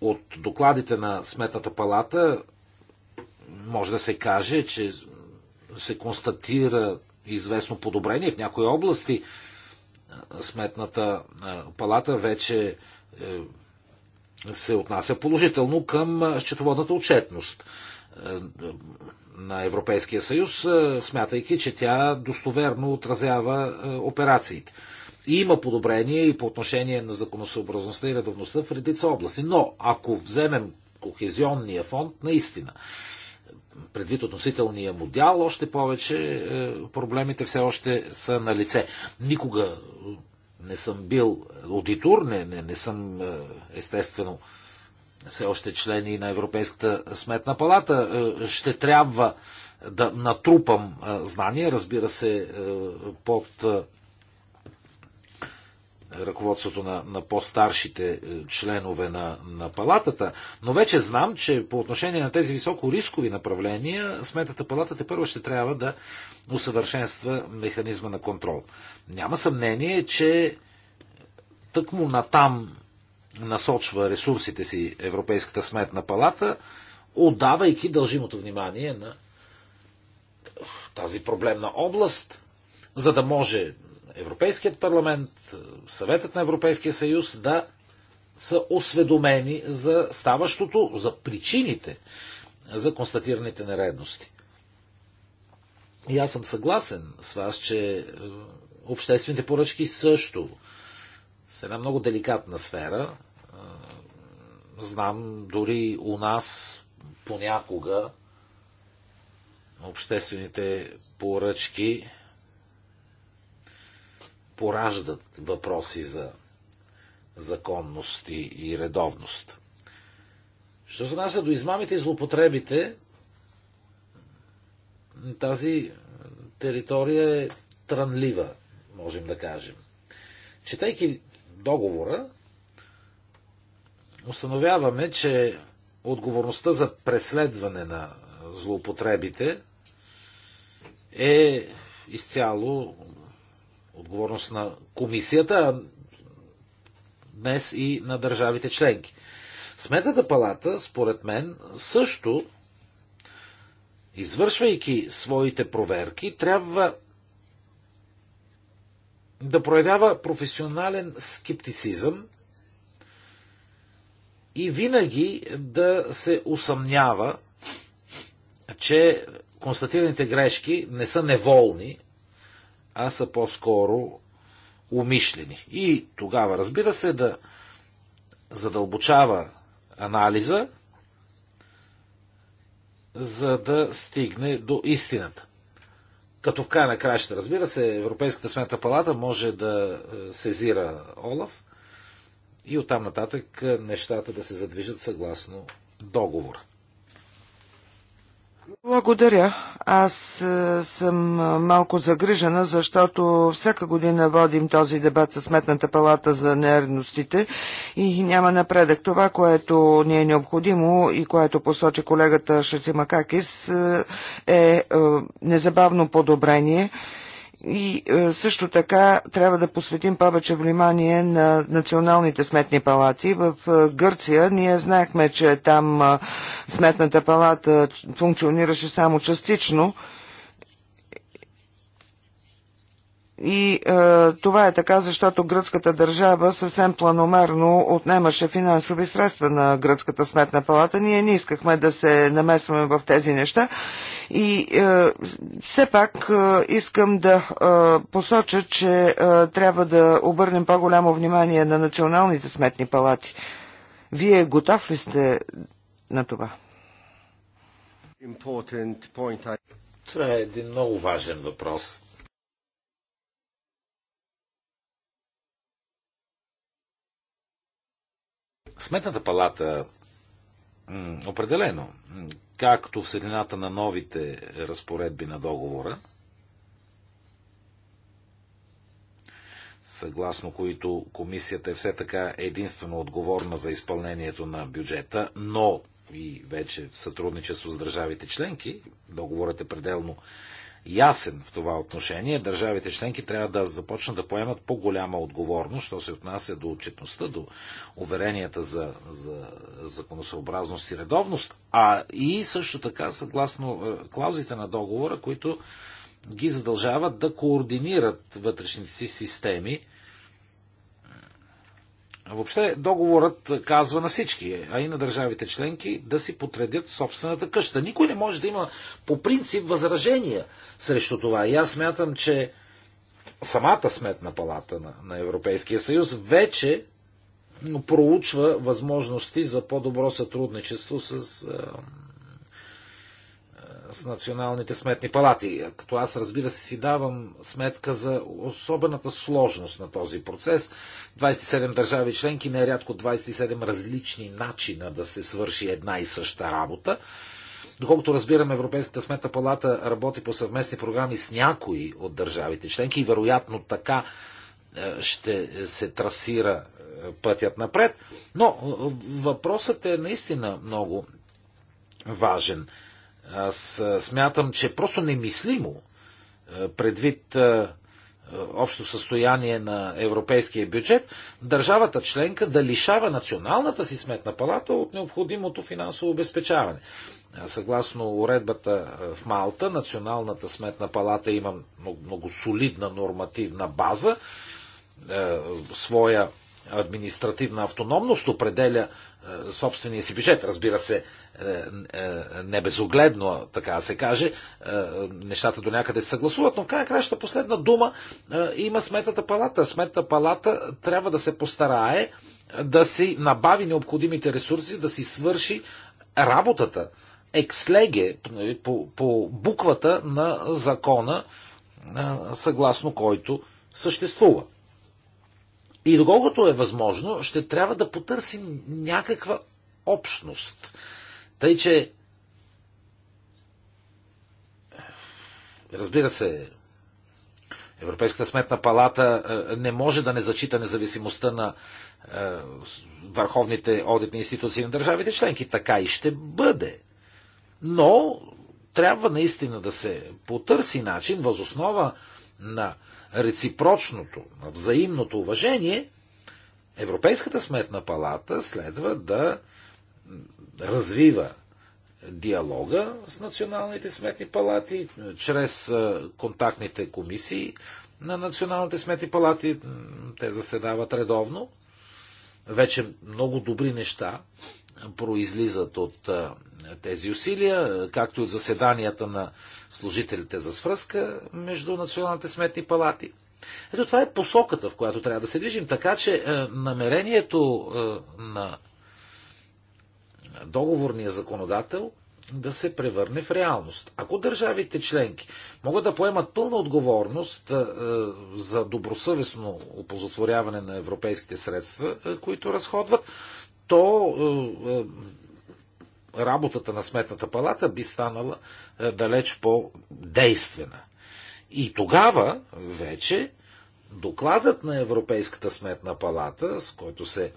От докладите на Сметната палата може да се каже, че се констатира известно подобрение в някои области. Сметната палата вече се отнася положително към счетоводната отчетност е, на Европейския съюз, е, смятайки, че тя достоверно отразява е, операциите. И има подобрение и по отношение на законосъобразността и редовността в редица области. Но ако вземем кохезионния фонд, наистина, предвид относителния му дял, още повече проблемите все още са на лице. Никога не съм бил аудитор, не, не, не съм е, естествено все още член и на Европейската сметна палата. Е, ще трябва да натрупам е, знания, разбира се, под ръководството на, на по-старшите е, членове на, на палатата, но вече знам, че по отношение на тези високо рискови направления, сметата палата те първо ще трябва да усъвършенства механизма на контрол. Няма съмнение, че тъкмо натам насочва ресурсите си Европейската сметна палата, отдавайки дължимото внимание на тази проблемна област, за да може Европейският парламент, съветът на Европейския съюз да са осведомени за ставащото, за причините за констатираните нередности. И аз съм съгласен с вас, че е, обществените поръчки също са една много деликатна сфера. Е, знам, дори у нас понякога обществените поръчки пораждат въпроси за законност и редовност. Що се отнася до измамите и злопотребите, тази територия е трънлива, можем да кажем. Четейки договора, установяваме, че отговорността за преследване на злоупотребите е изцяло отговорност на комисията, а днес и на държавите членки. Сметната палата, според мен, също, извършвайки своите проверки, трябва да проявява професионален скептицизъм и винаги да се усъмнява, че констатираните грешки не са неволни, а са по-скоро умишлени. И тогава, разбира се, да задълбочава анализа, за да стигне до истината. Като в края на краща, разбира се, Европейската смета палата може да е, сезира Олаф и оттам нататък е, нещата да се задвижат съгласно договора. Благодаря. Аз е, съм е, малко загрижена, защото всяка година водим този дебат със Сметната палата за нередностите и няма напредък. Това, което ни е необходимо и което посочи колегата Шатимакакис е, е незабавно подобрение – и е, също така трябва да посветим повече внимание на националните сметни палати. В е, Гърция ние знаехме, че там е, сметната палата функционираше само частично. И е, това е така, защото гръцката държава съвсем планомерно отнемаше финансови средства на гръцката сметна палата. Ние не искахме да се намесваме в тези неща. И е, все пак е, искам да е, посоча, че е, трябва да обърнем по-голямо внимание на националните сметни палати. Вие готов ли сте на това? Това е един много важен въпрос. Сметната палата определено, както в средината на новите разпоредби на договора, съгласно които комисията е все така единствено отговорна за изпълнението на бюджета, но и вече в сътрудничество с държавите членки, договорът е пределно ясен в това отношение. Държавите членки трябва да започнат да поемат по-голяма отговорност, що се отнася до отчетността, до уверенията за, за законосъобразност и редовност, а и също така съгласно е, клаузите на договора, които ги задължават да координират вътрешните си системи Въобще договорът казва на всички, а и на държавите членки, да си потредят собствената къща. Никой не може да има по принцип възражения срещу това. И аз смятам, че самата сметна палата на, на Европейския съюз вече проучва възможности за по-добро сътрудничество с с националните сметни палати. Като аз, разбира се, си давам сметка за особената сложност на този процес. 27 държави членки, нерядко 27 различни начина да се свърши една и съща работа. Доколкото разбирам, Европейската сметна палата работи по съвместни програми с някои от държавите членки и вероятно така е, ще се трасира е, пътят напред. Но е, въпросът е наистина много важен. Аз смятам, че просто немислимо предвид общо състояние на европейския бюджет, държавата членка да лишава националната си сметна палата от необходимото финансово обезпечаване. Съгласно уредбата в Малта, Националната сметна палата има много, много солидна нормативна база, своя административна автономност, определя е, собствения си бюджет. Разбира се, е, е, не безогледно, така се каже, е, нещата до някъде се съгласуват, но край краща последна дума е, има сметата палата. Сметата палата трябва да се постарае да си набави необходимите ресурси, да си свърши работата. Екслеге по, по буквата на закона, е, съгласно който съществува. И доколкото е възможно, ще трябва да потърсим някаква общност. Тъй, че разбира се, Европейската сметна палата е, не може да не зачита независимостта на е, върховните одитни институции на държавите членки. Така и ще бъде. Но трябва наистина да се потърси начин, възоснова на реципрочното, на взаимното уважение, Европейската сметна палата следва да развива диалога с националните сметни палати, чрез е, контактните комисии на националните сметни палати. Те заседават редовно. Вече много добри неща произлизат от тези усилия, както и от заседанията на служителите за свръзка между националните сметни палати. Ето това е посоката, в която трябва да се движим. Така че намерението на договорния законодател да се превърне в реалност. Ако държавите членки могат да поемат пълна отговорност за добросъвестно опозотворяване на европейските средства, които разходват, то е, е, работата на Сметната палата би станала е, далеч по-действена. И тогава вече докладът на Европейската Сметна палата, с който се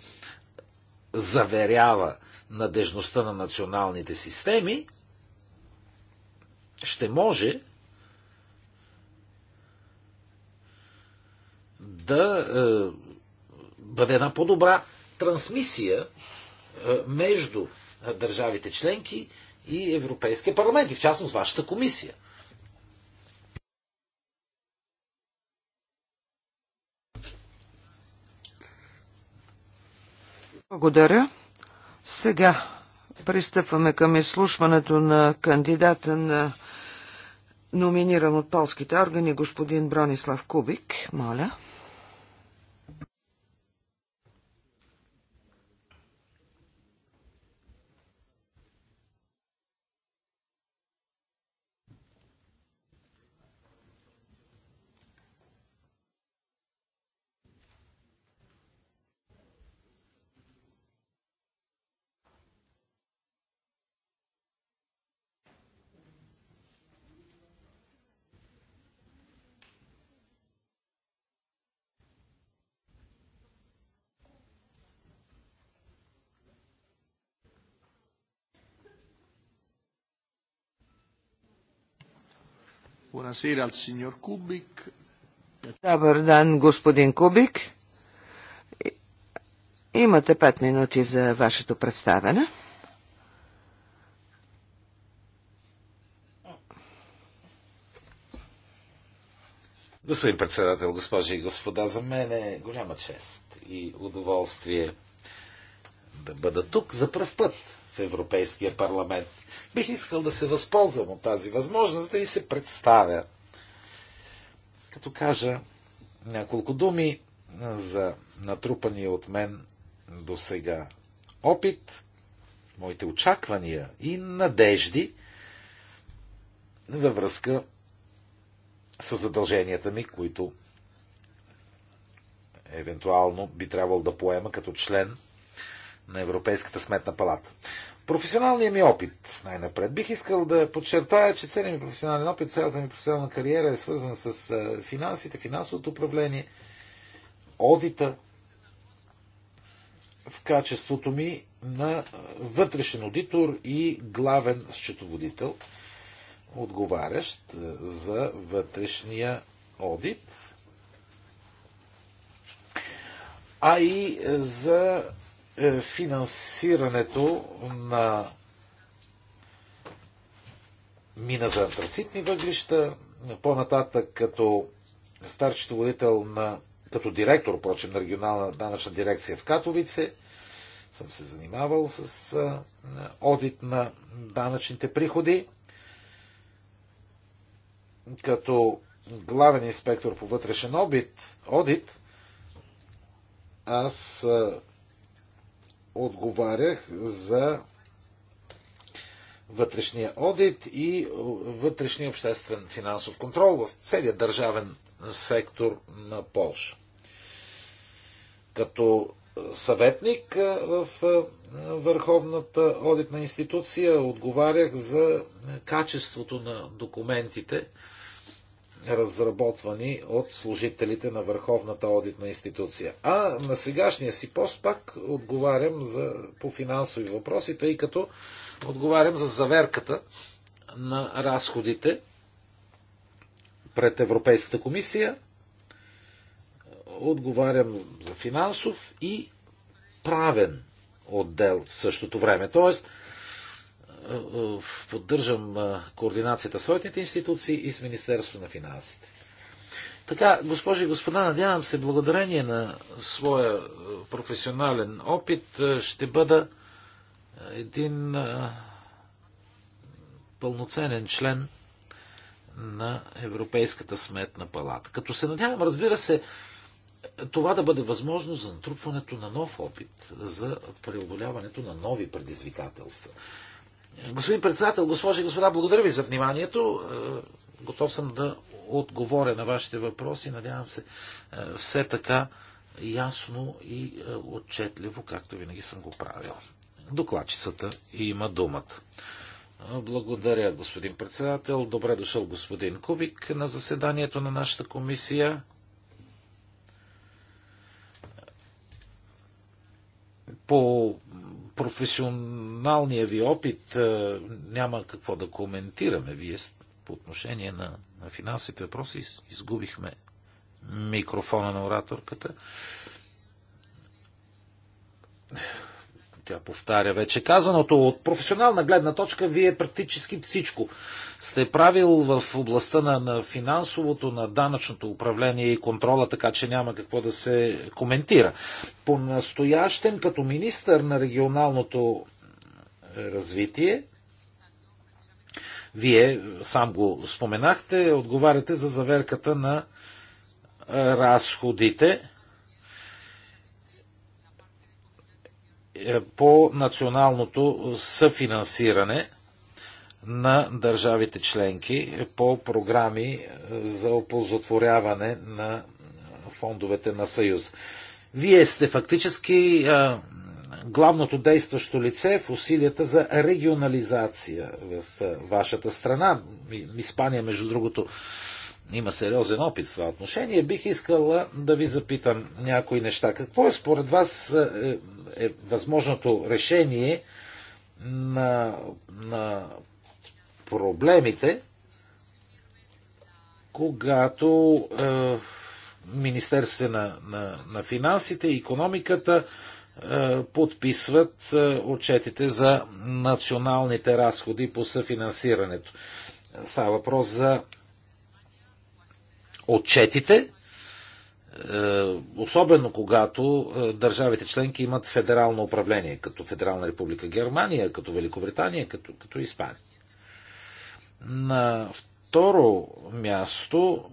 заверява надежността на националните системи, ще може да е, бъде една по-добра трансмисия е, между е, държавите членки и Европейския парламент, и в частност вашата комисия. Благодаря. Сега пристъпваме към изслушването на кандидата на номиниран от полските органи господин Бронислав Кубик. Моля. Buonasera al signor Kubik. Добър ден, господин Кубик. Имате 5 минути за вашето представяне. Господин председател, госпожи и господа, за мен е голяма чест и удоволствие да бъда тук за пръв път в Европейския парламент. Бих искал да се възползвам от тази възможност да ви се представя. Като кажа няколко думи за натрупания от мен до сега опит, моите очаквания и надежди във връзка с задълженията ми, които евентуално би трябвало да поема като член на Европейската сметна палата. Професионалният ми опит, най-напред. Бих искал да подчертая, че целият ми професионален опит, цялата ми професионална кариера е свързан с финансите, финансовото управление, одита, в качеството ми на вътрешен аудитор и главен счетоводител, отговарящ за вътрешния одит, а и за е финансирането на мина за антрацитни въглища, по-нататък като старчето водител на, като директор, прочим, на регионална данъчна дирекция в Катовице, съм се занимавал с а, одит на данъчните приходи. Като главен инспектор по вътрешен обид, одит, аз а, отговарях за вътрешния одит и вътрешния обществен финансов контрол в целият държавен сектор на Польша. Като съветник в Върховната одитна институция отговарях за качеството на документите, разработвани от служителите на Върховната одитна институция. А на сегашния си пост пак отговарям за, по финансови въпроси, тъй като отговарям за заверката на разходите пред Европейската комисия. Отговарям за финансов и правен отдел в същото време. Тоест, е, е, поддържам е, координацията с своите институции и с Министерство на финансите. Така, госпожи и господа, надявам се, благодарение на своя професионален опит, ще бъда един пълноценен член на Европейската сметна палата. Като се надявам, разбира се, това да бъде възможно за натрупването на нов опит, за преодоляването на нови предизвикателства. Господин председател, госпожи и господа, благодаря ви за вниманието. Е, готов съм да отговоря на вашите въпроси. Надявам се е, все така ясно и е, отчетливо, както винаги съм го правил. Докладчицата има думата. Благодаря, господин председател. Добре дошъл, господин Кубик, на заседанието на нашата комисия. По професионалния ви опит е, няма какво да коментираме. Вие по отношение на, на финансовите въпроси изгубихме микрофона на ораторката. Тя повтаря вече казаното. От професионална гледна точка, вие практически всичко сте правил в областта на, на финансовото, на данъчното управление и контрола, така че няма какво да се коментира. по настоящен като министър на регионалното развитие, вие сам го споменахте, отговаряте за заверката на разходите. Е, по националното съфинансиране на държавите членки по програми е, за оползотворяване на фондовете на Съюз. Вие сте фактически е, главното действащо лице в усилията за регионализация в вашата страна. Испания, между другото, има сериозен опит в това отношение, бих искала да ви запитам някои неща. Какво е според вас е, е, е възможното решение на, на проблемите, когато е, Министерство на, на, на финансите и економиката е, подписват е, отчетите за националните разходи по съфинансирането? Става въпрос за отчетите, е, особено когато е, държавите членки имат федерално управление, като Федерална република Германия, като Великобритания, като, като Испания. На второ място,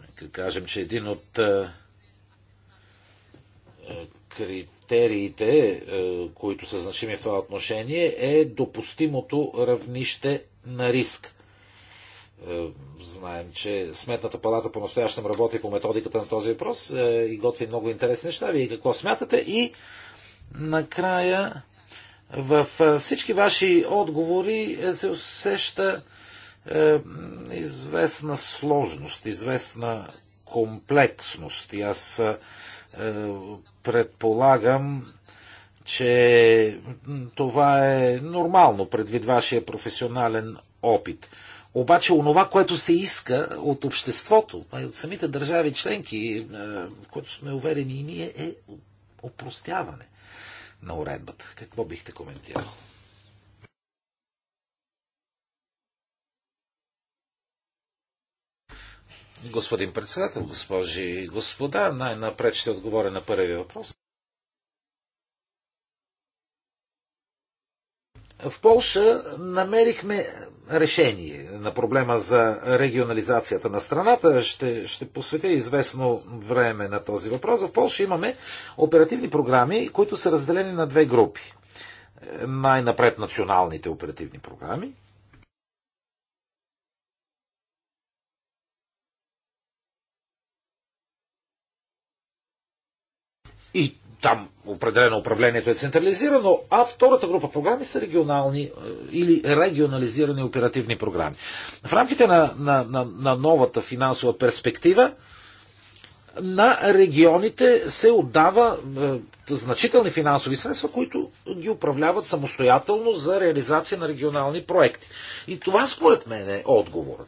нека кажем, че един от е, критериите, които са значими в това отношение, е допустимото равнище на риск. Е, знаем, че Сметната палата по-настоящем работи по методиката на този въпрос е, и готви много интересни неща. Вие какво смятате? И накрая в е, всички ваши отговори се усеща известна сложност, известна комплексност. И аз предполагам, че това е нормално предвид вашия професионален опит. Обаче онова, което се иска от обществото, от самите държави членки, в е, което сме уверени и ние, е опростяване на уредбата. Какво бихте коментирал? Господин председател, госпожи и господа, най-напред ще отговоря на първия въпрос. В Полша намерихме решение на проблема за регионализацията на страната. Ще, ще посветя известно време на този въпрос. В Польша имаме оперативни програми, които са разделени на две групи. Най-напред националните оперативни програми. И там определено управлението е централизирано, а втората група програми са регионални е, или регионализирани оперативни програми. В рамките на, на, на, на новата финансова перспектива на регионите се отдава е, значителни финансови средства, които ги управляват самостоятелно за реализация на регионални проекти. И това според мен е отговорът.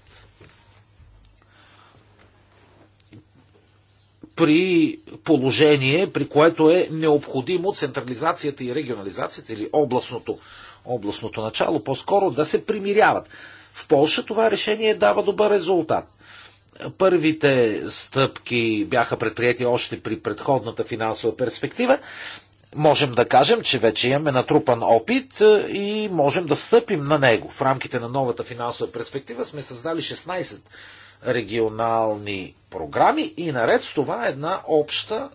при положение, при което е необходимо централизацията и регионализацията или областното, областното начало по-скоро да се примиряват. В Польша това решение дава добър резултат. Първите стъпки бяха предприяти още при предходната финансова перспектива. Можем да кажем, че вече имаме натрупан опит е, и можем да стъпим на него. В рамките на новата финансова перспектива сме създали 16 регионални програми и наред с това една обща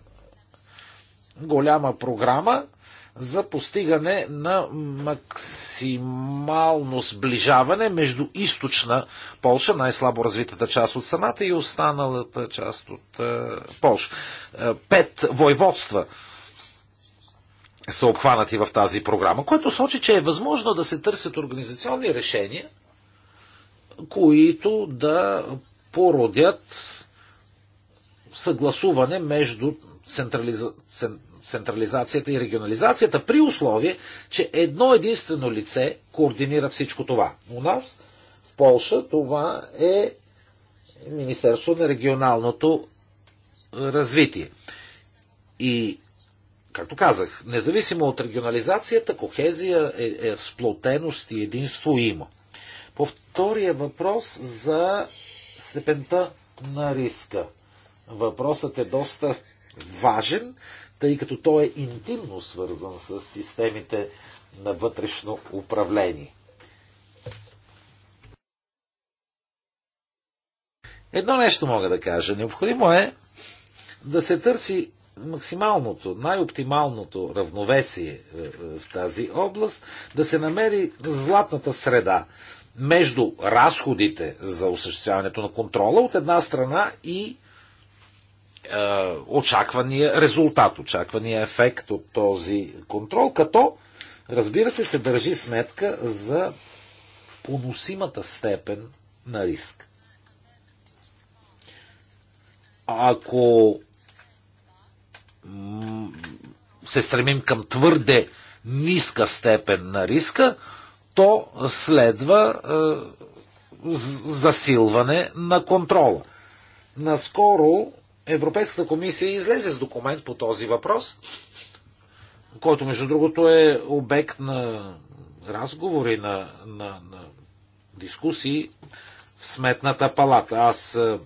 голяма програма за постигане на максимално сближаване между източна Полша, най-слабо развитата част от страната и останалата част от е, Полша. Е, пет войводства са обхванати в тази програма, което сочи, че е възможно да се търсят организационни решения, които да породят съгласуване между централиза... централизацията и регионализацията, при условие, че едно единствено лице координира всичко това. У нас, в Польша, това е Министерство на регионалното развитие. И, както казах, независимо от регионализацията, кохезия е, е сплотеност и единство има. По втория въпрос за степента на риска. Въпросът е доста важен, тъй като той е интимно свързан с системите на вътрешно управление. Едно нещо мога да кажа. Необходимо е да се търси максималното, най-оптималното равновесие е, е, в тази област, да се намери златната среда между разходите за осъществяването на контрола от една страна и е, очаквания резултат, очаквания ефект от този контрол, като разбира се се държи сметка за поносимата степен на риск. Ако се стремим към твърде ниска степен на риска, то следва е, засилване на контрола. Наскоро Европейската комисия излезе с документ по този въпрос, който между другото е обект на разговори, на, на, на дискусии в Сметната палата. Аз е,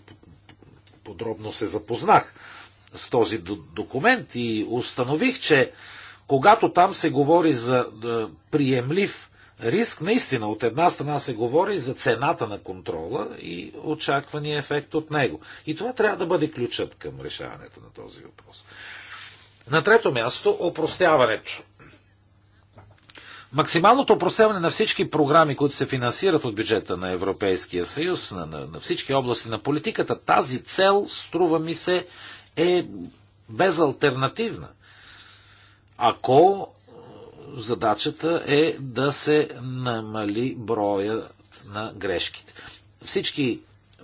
подробно се запознах с този документ и установих, че когато там се говори за е, приемлив риск. Наистина, от една страна се говори за цената на контрола и очаквания ефект от него. И това трябва да бъде ключът към решаването на този въпрос. На трето място, опростяването. Максималното опростяване на всички програми, които се финансират от бюджета на Европейския съюз, на, на, на всички области на политиката, тази цел, струва ми се, е безалтернативна. Ако задачата е да се намали броя на грешките. Всички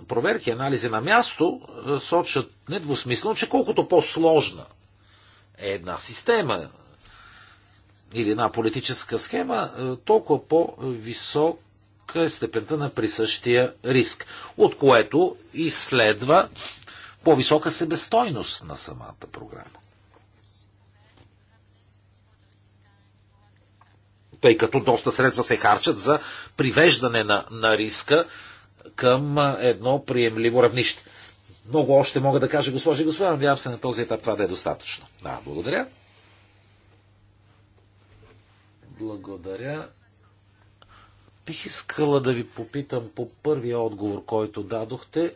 проверки, анализи на място е, сочат недвусмислено, че колкото по-сложна е една система или една политическа схема, е, толкова по-висок е степента на присъщия риск, от което изследва по-висока себестойност на самата програма. тъй като доста средства се харчат за привеждане на, на риска към едно приемливо равнище. Много още мога да кажа, госпожи и господа, надявам се на този етап това да е достатъчно. Да, благодаря. Благодаря. Бих искала да ви попитам по първия отговор, който дадохте.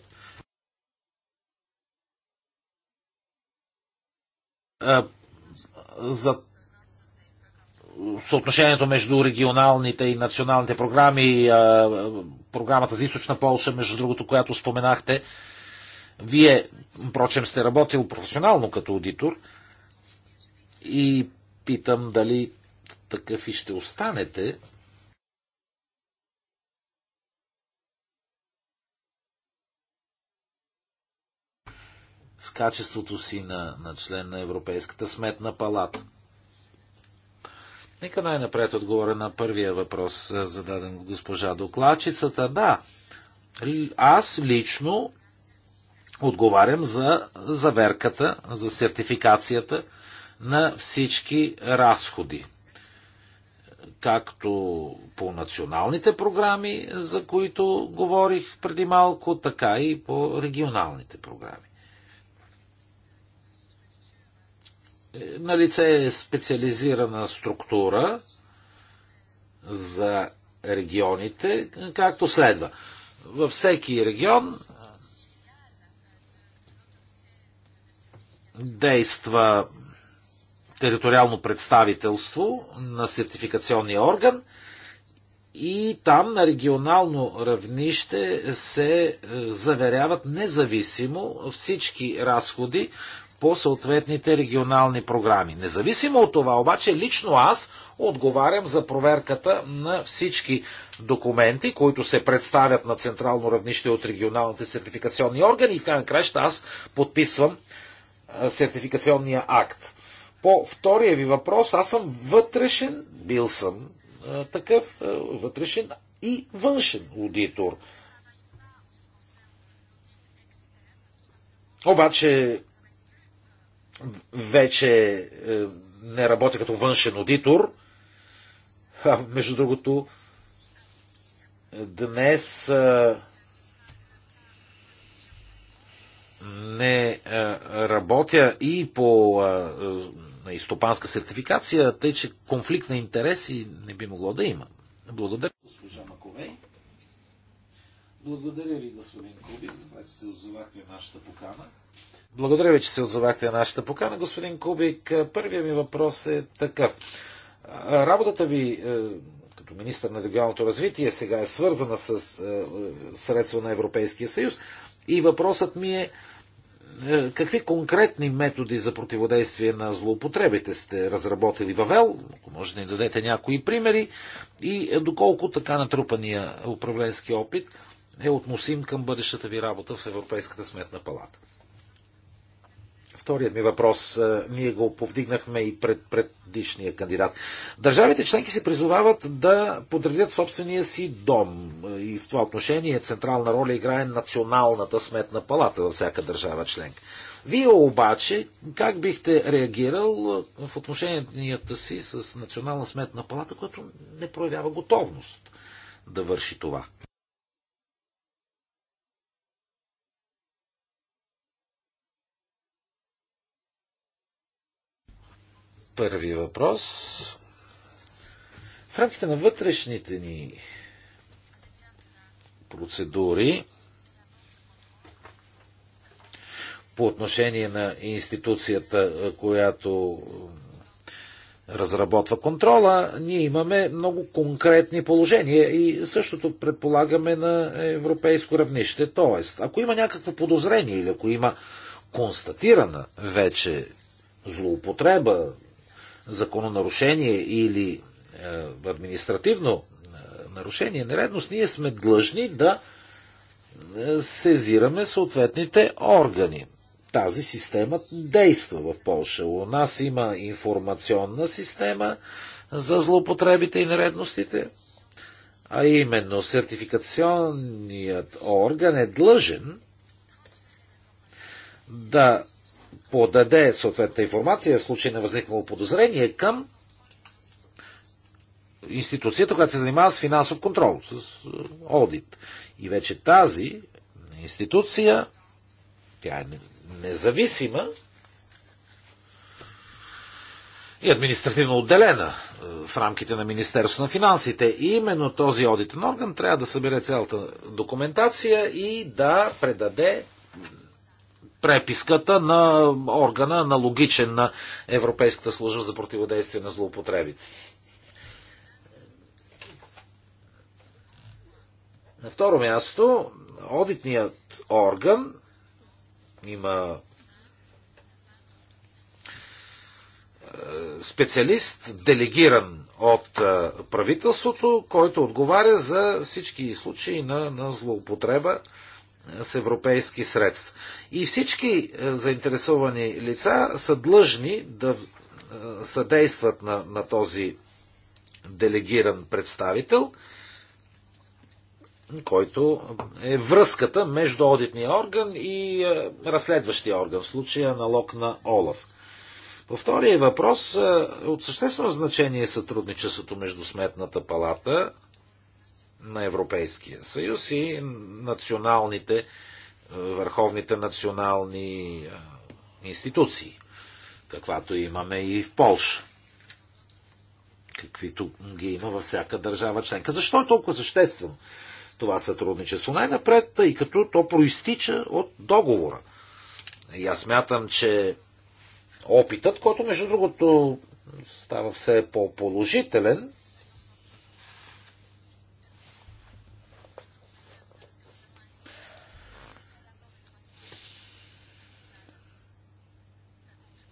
А, за съотношението между регионалните и националните програми, програмата за източна Полша, между другото, която споменахте. Вие, впрочем, сте работил професионално като аудитор и питам дали такъв и ще останете. В качеството си на, на член на Европейската сметна палата. Нека най-напред отговоря на първия въпрос, е, зададен от госпожа докладчицата. Да, аз лично отговарям за заверката, за сертификацията на всички разходи. Както по националните програми, за които говорих преди малко, така и по регионалните програми. на лице е специализирана структура за регионите, както следва. Във всеки регион действа териториално представителство на сертификационния орган и там на регионално равнище се е, заверяват независимо всички разходи по съответните регионални програми. Независимо от това, обаче лично аз отговарям за проверката на всички документи, които се представят на централно равнище от регионалните сертификационни органи и в крайна краща аз подписвам сертификационния акт. По втория ви въпрос, аз съм вътрешен, бил съм такъв вътрешен и външен аудитор. Обаче вече е, не работя като външен аудитор. А, между другото, днес е, не е, работя и по изтопанска сертификация, тъй че конфликт на интереси не би могло да има. Благодаря, госпожа Маковей. Благодаря ви, господин Кубик, за това, че се озовахте нашата покана. Благодаря ви, че се отзовахте на нашата покана, господин Кубик. Първият ми въпрос е такъв. Работата ви е, като министър на регионалното развитие сега е свързана с е, средства на Европейския съюз и въпросът ми е, е какви конкретни методи за противодействие на злоупотребите сте разработили въвел, ако може да ни дадете някои примери, и доколко така натрупания управленски опит е относим към бъдещата ви работа в Европейската сметна палата вторият ми въпрос. Е, ние го повдигнахме и пред предишния кандидат. Държавите членки се призовават да подредят собствения си дом. Е, и в това отношение централна роля играе националната сметна палата във всяка държава членка. Вие обаче, как бихте реагирал е, в отношенията си с Национална сметна палата, която не проявява готовност да върши това? първи въпрос. В рамките на вътрешните ни процедури по отношение на институцията, която разработва контрола, ние имаме много конкретни положения и същото предполагаме на европейско равнище. Тоест, ако има някакво подозрение или ако има констатирана вече злоупотреба, закононарушение или е, административно е, нарушение, нередност, ние сме длъжни да е, сезираме съответните органи. Тази система действа в Польша. У нас има информационна система за злоупотребите и нередностите, а именно сертификационният орган е длъжен да подаде съответната информация в случай на възникнало подозрение към институцията, която се занимава с финансов контрол, с одит. Е, и вече тази институция, тя е независима и административно отделена е, в рамките на Министерство на финансите. И именно този одитен орган трябва да събере цялата документация и да предаде преписката на органа, аналогичен на Европейската служба за противодействие на злоупотребите. На второ място, одитният орган има е, специалист, делегиран от е, правителството, който отговаря за всички случаи на, на злоупотреба с европейски средства. И всички е, заинтересовани лица са длъжни да е, съдействат на, на този делегиран представител, който е връзката между одитния орган и е, разследващия орган, в случая налог на Олаф. По втория въпрос, от съществено значение е сътрудничеството между Сметната палата, на Европейския съюз и националните, е, върховните национални е, институции, каквато имаме и в Польша, каквито ги има във всяка държава членка. Защо е толкова съществено това сътрудничество? Най-напред, тъй като то проистича от договора. И аз мятам, че опитът, който между другото става все по-положителен,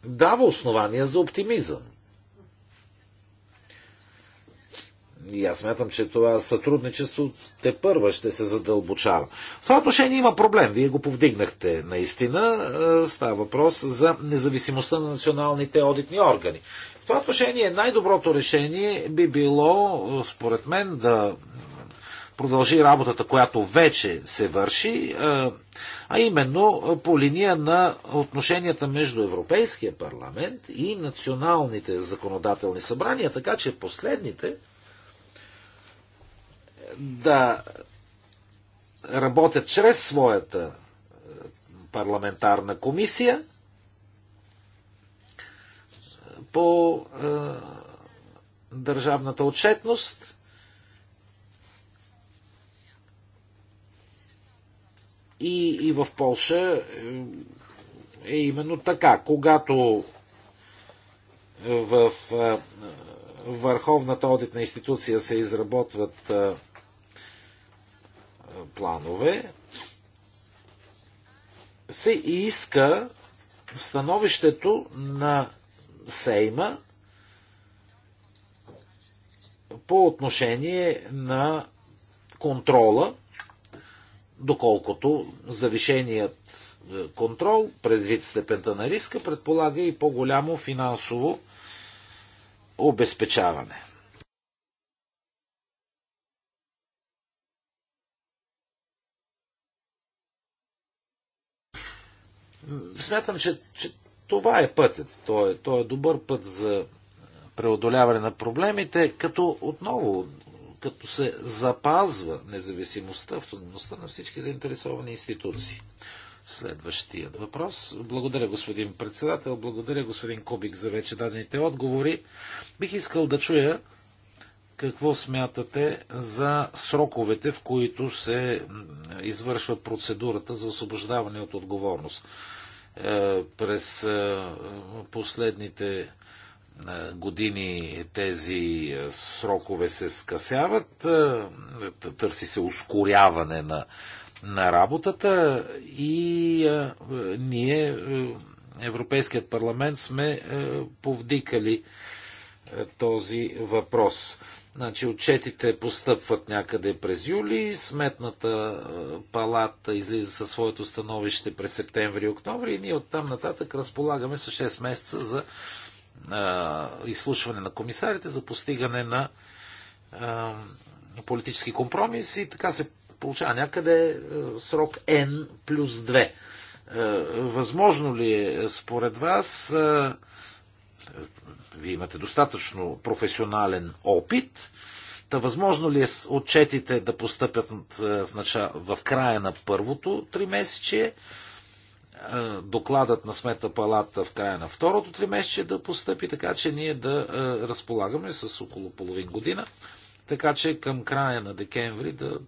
дава основания за оптимизъм. И аз смятам, че това сътрудничество те първа ще се задълбочава. В това отношение има проблем. Вие го повдигнахте наистина. Е, става въпрос за независимостта на националните одитни органи. В това отношение най-доброто решение би било, е, според мен, да продължи работата, която вече се върши, а именно по линия на отношенията между Европейския парламент и националните законодателни събрания, така че последните да работят чрез своята парламентарна комисия по държавната отчетност – И, и в Польша е, е именно така. Когато е, в е, Върховната одитна институция се изработват планове, се иска становището на Сейма по отношение на контрола доколкото завишеният е, контрол, предвид степента на риска, предполага и по-голямо финансово обезпечаване. Смятам, че, че това е пътят. Той е, той е добър път за преодоляване на проблемите, като отново като се запазва независимостта, автономността на всички заинтересовани институции. Следващият въпрос. Благодаря, господин председател. Благодаря, господин Кубик, за вече дадените отговори. Бих искал да чуя какво смятате за сроковете, в които се извършва процедурата за освобождаване от отговорност. Е, през е, последните години тези е, срокове се скъсяват, е, търси се ускоряване на, на работата и а, е, ние, Европейският парламент, сме повдикали този въпрос. Значи отчетите постъпват някъде през юли, сметната палата излиза със своето становище през септември и октомври и ние оттам нататък разполагаме с 6 месеца за изслушване на комисарите за постигане на политически компромис и така се получава някъде срок N плюс 2. Възможно ли е според вас, вие имате достатъчно професионален опит, Та възможно ли е отчетите да постъпят в, начало, в края на първото три месече е, докладът на Смета палата в края на второто три месече да постъпи, така че ние да е, разполагаме с около половин година, така че към края на декември да,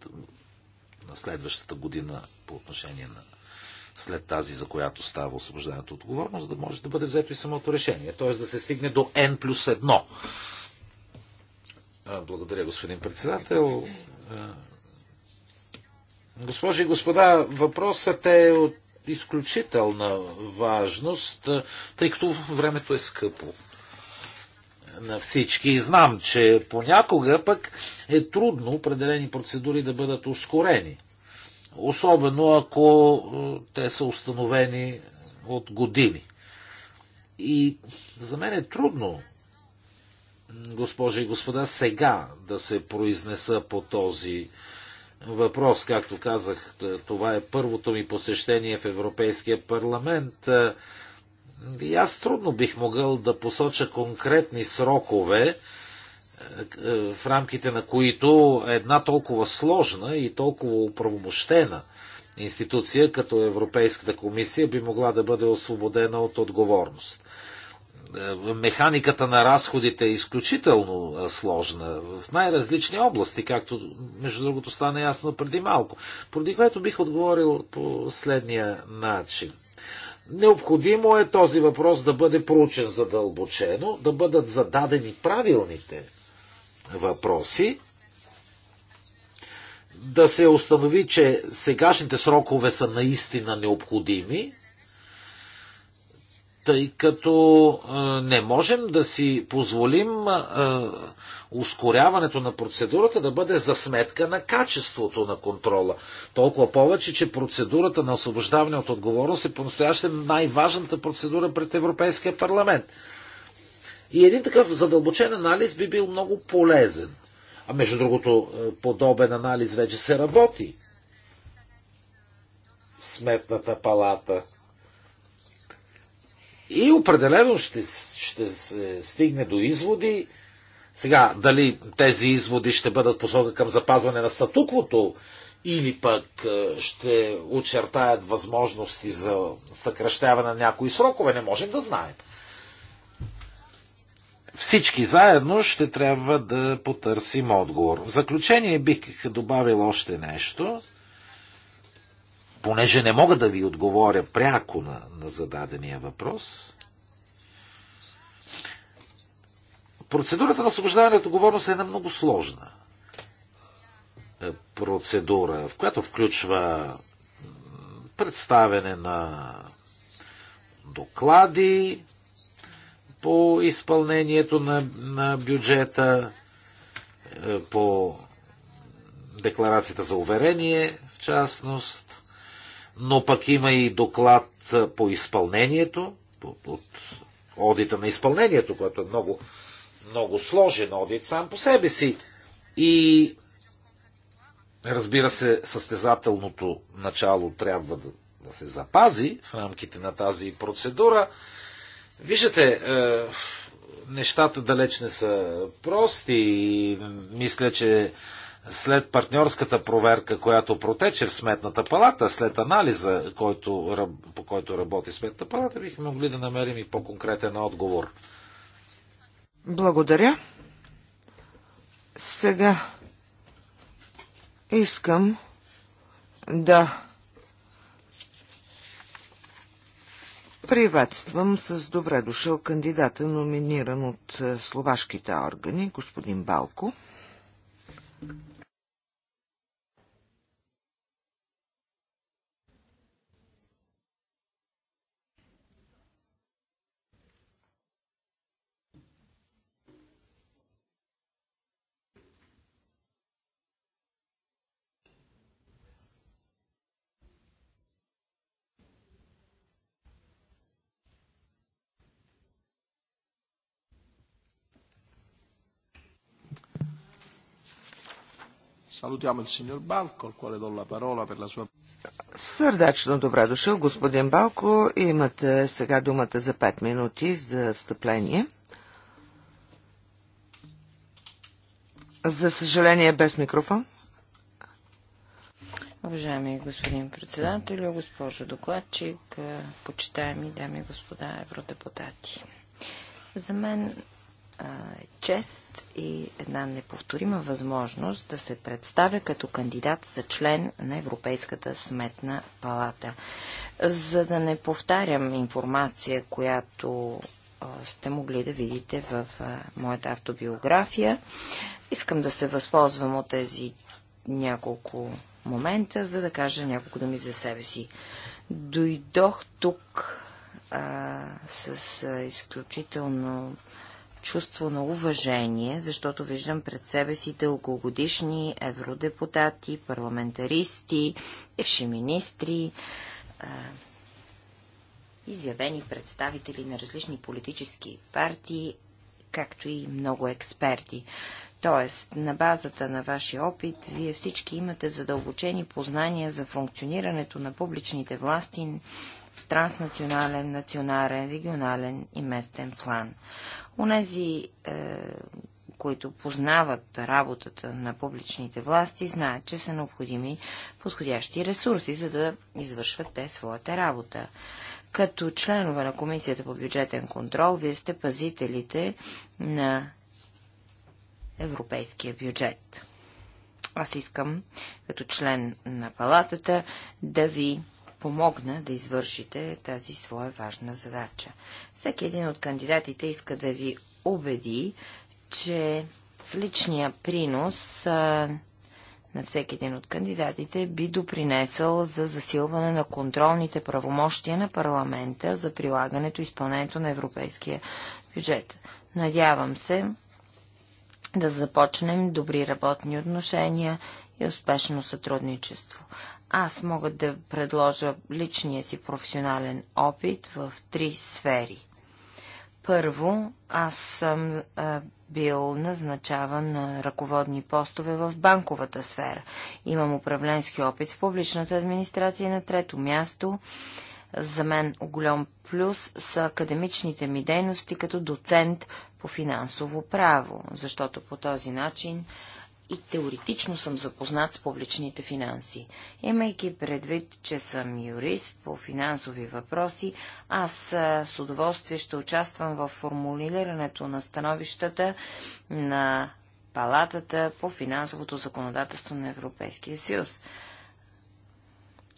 на следващата година по отношение на след тази, за която става освобождането отговорност, да може да бъде взето и самото решение. Т.е. да се стигне до N плюс 1. Е, благодаря, господин председател. Госпожи и господа, въпросът е от изключителна важност, тъй като времето е скъпо на всички. И знам, че понякога пък е трудно определени процедури да бъдат ускорени. Особено ако те са установени от години. И за мен е трудно, госпожи и господа, сега да се произнеса по този въпрос. Както казах, това е първото ми посещение в Европейския парламент. И аз трудно бих могъл да посоча конкретни срокове, в рамките на които една толкова сложна и толкова оправомощена институция като Европейската комисия би могла да бъде освободена от отговорност. Е, механиката на разходите е изключително е, сложна в най-различни области, както между другото стана ясно преди малко. Поради което бих отговорил по следния начин. Необходимо е този въпрос да бъде проучен задълбочено, да бъдат зададени правилните въпроси, да се установи, че сегашните срокове са наистина необходими, тъй като а, не можем да си позволим а, ускоряването на процедурата да бъде за сметка на качеството на контрола. Толкова повече, че процедурата на освобождаване от отговорност е по-настоящем най-важната процедура пред Европейския парламент. И един такъв задълбочен анализ би бил много полезен. А между другото, подобен анализ вече се работи в сметната палата. И определено ще, ще се стигне до изводи. Сега, дали тези изводи ще бъдат посока към запазване на статуквото или пък е, ще очертаят възможности за съкръщаване на някои срокове, не можем да знаем. Всички заедно ще трябва да потърсим отговор. В заключение бих добавил още нещо понеже не мога да ви отговоря пряко на, на зададения въпрос, процедурата на освобождаване от отговорност е една много сложна е, процедура, в която включва представяне на доклади по изпълнението на, на бюджета, е, по декларацията за уверение, в частност, но пък има и доклад по изпълнението, от одита на изпълнението, което е много, много сложен одит сам по себе си. И разбира се, състезателното начало трябва да, да се запази в рамките на тази процедура. Виждате, е, нещата далеч не са прости и мисля, че след партньорската проверка, която протече в Сметната палата, след анализа, който, по който работи Сметната палата, бихме могли да намерим и по-конкретен отговор. Благодаря. Сега искам да приветствам с добре дошъл кандидата, номиниран от е, словашките органи, господин Балко. Salutiamo il signor Balco, al quale do la parola per la sua... Сърдечно добре дошъл, господин Балко. Имате сега думата за 5 минути за встъпление. За съжаление, без микрофон. Уважаеми господин председател, госпожо докладчик, почитаеми дами и господа евродепутати. За мен чест и една неповторима възможност да се представя като кандидат за член на Европейската сметна палата. За да не повтарям информация, която сте могли да видите в моята автобиография, искам да се възползвам от тези няколко момента, за да кажа няколко думи за себе си. Дойдох тук а, с изключително чувство на уважение, защото виждам пред себе си дългогодишни евродепутати, парламентаристи, бивши министри, изявени представители на различни политически партии, както и много експерти. Тоест, на базата на вашия опит, вие всички имате задълбочени познания за функционирането на публичните власти в транснационален, национален, регионален и местен план. Онези, е, които познават работата на публичните власти, знаят, че са необходими подходящи ресурси, за да извършват те своята работа. Като членове на Комисията по бюджетен контрол, вие сте пазителите на европейския бюджет. Аз искам, като член на палатата, да ви помогна да извършите тази своя важна задача. Всеки един от кандидатите иска да ви убеди, че личния принос а, на всеки един от кандидатите би допринесъл за засилване на контролните правомощия на парламента за прилагането и изпълнението на европейския бюджет. Надявам се да започнем добри работни отношения и успешно сътрудничество. Аз мога да предложа личния си професионален опит в три сфери. Първо, аз съм а, бил назначаван на ръководни постове в банковата сфера. Имам управленски опит в публичната администрация и на трето място. За мен голям плюс са академичните ми дейности като доцент по финансово право, защото по този начин и теоретично съм запознат с публичните финанси. Имайки предвид, че съм юрист по финансови въпроси, аз с удоволствие ще участвам в формулирането на становищата на Палатата по финансовото законодателство на Европейския съюз.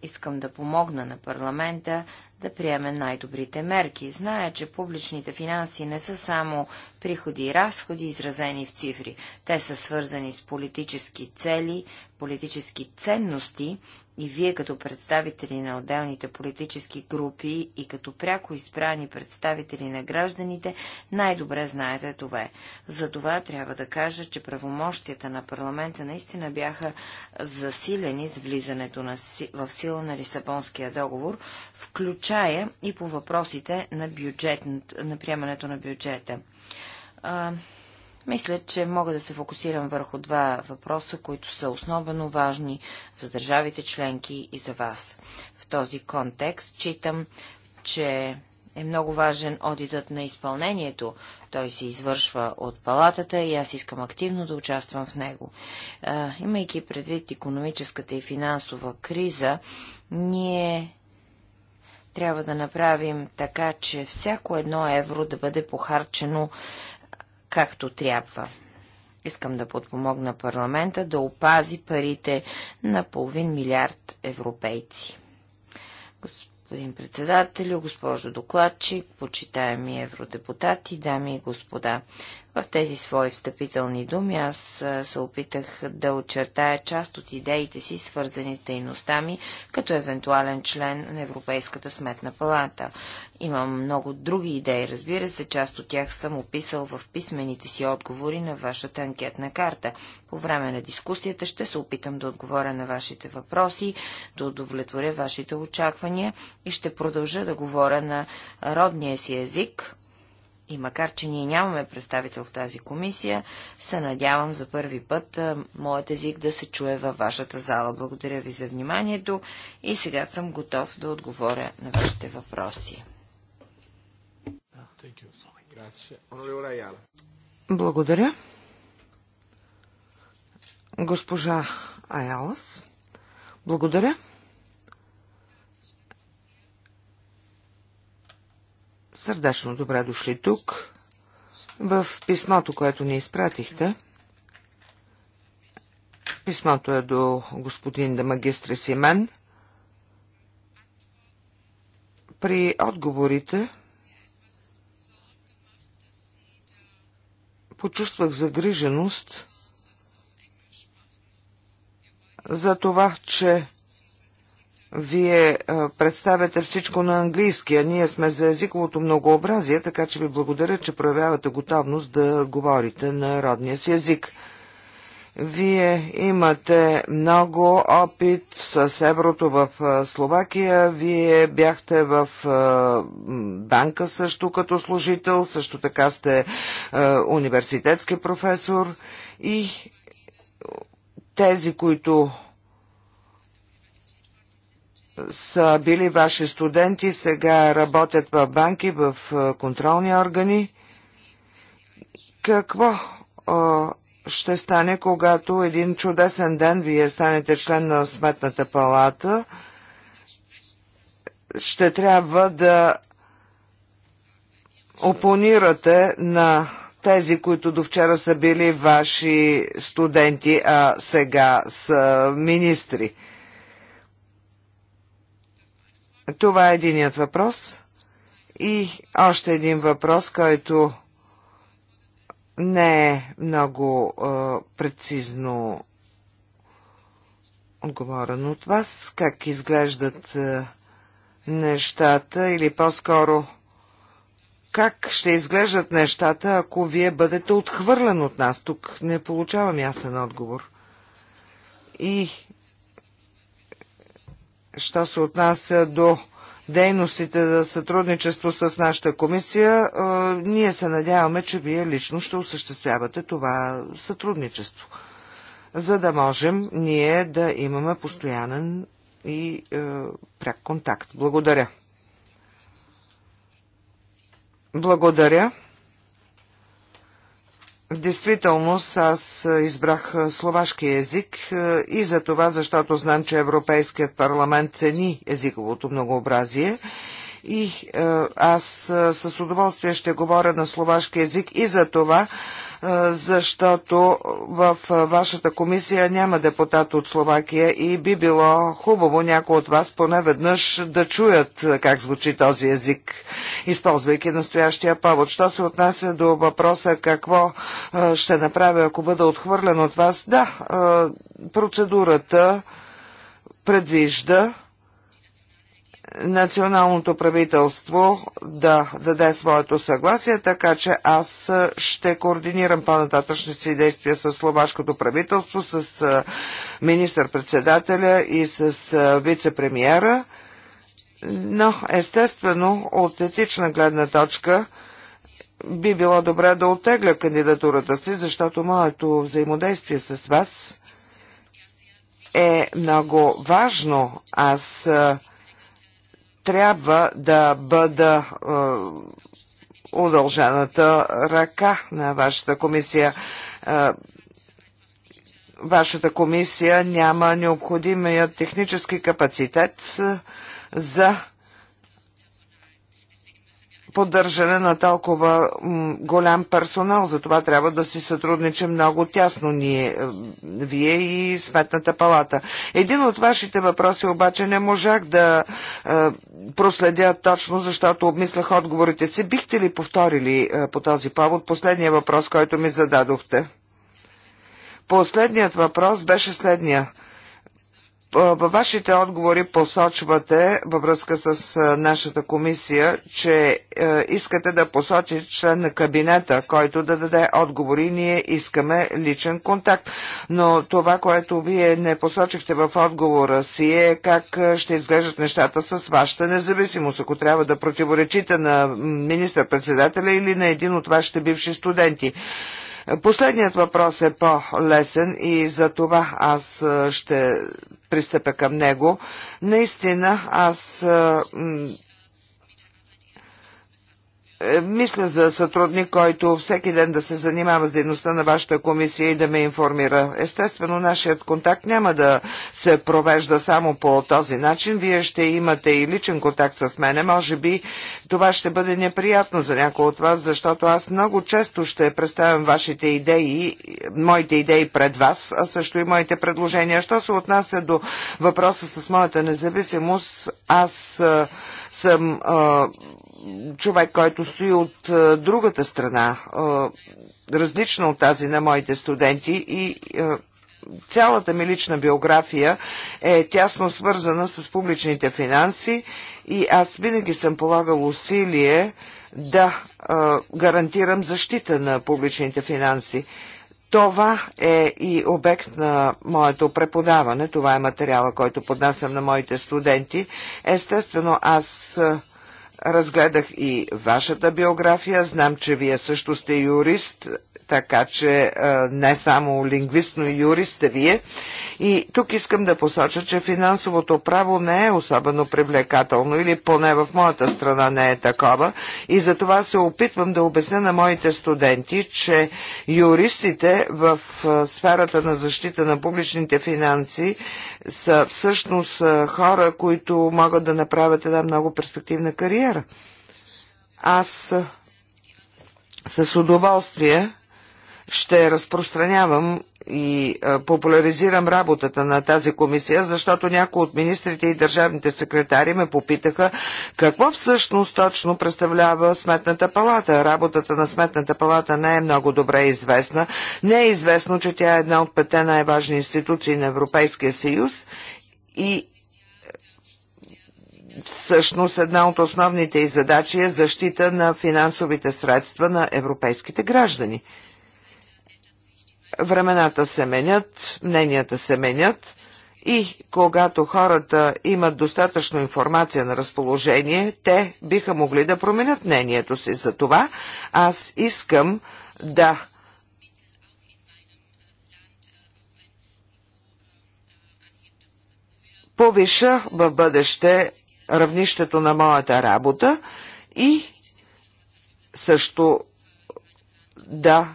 Искам да помогна на парламента да приеме най-добрите мерки. Зная, че публичните финанси не са само приходи и разходи, изразени в цифри. Те са свързани с политически цели, политически ценности и вие като представители на отделните политически групи и като пряко избрани представители на гражданите най-добре знаете това. Е. За това трябва да кажа, че правомощията на парламента наистина бяха засилени с влизането на, в сила на Лисабонския договор, включая и по въпросите на, бюджет, на приемането на бюджета. Мисля, че мога да се фокусирам върху два въпроса, които са основно важни за държавите членки и за вас. В този контекст читам, че е много важен одитът на изпълнението. Той се извършва от палатата и аз искам активно да участвам в него. А, имайки предвид економическата и финансова криза, ние трябва да направим така, че всяко едно евро да бъде похарчено както трябва. Искам да подпомогна парламента да опази парите на половин милиард европейци. Господин председател, госпожо докладчик, почитаеми евродепутати, дами и господа, в тези свои встъпителни думи аз се опитах да очертая част от идеите си, свързани с дейността ми, като евентуален член на Европейската сметна палата. Имам много други идеи, разбира се, част от тях съм описал в писмените си отговори на вашата анкетна карта. По време на дискусията ще се опитам да отговоря на вашите въпроси, да удовлетворя вашите очаквания и ще продължа да говоря на родния си език, и макар, че ние нямаме представител в тази комисия, се надявам за първи път а, моят език да се чуе във вашата зала. Благодаря ви за вниманието и сега съм готов да отговоря на вашите въпроси. Благодаря. Госпожа Аялас. Благодаря. Сърдечно добре дошли тук. В писмото, което ни изпратихте, писмото е до господин Дамагистре Симен. При отговорите почувствах загриженост за това, че вие представяте всичко на английски, а ние сме за езиковото многообразие, така че ви благодаря, че проявявате готовност да говорите на родния си език. Вие имате много опит с еврото в Словакия. Вие бяхте в банка също като служител, също така сте университетски професор и тези, които са били ваши студенти, сега работят в банки, в контролни органи. Какво ще стане, когато един чудесен ден вие станете член на Сметната палата? Ще трябва да опонирате на тези, които до вчера са били ваши студенти, а сега са министри. Това е единият въпрос. И още един въпрос, който не е много е, прецизно отговорен от вас. Как изглеждат е, нещата или по-скоро как ще изглеждат нещата, ако вие бъдете отхвърлен от нас? Тук не получавам ясен отговор. И що се отнася до дейностите за сътрудничество с нашата комисия, ние се надяваме, че вие лично ще осъществявате това сътрудничество, за да можем ние да имаме постоянен и е, пряк контакт. Благодаря. Благодаря. В действителност аз избрах словашки език е, и за това, защото знам, че Европейският парламент цени езиковото многообразие и е, аз е, с удоволствие ще говоря на словашки език и за това, защото в вашата комисия няма депутат от Словакия и би било хубаво някой от вас поне веднъж да чуят как звучи този език, използвайки настоящия повод. Що се отнася до въпроса какво ще направя, ако бъда отхвърлен от вас, да, процедурата предвижда националното правителство да даде своето съгласие, така че аз ще координирам по-нататъчни си действия с словашкото правителство, с министър-председателя и с вице-премьера. Но естествено от етична гледна точка би било добре да отегля кандидатурата си, защото моето взаимодействие с вас е много важно. Аз трябва да бъда е, удължената ръка на вашата комисия. Е, вашата комисия няма необходимия технически капацитет е, за поддържане на толкова голям персонал. За това трябва да си сътрудничим много тясно ние, вие и Сметната палата. Един от вашите въпроси обаче не можах да е, проследя точно, защото обмислях отговорите си. Бихте ли повторили е, по този повод последния въпрос, който ми зададохте? Последният въпрос беше следния. Във вашите отговори посочвате във връзка с нашата комисия, че искате да посочи член на кабинета, който да даде отговори. Ние искаме личен контакт. Но това, което вие не посочихте в отговора си е как ще изглеждат нещата с вашата независимост, ако трябва да противоречите на министър-председателя или на един от вашите бивши студенти. Последният въпрос е по-лесен и за това аз ще пристъпя към него. Наистина, аз е, мисля за сътрудник, който всеки ден да се занимава с дейността на вашата комисия и да ме информира. Естествено, нашият контакт няма да се провежда само по този начин. Вие ще имате и личен контакт с мене. Може би това ще бъде неприятно за някой от вас, защото аз много често ще представям вашите идеи, моите идеи пред вас, а също и моите предложения. Що се отнася до въпроса с моята независимост, аз съм а, човек, който стои от а, е, другата страна, а, е, различна от тази на моите студенти и а, е, цялата ми лична биография е тясно свързана с публичните финанси и аз винаги съм полагал усилие да а, гарантирам защита на публичните финанси. Това е и обект на моето преподаване. Това е материала, който поднасям на моите студенти. Естествено, аз а, Разгледах и вашата биография. Знам, че вие също сте юрист, така че не само лингвист, но и юрист сте вие. И тук искам да посоча, че финансовото право не е особено привлекателно или поне в моята страна не е такова и за това се опитвам да обясня на моите студенти, че юристите в сферата на защита на публичните финанси са всъщност хора, които могат да направят една много перспективна кариера. Аз с удоволствие ще разпространявам и популяризирам работата на тази комисия, защото някои от министрите и държавните секретари ме попитаха какво всъщност точно представлява Сметната палата. Работата на Сметната палата не е много добре известна. Не е известно, че тя е една от пете най-важни институции на Европейския съюз и е, всъщност една от основните и задачи е защита на финансовите средства на европейските граждани времената се менят, мненията се менят и когато хората имат достатъчно информация на разположение, те биха могли да променят мнението си. За това аз искам да повиша в бъдеще равнището на моята работа и също да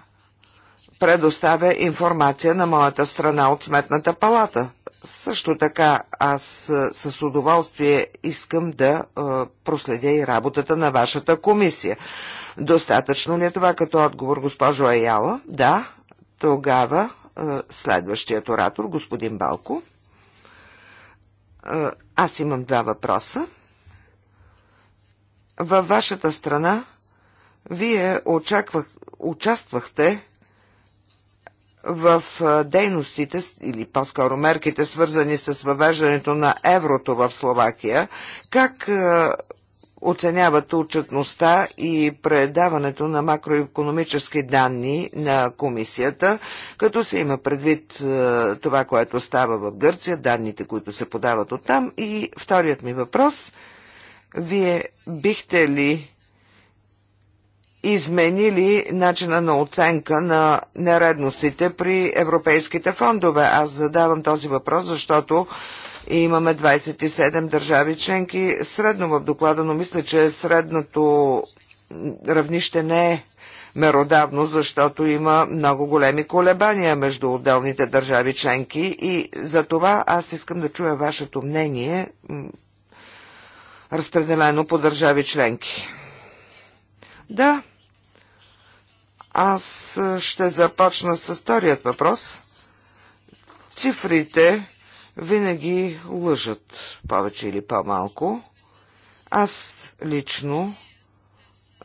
предоставя информация на моята страна от Сметната палата. Също така аз е, с удоволствие искам да е, проследя и работата на вашата комисия. Достатъчно ли е това като отговор, госпожо Аяла? Да, тогава е, следващият оратор, господин Балко. Аз имам два въпроса. Във вашата страна вие очаквах, участвахте в дейностите или по-скоро мерките, свързани с въвеждането на еврото в Словакия, как оценявате отчетността и предаването на макроекономически данни на комисията, като се има предвид това, което става в Гърция, данните, които се подават оттам. И вторият ми въпрос, вие бихте ли изменили начина на оценка на нередностите при европейските фондове. Аз задавам този въпрос, защото имаме 27 държави членки средно в доклада, но мисля, че средното равнище не е меродавно, защото има много големи колебания между отделните държави членки и за това аз искам да чуя вашето мнение разпределено по държави членки. Да, аз ще започна с вторият въпрос. Цифрите винаги лъжат повече или по-малко. Аз лично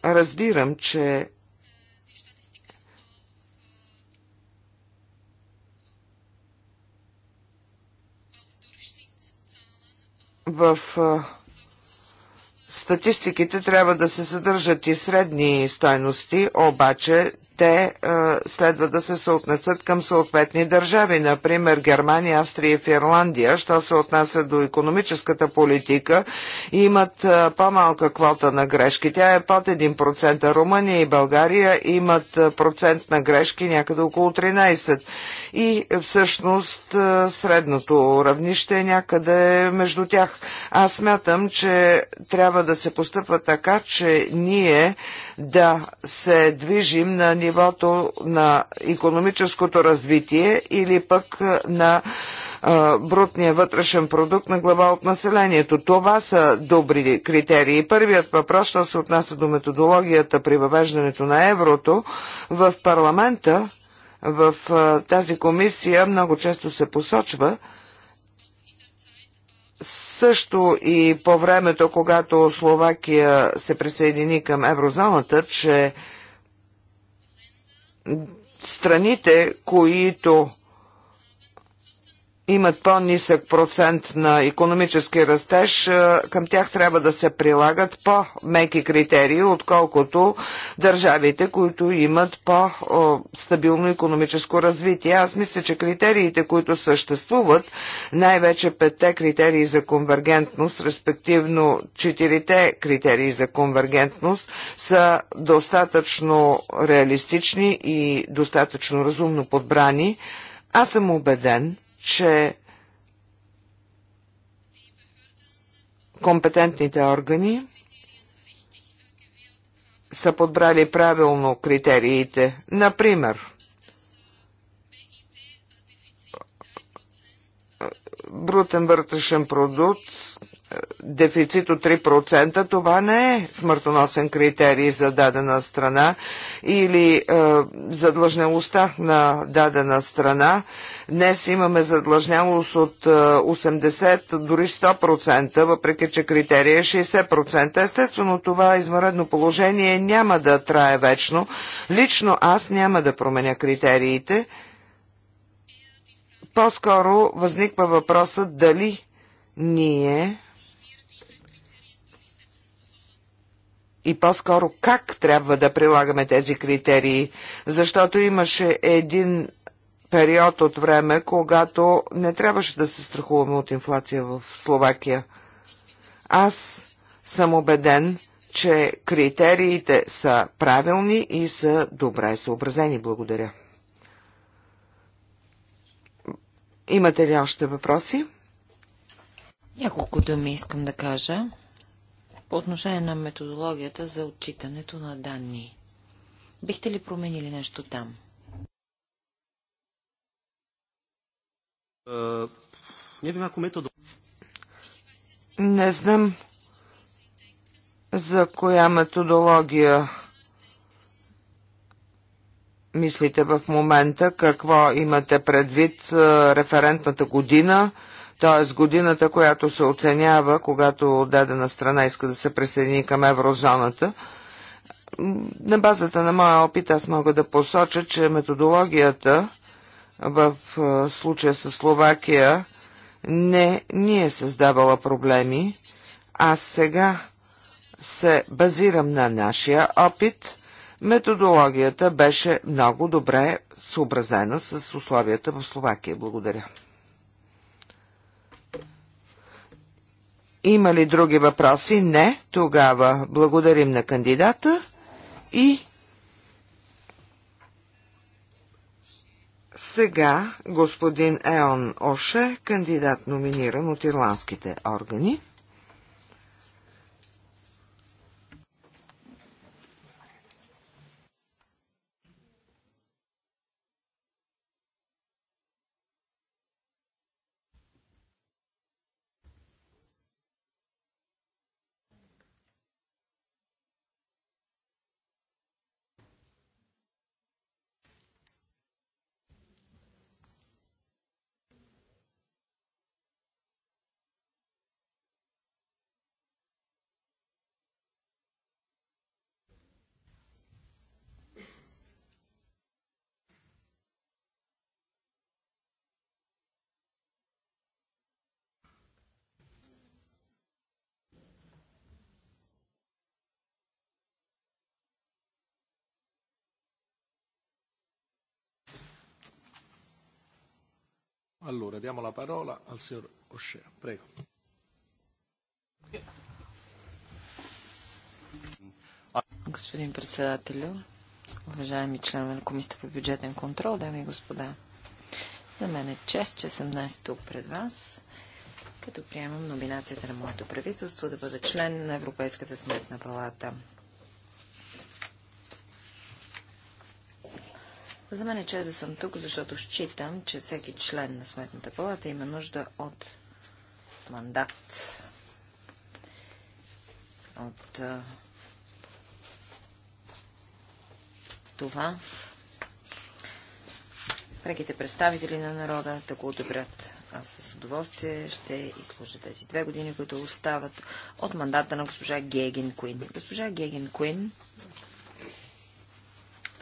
разбирам, че в статистиките трябва да се съдържат и средни стойности, обаче те е, следва да се съотнесат към съответни държави, например Германия, Австрия и Фирландия, що се отнася до економическата политика, имат е, по-малка квота на грешки. Тя е под 1%. Румъния и България имат е, процент на грешки някъде около 13% и е, всъщност е, средното равнище е някъде между тях. Аз смятам, че трябва да се постъпва така, че ние да се движим на нивото на економическото развитие или пък е, на брутния вътрешен продукт на глава от населението. Това са добри критерии. Първият въпрос, що се отнася до методологията при въвеждането на еврото, в парламента в тази комисия много често се посочва, също и по времето, когато Словакия се присъедини към еврозоната, че страните, които имат по-нисък процент на економически растеж, към тях трябва да се прилагат по-меки критерии, отколкото държавите, които имат по-стабилно економическо развитие. Аз мисля, че критериите, които съществуват, най-вече петте критерии за конвергентност, респективно четирите критерии за конвергентност, са достатъчно реалистични и достатъчно разумно подбрани. Аз съм убеден, че компетентните органи са подбрали правилно критериите. Например, брутен вътрешен продукт дефицит от 3%, това не е смъртоносен критерий за дадена страна или е, задлъжнялостта на дадена страна. Днес имаме задлъжнялост от 80 е, дори 100%, въпреки че критерия е 60%. Естествено, това измаредно положение няма да трае вечно. Лично аз няма да променя критериите. По-скоро възниква въпросът дали ние и по-скоро как трябва да прилагаме тези критерии, защото имаше един период от време, когато не трябваше да се страхуваме от инфлация в Словакия. Аз съм убеден, че критериите са правилни и са добре съобразени. Благодаря. Имате ли още въпроси? Няколко думи искам да кажа по отношение на методологията за отчитането на данни. Бихте ли променили нещо там? Е, не знам, ако метод... Не знам за коя методология мислите в момента, какво имате предвид е, референтната година, т.е. годината, която се оценява, когато дадена страна иска да се присъедини към еврозоната. На базата на моя опит аз мога да посоча, че методологията в случая с Словакия не ни е създавала проблеми. Аз сега се базирам на нашия опит. Методологията беше много добре съобразена с условията в Словакия. Благодаря. Има ли други въпроси? Не. Тогава благодарим на кандидата и сега господин Еон Оше, кандидат номиниран от ирландските органи. Allora, diamo la parola al signor Oscea. Prego. Господин председателю, уважаеми членове на Комисията по бюджетен контрол, дами и господа, за мен е чест, че съм днес тук пред вас, като приемам номинацията на моето правителство да бъда член на Европейската сметна палата. За мен е чест да съм тук, защото считам, че всеки член на Сметната палата има нужда от мандат, от а, това преките представители на народа да го одобрят. Аз с удоволствие ще изслужа тези две години, които остават от мандата на госпожа Геген Куин. Госпожа Геген Куин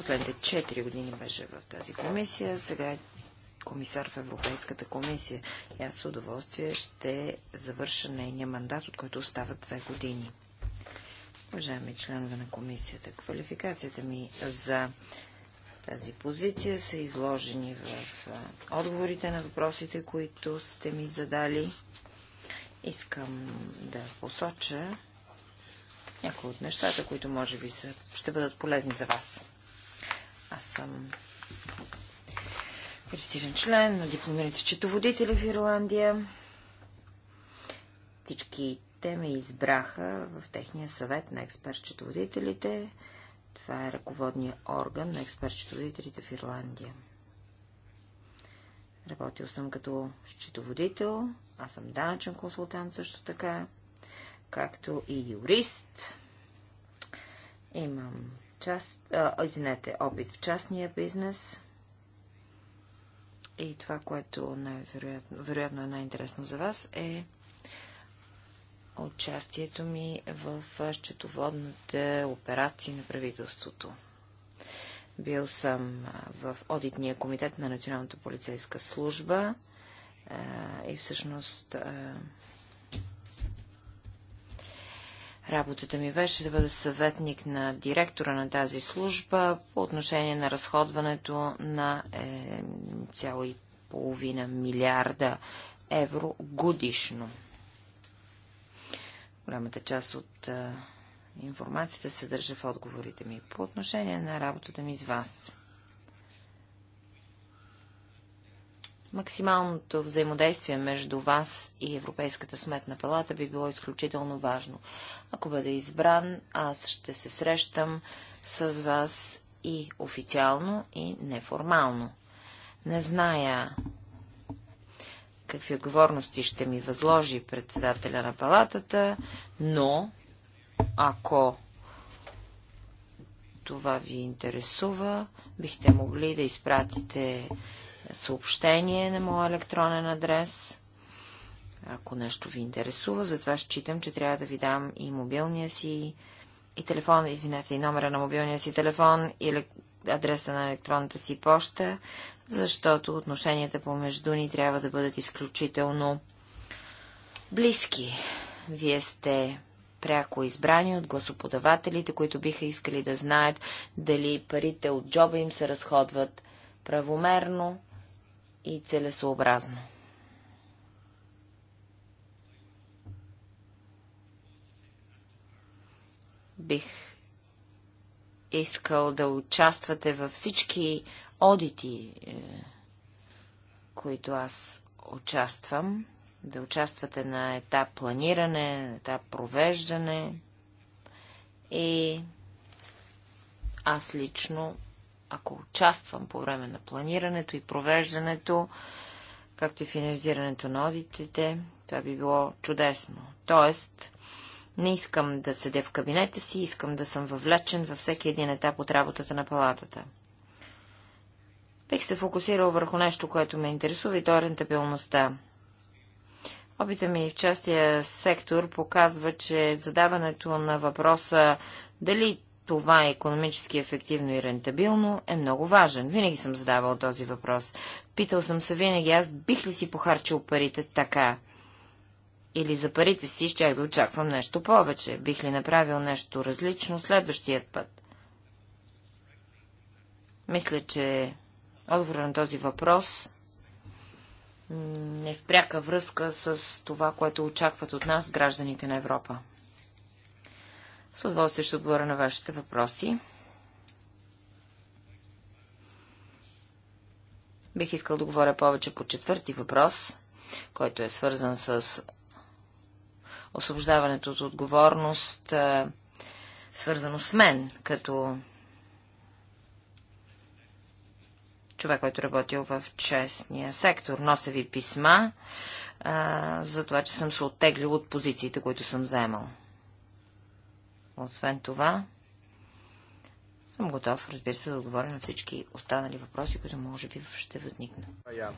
Последните 4 години беше в тази комисия, сега е комисар в Европейската комисия. И аз с удоволствие ще завърша нейния мандат, от който остават две години. Уважаеми членове на комисията, квалификацията ми за тази позиция са изложени в отговорите на въпросите, които сте ми задали. Искам да посоча някои от нещата, които може би са, ще бъдат полезни за вас. Аз съм престижен член на дипломираните счетоводители в Ирландия. Всички те ме избраха в техния съвет на експерт-счетоводителите. Това е ръководният орган на експерт-счетоводителите в Ирландия. Работил съм като счетоводител, аз съм данъчен консултант също така, както и юрист. Имам част, а, извинете, опит в частния бизнес. И това, което най-вероятно вероятно е най-интересно за вас, е участието ми в счетоводните операции на правителството. Бил съм в Одитния комитет на Националната полицейска служба и всъщност Работата ми беше да бъда съветник на директора на тази служба по отношение на разходването на е, цяло и половина милиарда евро годишно. Голямата част от е, информацията се държа в отговорите ми. По отношение на работата ми с вас. Максималното взаимодействие между вас и Европейската сметна палата би било изключително важно. Ако бъде избран, аз ще се срещам с вас и официално, и неформално. Не зная какви отговорности ще ми възложи председателя на палатата, но ако това ви интересува, бихте могли да изпратите съобщение на моя електронен адрес. Ако нещо ви интересува, затова считам, че трябва да ви дам и мобилния си и телефон, извинете, и номера на мобилния си телефон, и адреса на електронната си поща, защото отношенията помежду ни трябва да бъдат изключително близки. Вие сте пряко избрани от гласоподавателите, които биха искали да знаят дали парите от джоба им се разходват правомерно и целесообразно. Бих искал да участвате във всички одити, е, които аз участвам, да участвате на етап планиране, на етап провеждане и аз лично ако участвам по време на планирането и провеждането, както и финализирането на одитите, това би било чудесно. Тоест, не искам да седя в кабинета си, искам да съм въвлечен във всеки един етап от работата на палатата. Бих се фокусирал върху нещо, което ме интересува и то е рентабилността. Опита ми в частия сектор показва, че задаването на въпроса дали това е економически ефективно и рентабилно, е много важен. Винаги съм задавал този въпрос. Питал съм се винаги, аз бих ли си похарчил парите така? Или за парите си щях да очаквам нещо повече? Бих ли направил нещо различно следващият път? Мисля, че отговорът на този въпрос не в пряка връзка с това, което очакват от нас гражданите на Европа. С удоволствие ще отговоря на вашите въпроси. Бих искал да говоря повече по четвърти въпрос, който е свързан с освобождаването от отговорност, е, свързано с мен, като човек, който е работил в честния сектор. Нося ви писма а, е, за това, че съм се оттеглил от позициите, които съм заемал. Освен това, съм готов, разбира се, да отговоря на всички останали въпроси, които може би ще възникнат. Eh,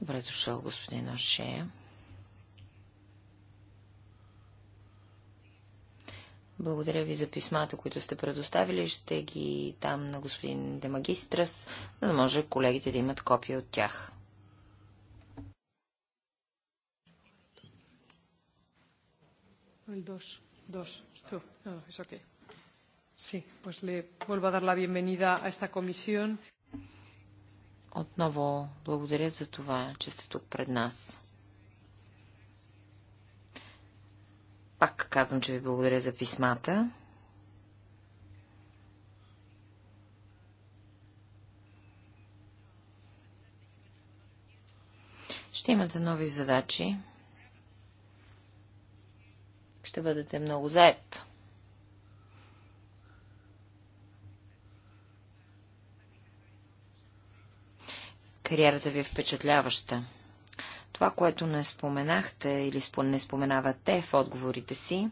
Добре дошъл, господин Ошея. Благодаря ви за писмата, които сте предоставили. Ще ги дам на господин Демагистрас, за да може колегите да имат копия от тях. Dos, dos, tú. No, es okay. Sí, pues le vuelvo a dar la bienvenida a esta comisión. Отново благодаря за това, че сте тук пред нас. Пак казвам, че ви благодаря за писмата. Ще имате нови задачи. Ще бъдете много заед. Кариерата ви е впечатляваща. Това, което не споменахте или не споменавате в отговорите си,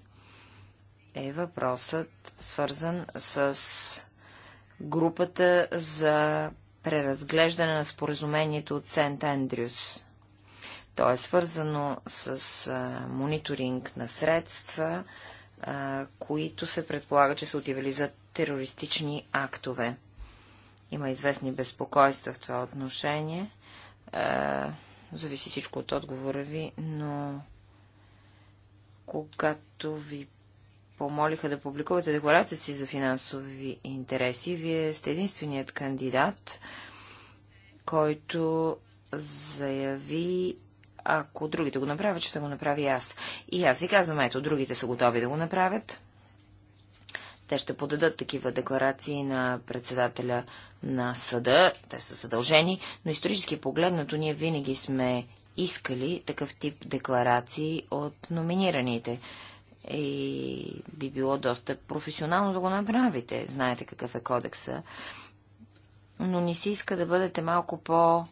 е въпросът свързан с групата за преразглеждане на споразумението от Сент Андрюс. То е свързано с а, мониторинг на средства, а, които се предполага, че са отивали за терористични актове. Има известни безпокойства в това отношение. А, зависи всичко от отговора ви, но когато ви помолиха да публикувате декларация си за финансови интереси, вие сте единственият кандидат, който заяви, ако другите го направят, ще го направя аз. И аз ви казвам, ето, другите са готови да го направят. Те ще подадат такива декларации на председателя на съда, те са задължени, но исторически погледнато ние винаги сме искали такъв тип декларации от номинираните. И би било доста професионално да го направите. Знаете какъв е кодекса. Но не си иска да бъдете малко по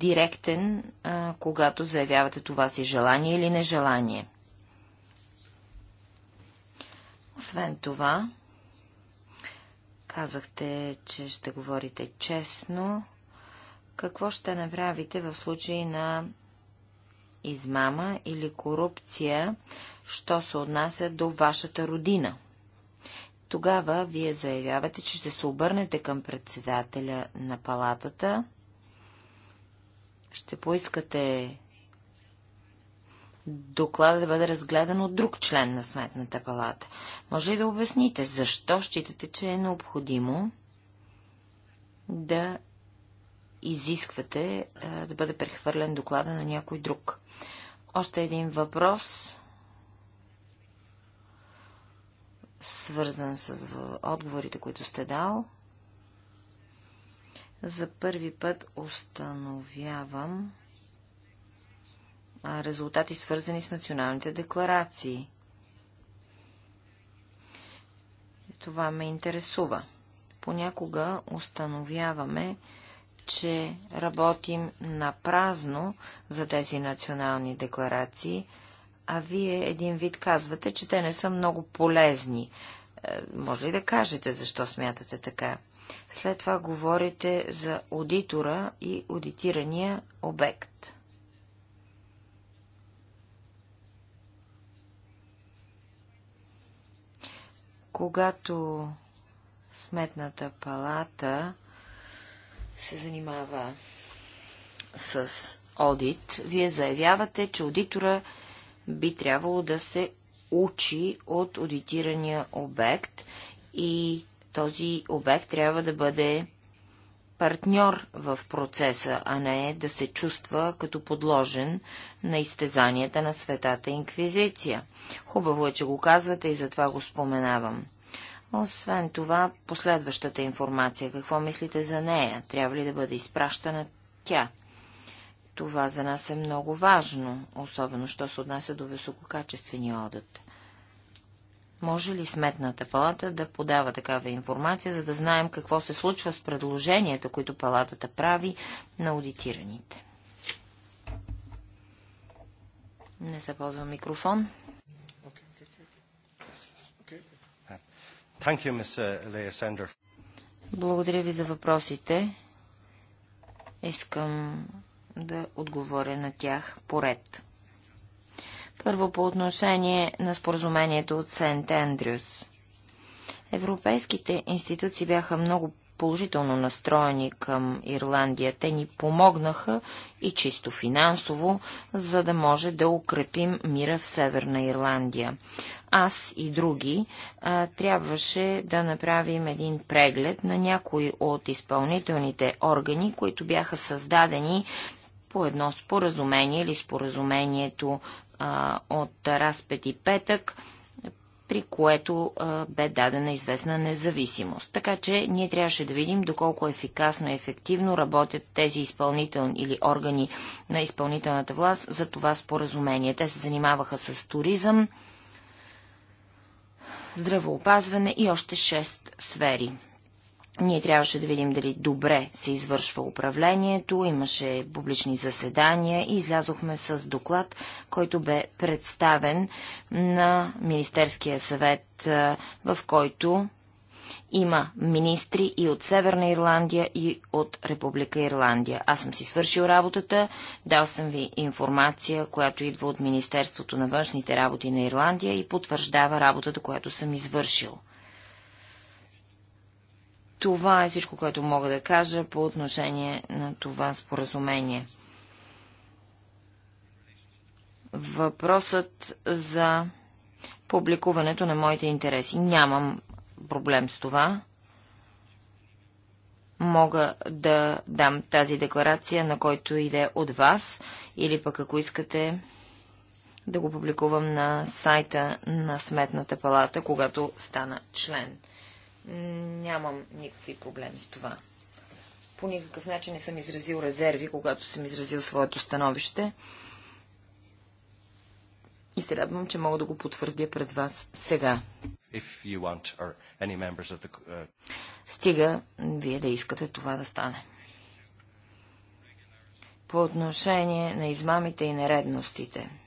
директен, а, когато заявявате това си желание или нежелание. Освен това, казахте, че ще говорите честно. Какво ще направите в случай на измама или корупция, що се отнася до вашата родина? Тогава вие заявявате, че ще се обърнете към председателя на палатата, ще поискате доклада да бъде разгледан от друг член на Сметната палата. Може ли да обясните, защо считате, че е необходимо да изисквате а, да бъде прехвърлен доклада на някой друг? Още един въпрос, свързан с отговорите, които сте дал. За първи път установявам, резултати, свързани с националните декларации. Това ме интересува. Понякога установяваме, че работим на празно за тези национални декларации, а вие един вид казвате, че те не са много полезни. Е, може ли да кажете защо смятате така? След това говорите за аудитора и аудитирания обект. Когато Сметната палата се занимава с одит, вие заявявате, че аудитора би трябвало да се учи от аудитирания обект и този обект трябва да бъде партньор в процеса, а не да се чувства като подложен на изтезанията на светата инквизиция. Хубаво е, че го казвате и затова го споменавам. Освен това, последващата информация, какво мислите за нея? Трябва ли да бъде изпращана тя? Това за нас е много важно, особено, що се отнася до висококачествения одът. Може ли сметната палата да подава такава информация, за да знаем какво се случва с предложенията, които палатата прави на аудитираните? Не се ползва микрофон. Uh, Благодаря ви за въпросите. Искам да отговоря на тях поред. Първо по отношение на споразумението от Сент Андрюс. Европейските институции бяха много положително настроени към Ирландия. Те ни помогнаха и чисто финансово, за да може да укрепим мира в Северна Ирландия. Аз и други а, трябваше да направим един преглед на някои от изпълнителните органи, които бяха създадени по едно споразумение или споразумението а, от разпет и петък, при което а, бе дадена известна независимост. Така че ние трябваше да видим доколко ефикасно и ефективно работят тези изпълнителни или органи на изпълнителната власт за това споразумение. Те се занимаваха с туризъм, здравоопазване и още шест сфери. Ние трябваше да видим дали добре се извършва управлението, имаше публични заседания и излязохме с доклад, който бе представен на Министерския съвет, в който има министри и от Северна Ирландия, и от Република Ирландия. Аз съм си свършил работата, дал съм ви информация, която идва от Министерството на външните работи на Ирландия и потвърждава работата, която съм извършил. Това е всичко, което мога да кажа по отношение на това споразумение. Въпросът за публикуването на моите интереси. Нямам проблем с това. Мога да дам тази декларация на който иде от вас или пък ако искате да го публикувам на сайта на Сметната палата, когато стана член. Нямам никакви проблеми с това. По никакъв начин не съм изразил резерви, когато съм изразил своето становище. И се радвам, че мога да го потвърдя пред вас сега. Want, the... Uh, Стига вие да искате това да стане. По отношение на измамите и нередностите –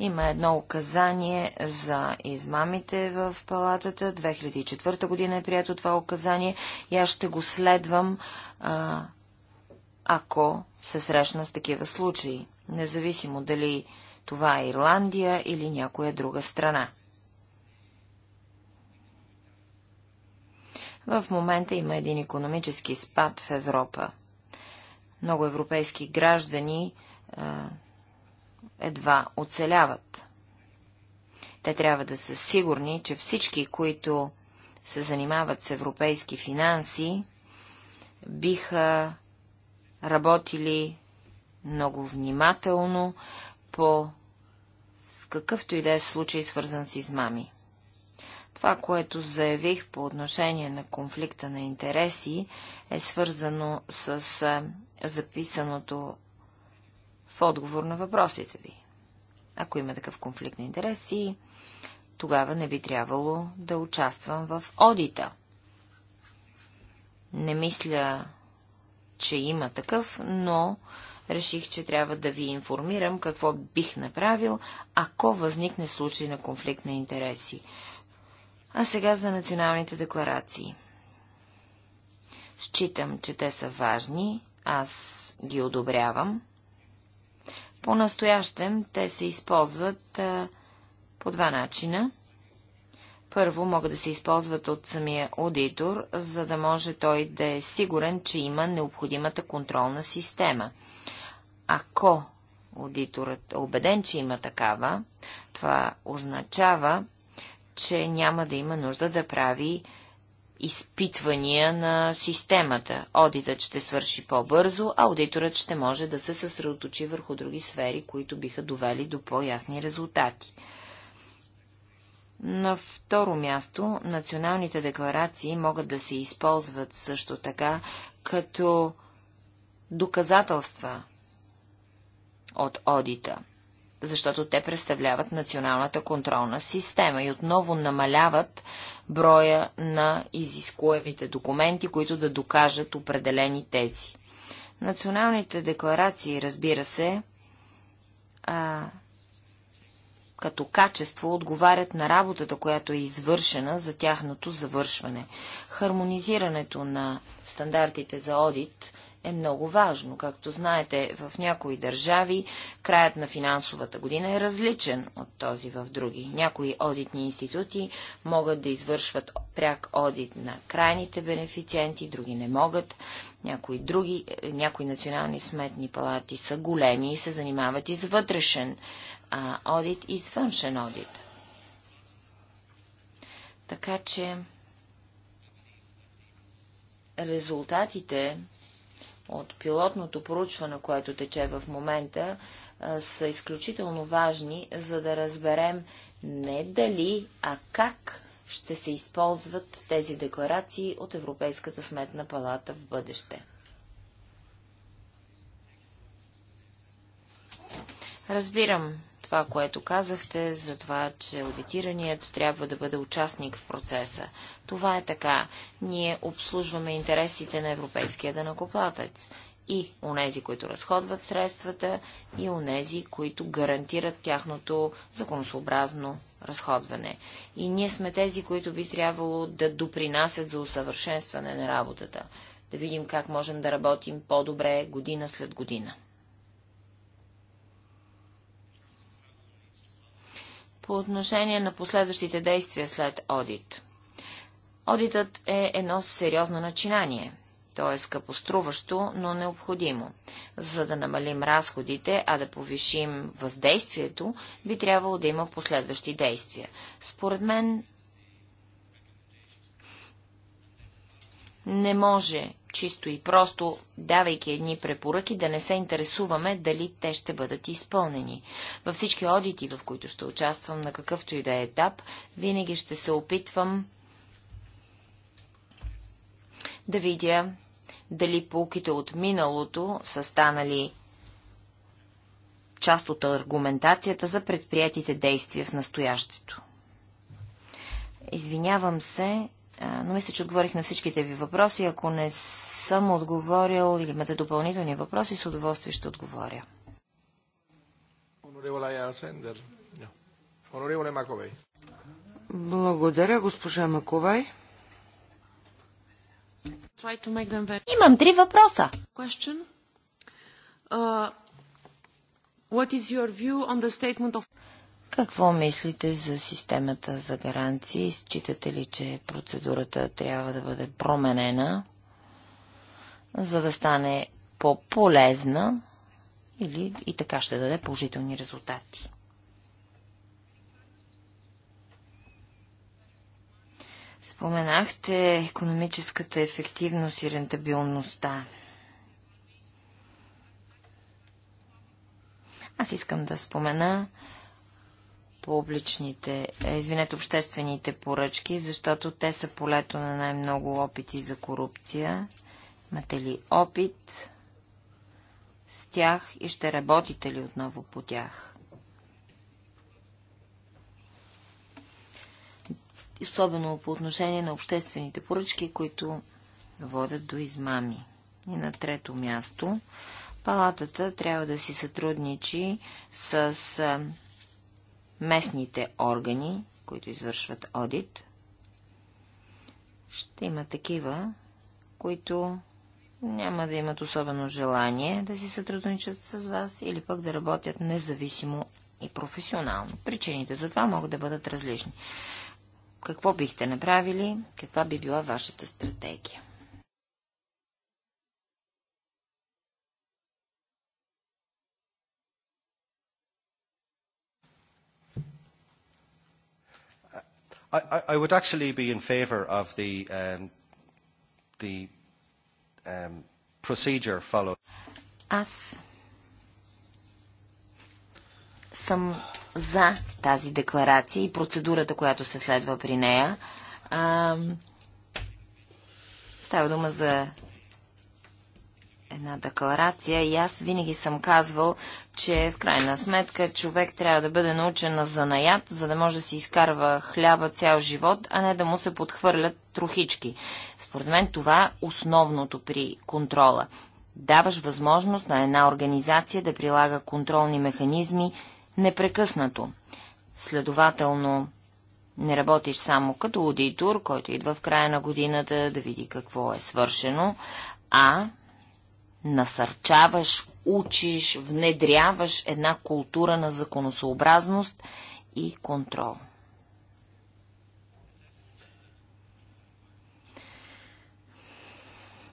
Има едно указание за измамите в палатата. 2004 година е прието това указание и аз ще го следвам, а, ако се срещна с такива случаи, независимо дали това е Ирландия или някоя друга страна. В момента има един економически спад в Европа. Много европейски граждани а, едва оцеляват. Те трябва да са сигурни, че всички, които се занимават с европейски финанси, биха работили много внимателно по какъвто и да е случай, свързан с измами. Това, което заявих по отношение на конфликта на интереси, е свързано с записаното в отговор на въпросите ви. Ако има такъв конфликт на интереси, тогава не би трябвало да участвам в одита. Не мисля, че има такъв, но реших, че трябва да ви информирам какво бих направил, ако възникне случай на конфликт на интереси. А сега за националните декларации. Считам, че те са важни, аз ги одобрявам, по-настоящем те се използват а, по два начина. Първо, могат да се използват от самия аудитор, за да може той да е сигурен, че има необходимата контролна система. Ако аудиторът е убеден, че има такава, това означава, че няма да има нужда да прави изпитвания на системата. Одитът ще свърши по-бързо, а аудиторът ще може да се съсредоточи върху други сфери, които биха довели до по-ясни резултати. На второ място, националните декларации могат да се използват също така като доказателства от одита защото те представляват националната контролна система и отново намаляват броя на изискуемите документи, които да докажат определени тези. Националните декларации, разбира се, а, като качество отговарят на работата, която е извършена за тяхното завършване. Хармонизирането на стандартите за одит е много важно. Както знаете, в някои държави краят на финансовата година е различен от този в други. Някои одитни институти могат да извършват пряк одит на крайните бенефициенти, други не могат. Някои други, е, някои национални сметни палати са големи и се занимават и с вътрешен а, одит и с външен одит. Така че резултатите от пилотното проучване, което тече в момента, са изключително важни, за да разберем не дали, а как ще се използват тези декларации от Европейската сметна палата в бъдеще. Разбирам това, което казахте, за това, че аудитираният трябва да бъде участник в процеса. Това е така. Ние обслужваме интересите на европейския данакоплатец и нези, които разходват средствата, и нези, които гарантират тяхното законосообразно разходване. И ние сме тези, които би трябвало да допринасят за усъвършенстване на работата, да видим как можем да работим по-добре година след година. По отношение на последващите действия след одит – Одитът е едно сериозно начинание. То е скъпоструващо, но необходимо. За да намалим разходите, а да повишим въздействието, би трябвало да има последващи действия. Според мен не може чисто и просто, давайки едни препоръки, да не се интересуваме дали те ще бъдат изпълнени. Във всички одити, в които ще участвам на какъвто и да е етап, винаги ще се опитвам да видя дали полките от миналото са станали част от аргументацията за предприятите действия в настоящето. Извинявам се, но мисля, че отговорих на всичките ви въпроси. Ако не съм отговорил или имате допълнителни въпроси, с удоволствие ще отговоря. Благодаря, госпожа Маковай. Имам три въпроса. Uh, of... Какво мислите за системата за гаранции? Считате ли, че процедурата трябва да бъде променена, за да стане по-полезна или и така ще даде положителни резултати? Споменахте економическата ефективност и рентабилността. Аз искам да спомена публичните, е, извинете, обществените поръчки, защото те са полето на най-много опити за корупция. Имате ли опит с тях и ще работите ли отново по тях? особено по отношение на обществените поръчки, които водят до измами. И на трето място, палатата трябва да си сътрудничи с местните органи, които извършват одит. Ще има такива, които няма да имат особено желание да си сътрудничат с вас или пък да работят независимо и професионално. Причините за това могат да бъдат различни. Какво бихте направили? Каква би била вашата стратегия? I, I would actually be in favour of the, um, the um, procedure followed. Аз съм за тази декларация и процедурата, която се следва при нея. А, става дума за една декларация и аз винаги съм казвал, че в крайна сметка човек трябва да бъде научен на занаят, за да може да си изкарва хляба цял живот, а не да му се подхвърлят трохички. Според мен това е основното при контрола. Даваш възможност на една организация да прилага контролни механизми непрекъснато. Следователно, не работиш само като аудитор, който идва в края на годината да види какво е свършено, а насърчаваш, учиш, внедряваш една култура на законосообразност и контрол.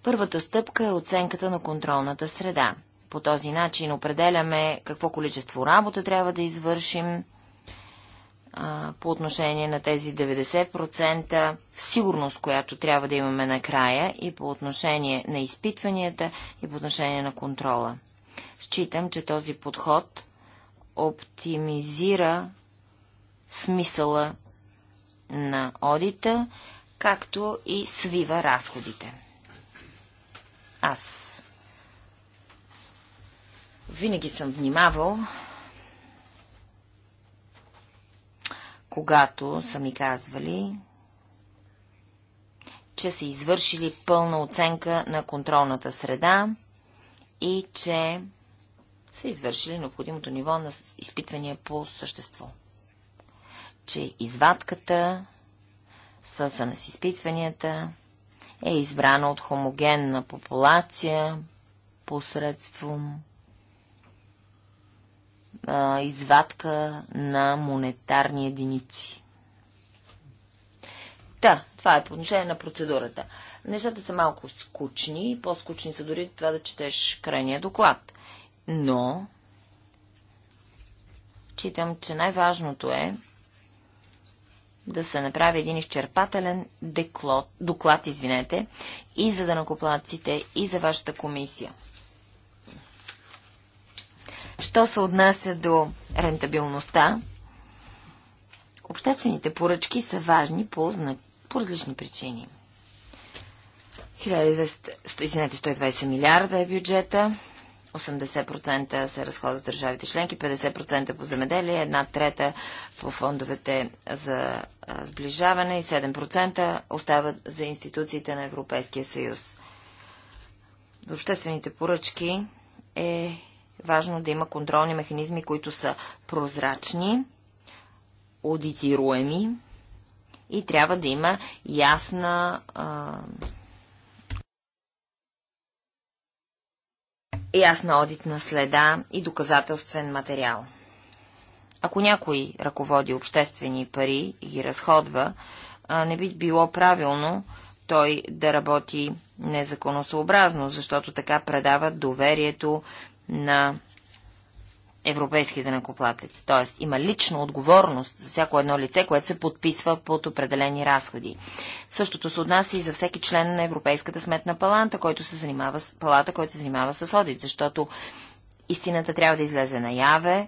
Първата стъпка е оценката на контролната среда. По този начин определяме какво количество работа трябва да извършим а, по отношение на тези 90% сигурност, която трябва да имаме накрая и по отношение на изпитванията и по отношение на контрола. Считам, че този подход оптимизира смисъла на одита, както и свива разходите. Аз винаги съм внимавал, когато са ми казвали, че са извършили пълна оценка на контролната среда и че са извършили необходимото ниво на изпитвания по същество. Че извадката, свързана с изпитванията, е избрана от хомогенна популация посредством а, извадка на монетарни единици. Та, това е по отношение на процедурата. Нещата са малко скучни, по-скучни са дори това да четеш крайния доклад. Но, читам, че най-важното е да се направи един изчерпателен деклот, доклад, извинете, и за данакоплаците, и за вашата комисия. Що се отнася до рентабилността, обществените поръчки са важни по, по различни причини. 120 милиарда е бюджета, 80% се разходят в държавите членки, 50% по земеделие, една трета по фондовете за сближаване и 7% остават за институциите на Европейския съюз. До обществените поръчки е важно да има контролни механизми, които са прозрачни, аудитируеми и трябва да има ясна а, ясна одитна следа и доказателствен материал. Ако някой ръководи обществени пари и ги разходва, не би било правилно той да работи незаконосъобразно, защото така предава доверието на европейския денакоплатец. Т.е. има лична отговорност за всяко едно лице, което се подписва под определени разходи. Същото се отнася и за всеки член на Европейската сметна палата, който се занимава с, палата, който се занимава с одит, защото истината трябва да излезе наяве,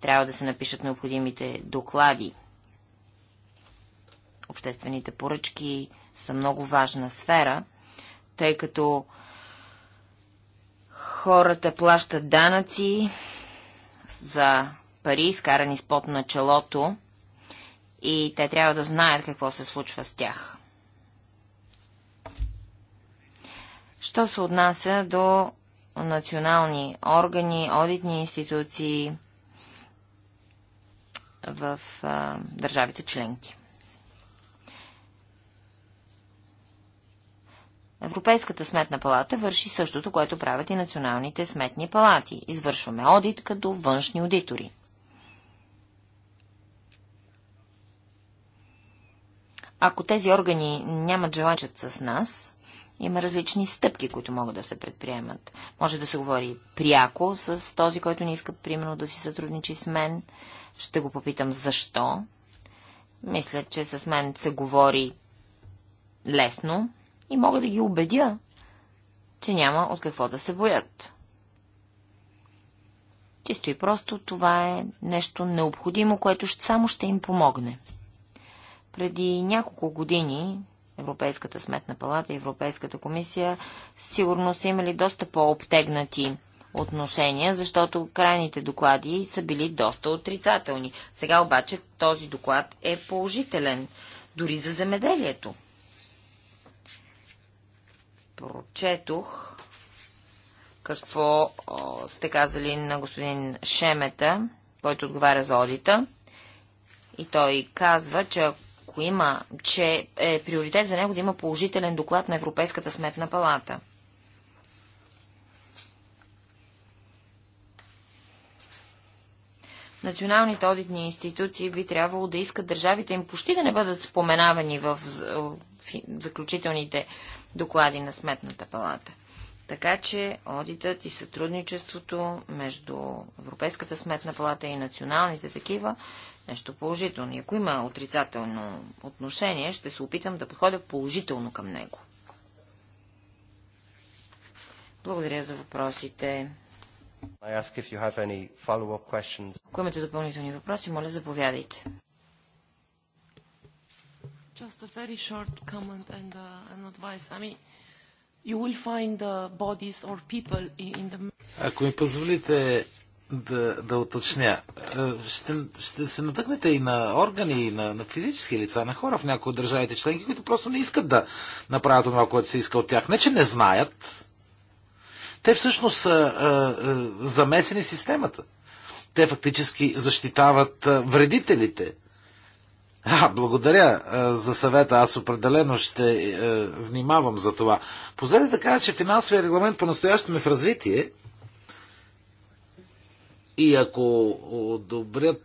трябва да се напишат необходимите доклади. Обществените поръчки са много важна сфера, тъй като Хората плащат данъци за пари, изкарани с пот на челото и те трябва да знаят какво се случва с тях. Що се отнася до национални органи, одитни институции в а, държавите членки? Европейската сметна палата върши същото, което правят и националните сметни палати. Извършваме одит като външни аудитори. Ако тези органи нямат желачат с нас, има различни стъпки, които могат да се предприемат. Може да се говори пряко с този, който не иска, примерно, да си сътрудничи с мен. Ще го попитам защо. Мисля, че с мен се говори лесно, и мога да ги убедя, че няма от какво да се боят. Чисто и просто това е нещо необходимо, което само ще им помогне. Преди няколко години Европейската сметна палата и Европейската комисия сигурно са имали доста по-обтегнати отношения, защото крайните доклади са били доста отрицателни. Сега обаче този доклад е положителен, дори за земеделието прочетох какво сте казали на господин Шемета, който отговаря за одита. И той казва, че ако има, че е приоритет за него да има положителен доклад на Европейската сметна палата. Националните одитни институции би трябвало да искат държавите им почти да не бъдат споменавани в заключителните доклади на Сметната палата. Така че одитът и сътрудничеството между Европейската сметна палата и националните такива нещо положително. И ако има отрицателно отношение, ще се опитам да подходя положително към него. Благодаря за въпросите. Ако имате допълнителни въпроси, моля заповядайте. Just a very short comment and uh, an advice. I mean, you will find the uh, bodies or people in the... Ако ми позволите да, да уточня, е, ще, ще се натъкнете и на органи, и на, на физически лица, на хора в някои от държавите членки, които просто не искат да направят това, което се иска от тях. Не, че не знаят. Те всъщност са а, е, а, е, замесени в системата. Те фактически защитават вредителите а, благодаря а, за съвета. Аз определено ще а, е, внимавам за това. Позволете да кажа, че финансовия регламент по-настоящем е в развитие. И ако одобрят,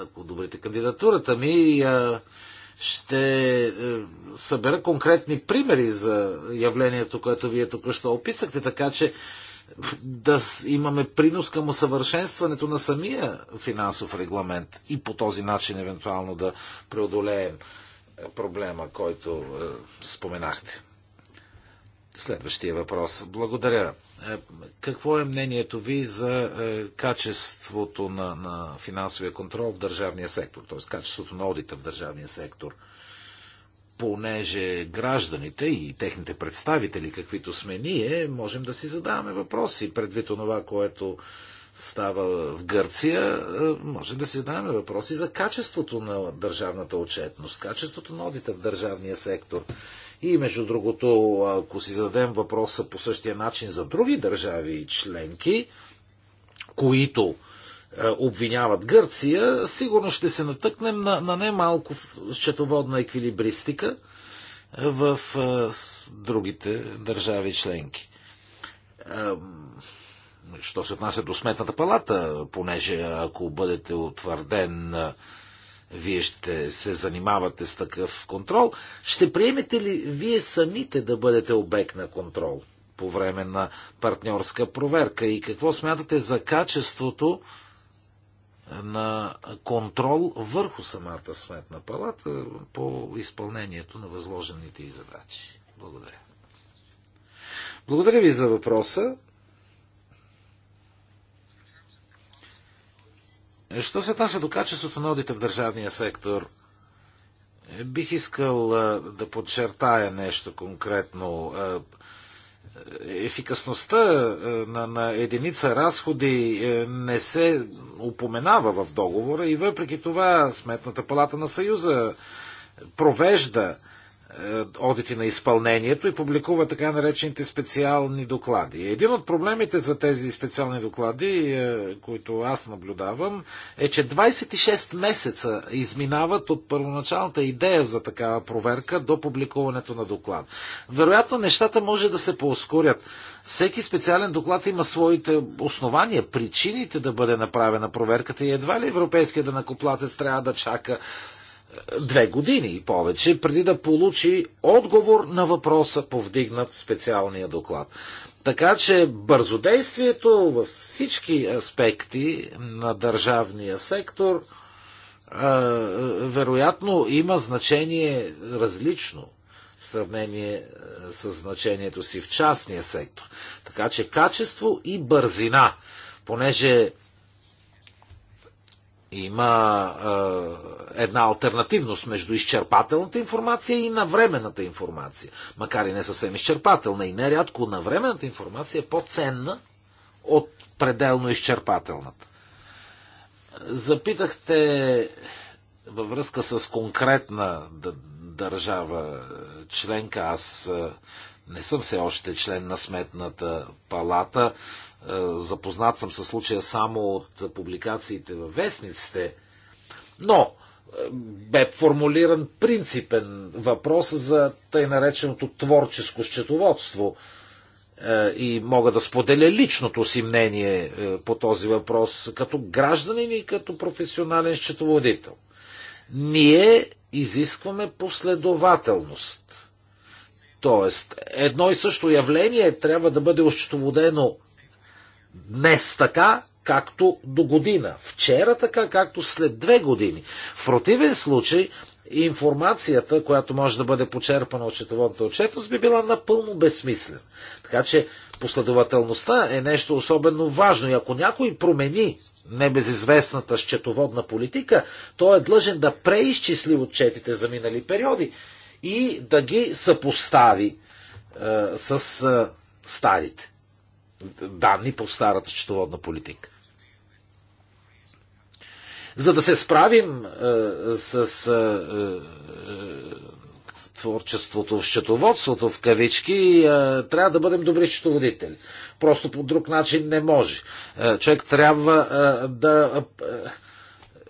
ако одобрите кандидатурата ми, ще е, събера конкретни примери за явлението, което вие току-що описахте, така че да имаме принос към усъвършенстването на самия финансов регламент и по този начин евентуално да преодолеем е, проблема, който е, споменахте. Следващия въпрос. Благодаря. Е, какво е мнението ви за качеството на, на финансовия контрол в държавния сектор, т.е. качеството на одита в държавния сектор? понеже гражданите и техните представители, каквито сме ние, можем да си задаваме въпроси предвид това, което става в Гърция, е, можем да си задаваме въпроси за качеството на държавната отчетност, качеството на одита в държавния сектор. И между другото, ако си зададем въпроса по същия начин за други държави и членки, които е, обвиняват Гърция, сигурно ще се натъкнем на, на немалко счетоводна еквилибристика е, в а, е, с другите държави членки. А, що се отнася до сметната палата, понеже ако бъдете утвърден, а, вие ще се занимавате с такъв контрол, ще приемете ли вие самите да бъдете обект на контрол по време на партньорска проверка и какво смятате за качеството на контрол върху самата сметна палата по изпълнението на възложените и задачи. Благодаря. Благодаря ви за въпроса. Що се отнася до качеството на одите в държавния сектор, бих искал да подчертая нещо конкретно ефикасността е, на, на единица разходи е, не се упоменава в договора и въпреки това Сметната палата на Съюза провежда е, одити на изпълнението и публикува така наречените специални доклади. Един от проблемите за тези специални доклади, е, които аз наблюдавам, е, че 26 месеца изминават от първоначалната идея за такава проверка до публикуването на доклад. Вероятно, нещата може да се поускорят. Всеки специален доклад има своите основания, причините да бъде направена проверката и едва ли европейският накоплатец трябва да чака две години и повече, преди да получи отговор на въпроса, повдигнат в специалния доклад. Така че бързодействието във всички аспекти на държавния сектор вероятно има значение различно в сравнение с значението си в частния сектор. Така че качество и бързина, понеже има е, една альтернативност между изчерпателната информация и навременната информация. Макар и не съвсем изчерпателна и нерядко навременната информация е по-ценна от пределно изчерпателната. Запитахте във връзка с конкретна държава членка. Аз не съм все още член на Сметната палата. Е, запознат съм със случая само от публикациите във вестниците. Но е, бе формулиран принципен въпрос за тъй нареченото творческо счетоводство. Е, и мога да споделя личното си мнение по този въпрос като гражданин и като професионален счетоводител. Ние изискваме последователност. Тоест, едно и също явление трябва да бъде ощетоводено Днес така, както до година. Вчера така, както след две години. В противен случай, информацията, която може да бъде почерпана от четоводната отчетност, би била напълно безсмислена. Така че последователността е нещо особено важно и ако някой промени небезизвестната счетоводна политика, той е длъжен да преизчисли отчетите за минали периоди и да ги съпостави е, с е, старите данни по старата счетоводна политика. За да се справим е, с е, е, творчеството в счетоводството, в кавички, е, трябва да бъдем добри счетоводители. Просто по друг начин не може. Е, човек трябва е, да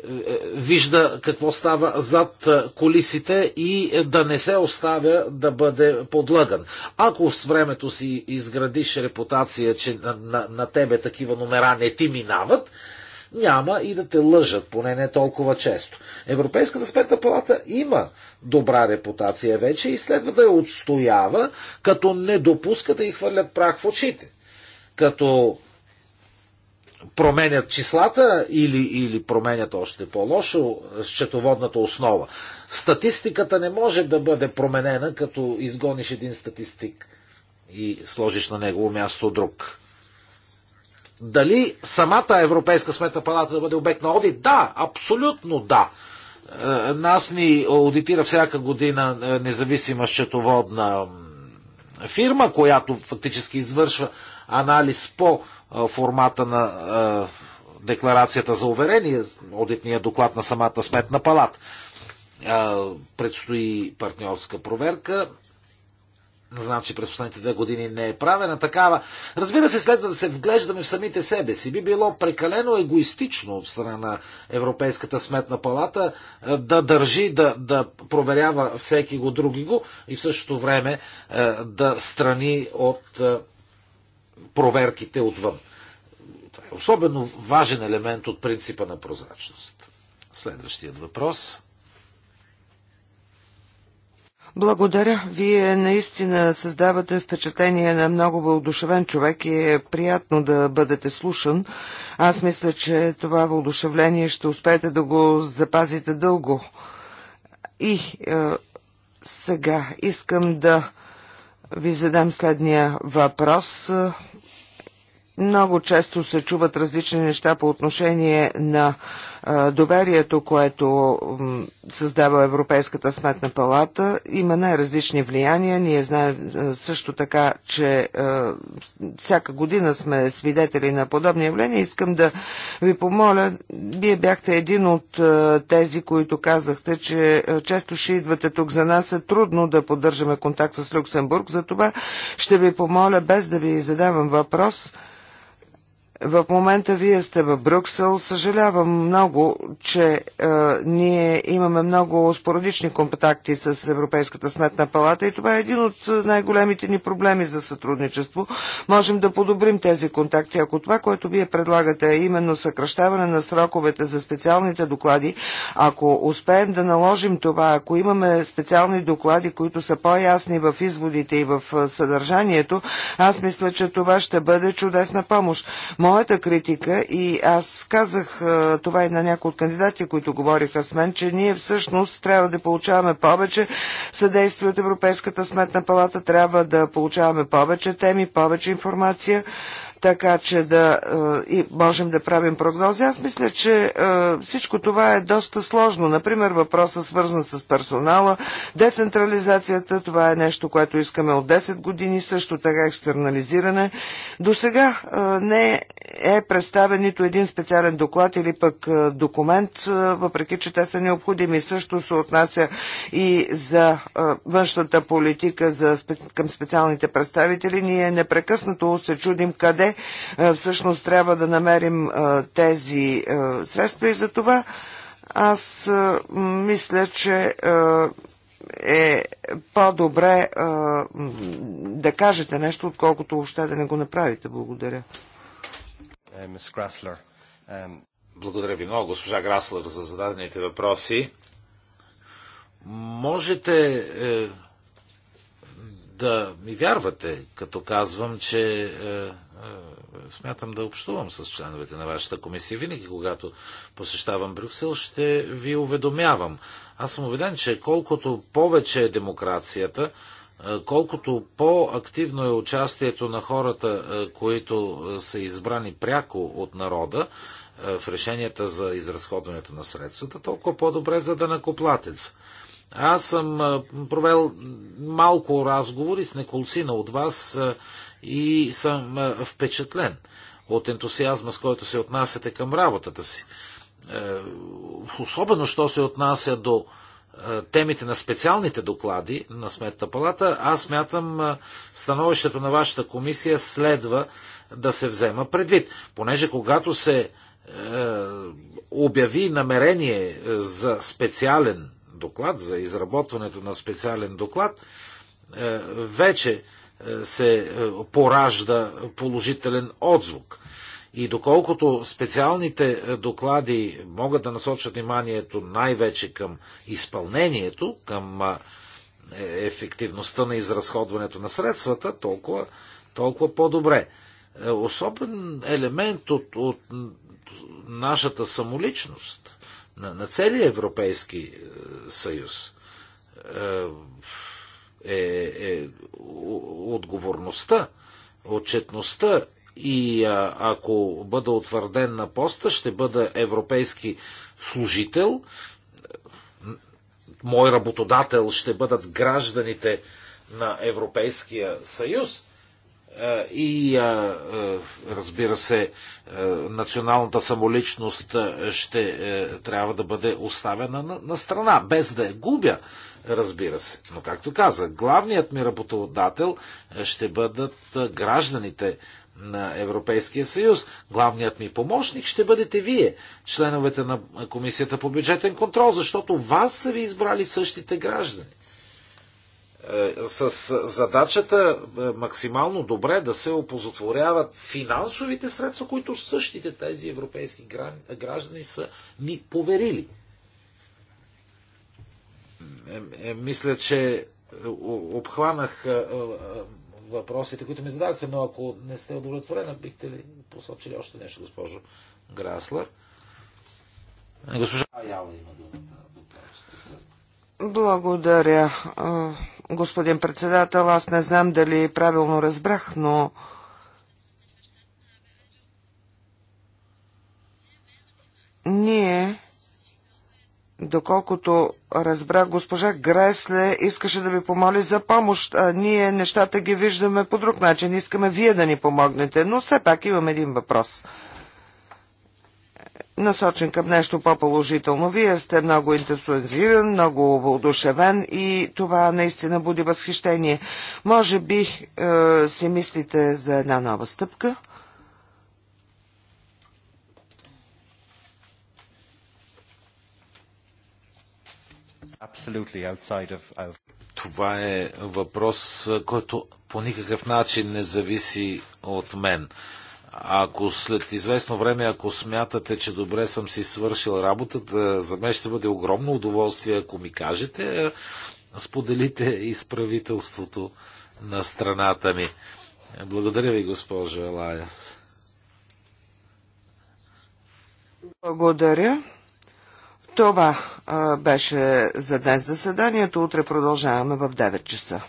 е, вижда какво става зад е, колисите и е, да не се оставя да бъде подлъган. Ако с времето си изградиш репутация, че на, на, на тебе такива номера не ти минават, няма и да те лъжат, поне не толкова често. Европейската спета палата има добра репутация вече и следва да я отстоява, като не допуска да й хвърлят прах в очите. Като променят числата или, или променят още по-лошо счетоводната основа. Статистиката не може да бъде променена, като изгониш един статистик и сложиш на негово място друг. Дали самата Европейска сметна палата да бъде обект на одит? Да, абсолютно да. Е, нас ни аудитира всяка година е, независима счетоводна фирма, която фактически извършва анализ по формата на декларацията за уверение, одитния доклад на самата сметна палата. Предстои партньорска проверка. Знам, че през последните две години не е правена такава. Разбира се, следва да се вглеждаме в самите себе си. Би било прекалено егоистично от страна на Европейската сметна палата да държи да, да проверява всеки го други го и в същото време да страни от проверките отвън. Това е особено важен елемент от принципа на прозрачност. Следващият въпрос. Благодаря. Вие наистина създавате впечатление на много въодушевен човек и е приятно да бъдете слушан. Аз мисля, че това въодушевление ще успеете да го запазите дълго. И е, сега искам да ви задам следния въпрос. Много често се чуват различни неща по отношение на Доверието, което създава Европейската сметна палата, има най-различни влияния. Ние знаем също така, че всяка година сме свидетели на подобни явления. Искам да ви помоля, вие бяхте един от тези, които казахте, че често ще идвате тук за нас. Е трудно да поддържаме контакт с Люксембург. Затова ще ви помоля, без да ви задавам въпрос, в момента вие сте в Брюксел. Съжалявам много, че е, ние имаме много спорадични контакти с Европейската сметна палата и това е един от най-големите ни проблеми за сътрудничество. Можем да подобрим тези контакти. Ако това, което вие предлагате е именно съкръщаване на сроковете за специалните доклади, ако успеем да наложим това, ако имаме специални доклади, които са по-ясни в изводите и в е, съдържанието, аз мисля, че това ще бъде чудесна помощ Моята критика, и аз казах това и на някои от кандидати, които говориха с мен, че ние всъщност трябва да получаваме повече съдействие от Европейската сметна палата, трябва да получаваме повече теми, повече информация така че да е, и можем да правим прогнози. Аз мисля, че е, всичко това е доста сложно. Например, въпроса свързан с персонала, децентрализацията, това е нещо, което искаме от 10 години, също така екстернализиране. До сега е, не е представен нито един специален доклад или пък документ, въпреки, че те са необходими. Също се отнася и за външната политика за, към специалните представители. Ние непрекъснато се чудим къде е, всъщност трябва да намерим е, тези е, средства и за това аз мисля, че е по-добре да кажете нещо, отколкото още да не го направите. Благодаря. Благодаря ви много, госпожа Граслер, за зададените въпроси. Можете да ми вярвате, като казвам, че е, смятам да общувам с членовете на вашата комисия. Винаги, когато посещавам Брюксел, ще ви уведомявам. Аз съм убеден, че колкото повече е демокрацията, е, колкото по-активно е участието на хората, е, които са избрани пряко от народа в решенията за изразходването на средствата, толкова по-добре за данакоплатец. Аз съм провел малко разговори с неколцина от вас и съм впечатлен от ентусиазма, с който се отнасяте към работата си. Е, особено, що се отнася до е, темите на специалните доклади на Сметната палата, аз мятам е, становището на вашата комисия следва да се взема предвид. Понеже когато се обяви намерение за специален доклад, за изработването на специален доклад, вече се е, поражда положителен отзвук. И доколкото специалните е, доклади могат да насочат вниманието най-вече към изпълнението, към е, ефективността на изразходването на средствата, толкова, толкова по-добре. Особен елемент от, от нашата самоличност на, на целия Европейски съюз е, е отговорността, отчетността и а, ако бъда утвърден на поста, ще бъда европейски служител. Мой работодател ще бъдат гражданите на Европейския съюз и разбира се, националната самоличност ще е, трябва да бъде оставена на, страна, без да я губя разбира се. Но както каза, главният ми работодател ще бъдат гражданите на Европейския съюз. Главният ми помощник ще бъдете вие, членовете на Комисията по бюджетен контрол, защото вас са ви избрали същите граждани. Е, с задачата е, максимално добре да се опозотворяват финансовите средства, които същите тези европейски граждани са ни поверили. Е, е, мисля, че обхванах е, въпросите, които ми зададохте, но ако не сте удовлетворена, бихте ли посочили още нещо, госпожо Грасла? Госпожа Аяла има думата. Благодаря, господин председател. Аз не знам дали правилно разбрах, но ние Доколкото разбрах, госпожа Гресле искаше да ви помоли за помощ. А ние нещата ги виждаме по друг начин. Искаме вие да ни помогнете, но все пак имам един въпрос. Насочен към нещо по-положително. Вие сте много интенсуализиран, много воодушевен и това наистина буди възхищение. Може би е, си мислите за една нова стъпка – Това е въпрос, който по никакъв начин не зависи от мен. Ако след известно време, ако смятате, че добре съм си свършил работата, за мен ще бъде огромно удоволствие, ако ми кажете, споделите и с правителството на страната ми. Благодаря ви, госпожо Елаяс. Благодаря. Това беше за днес заседанието. Утре продължаваме в 9 часа.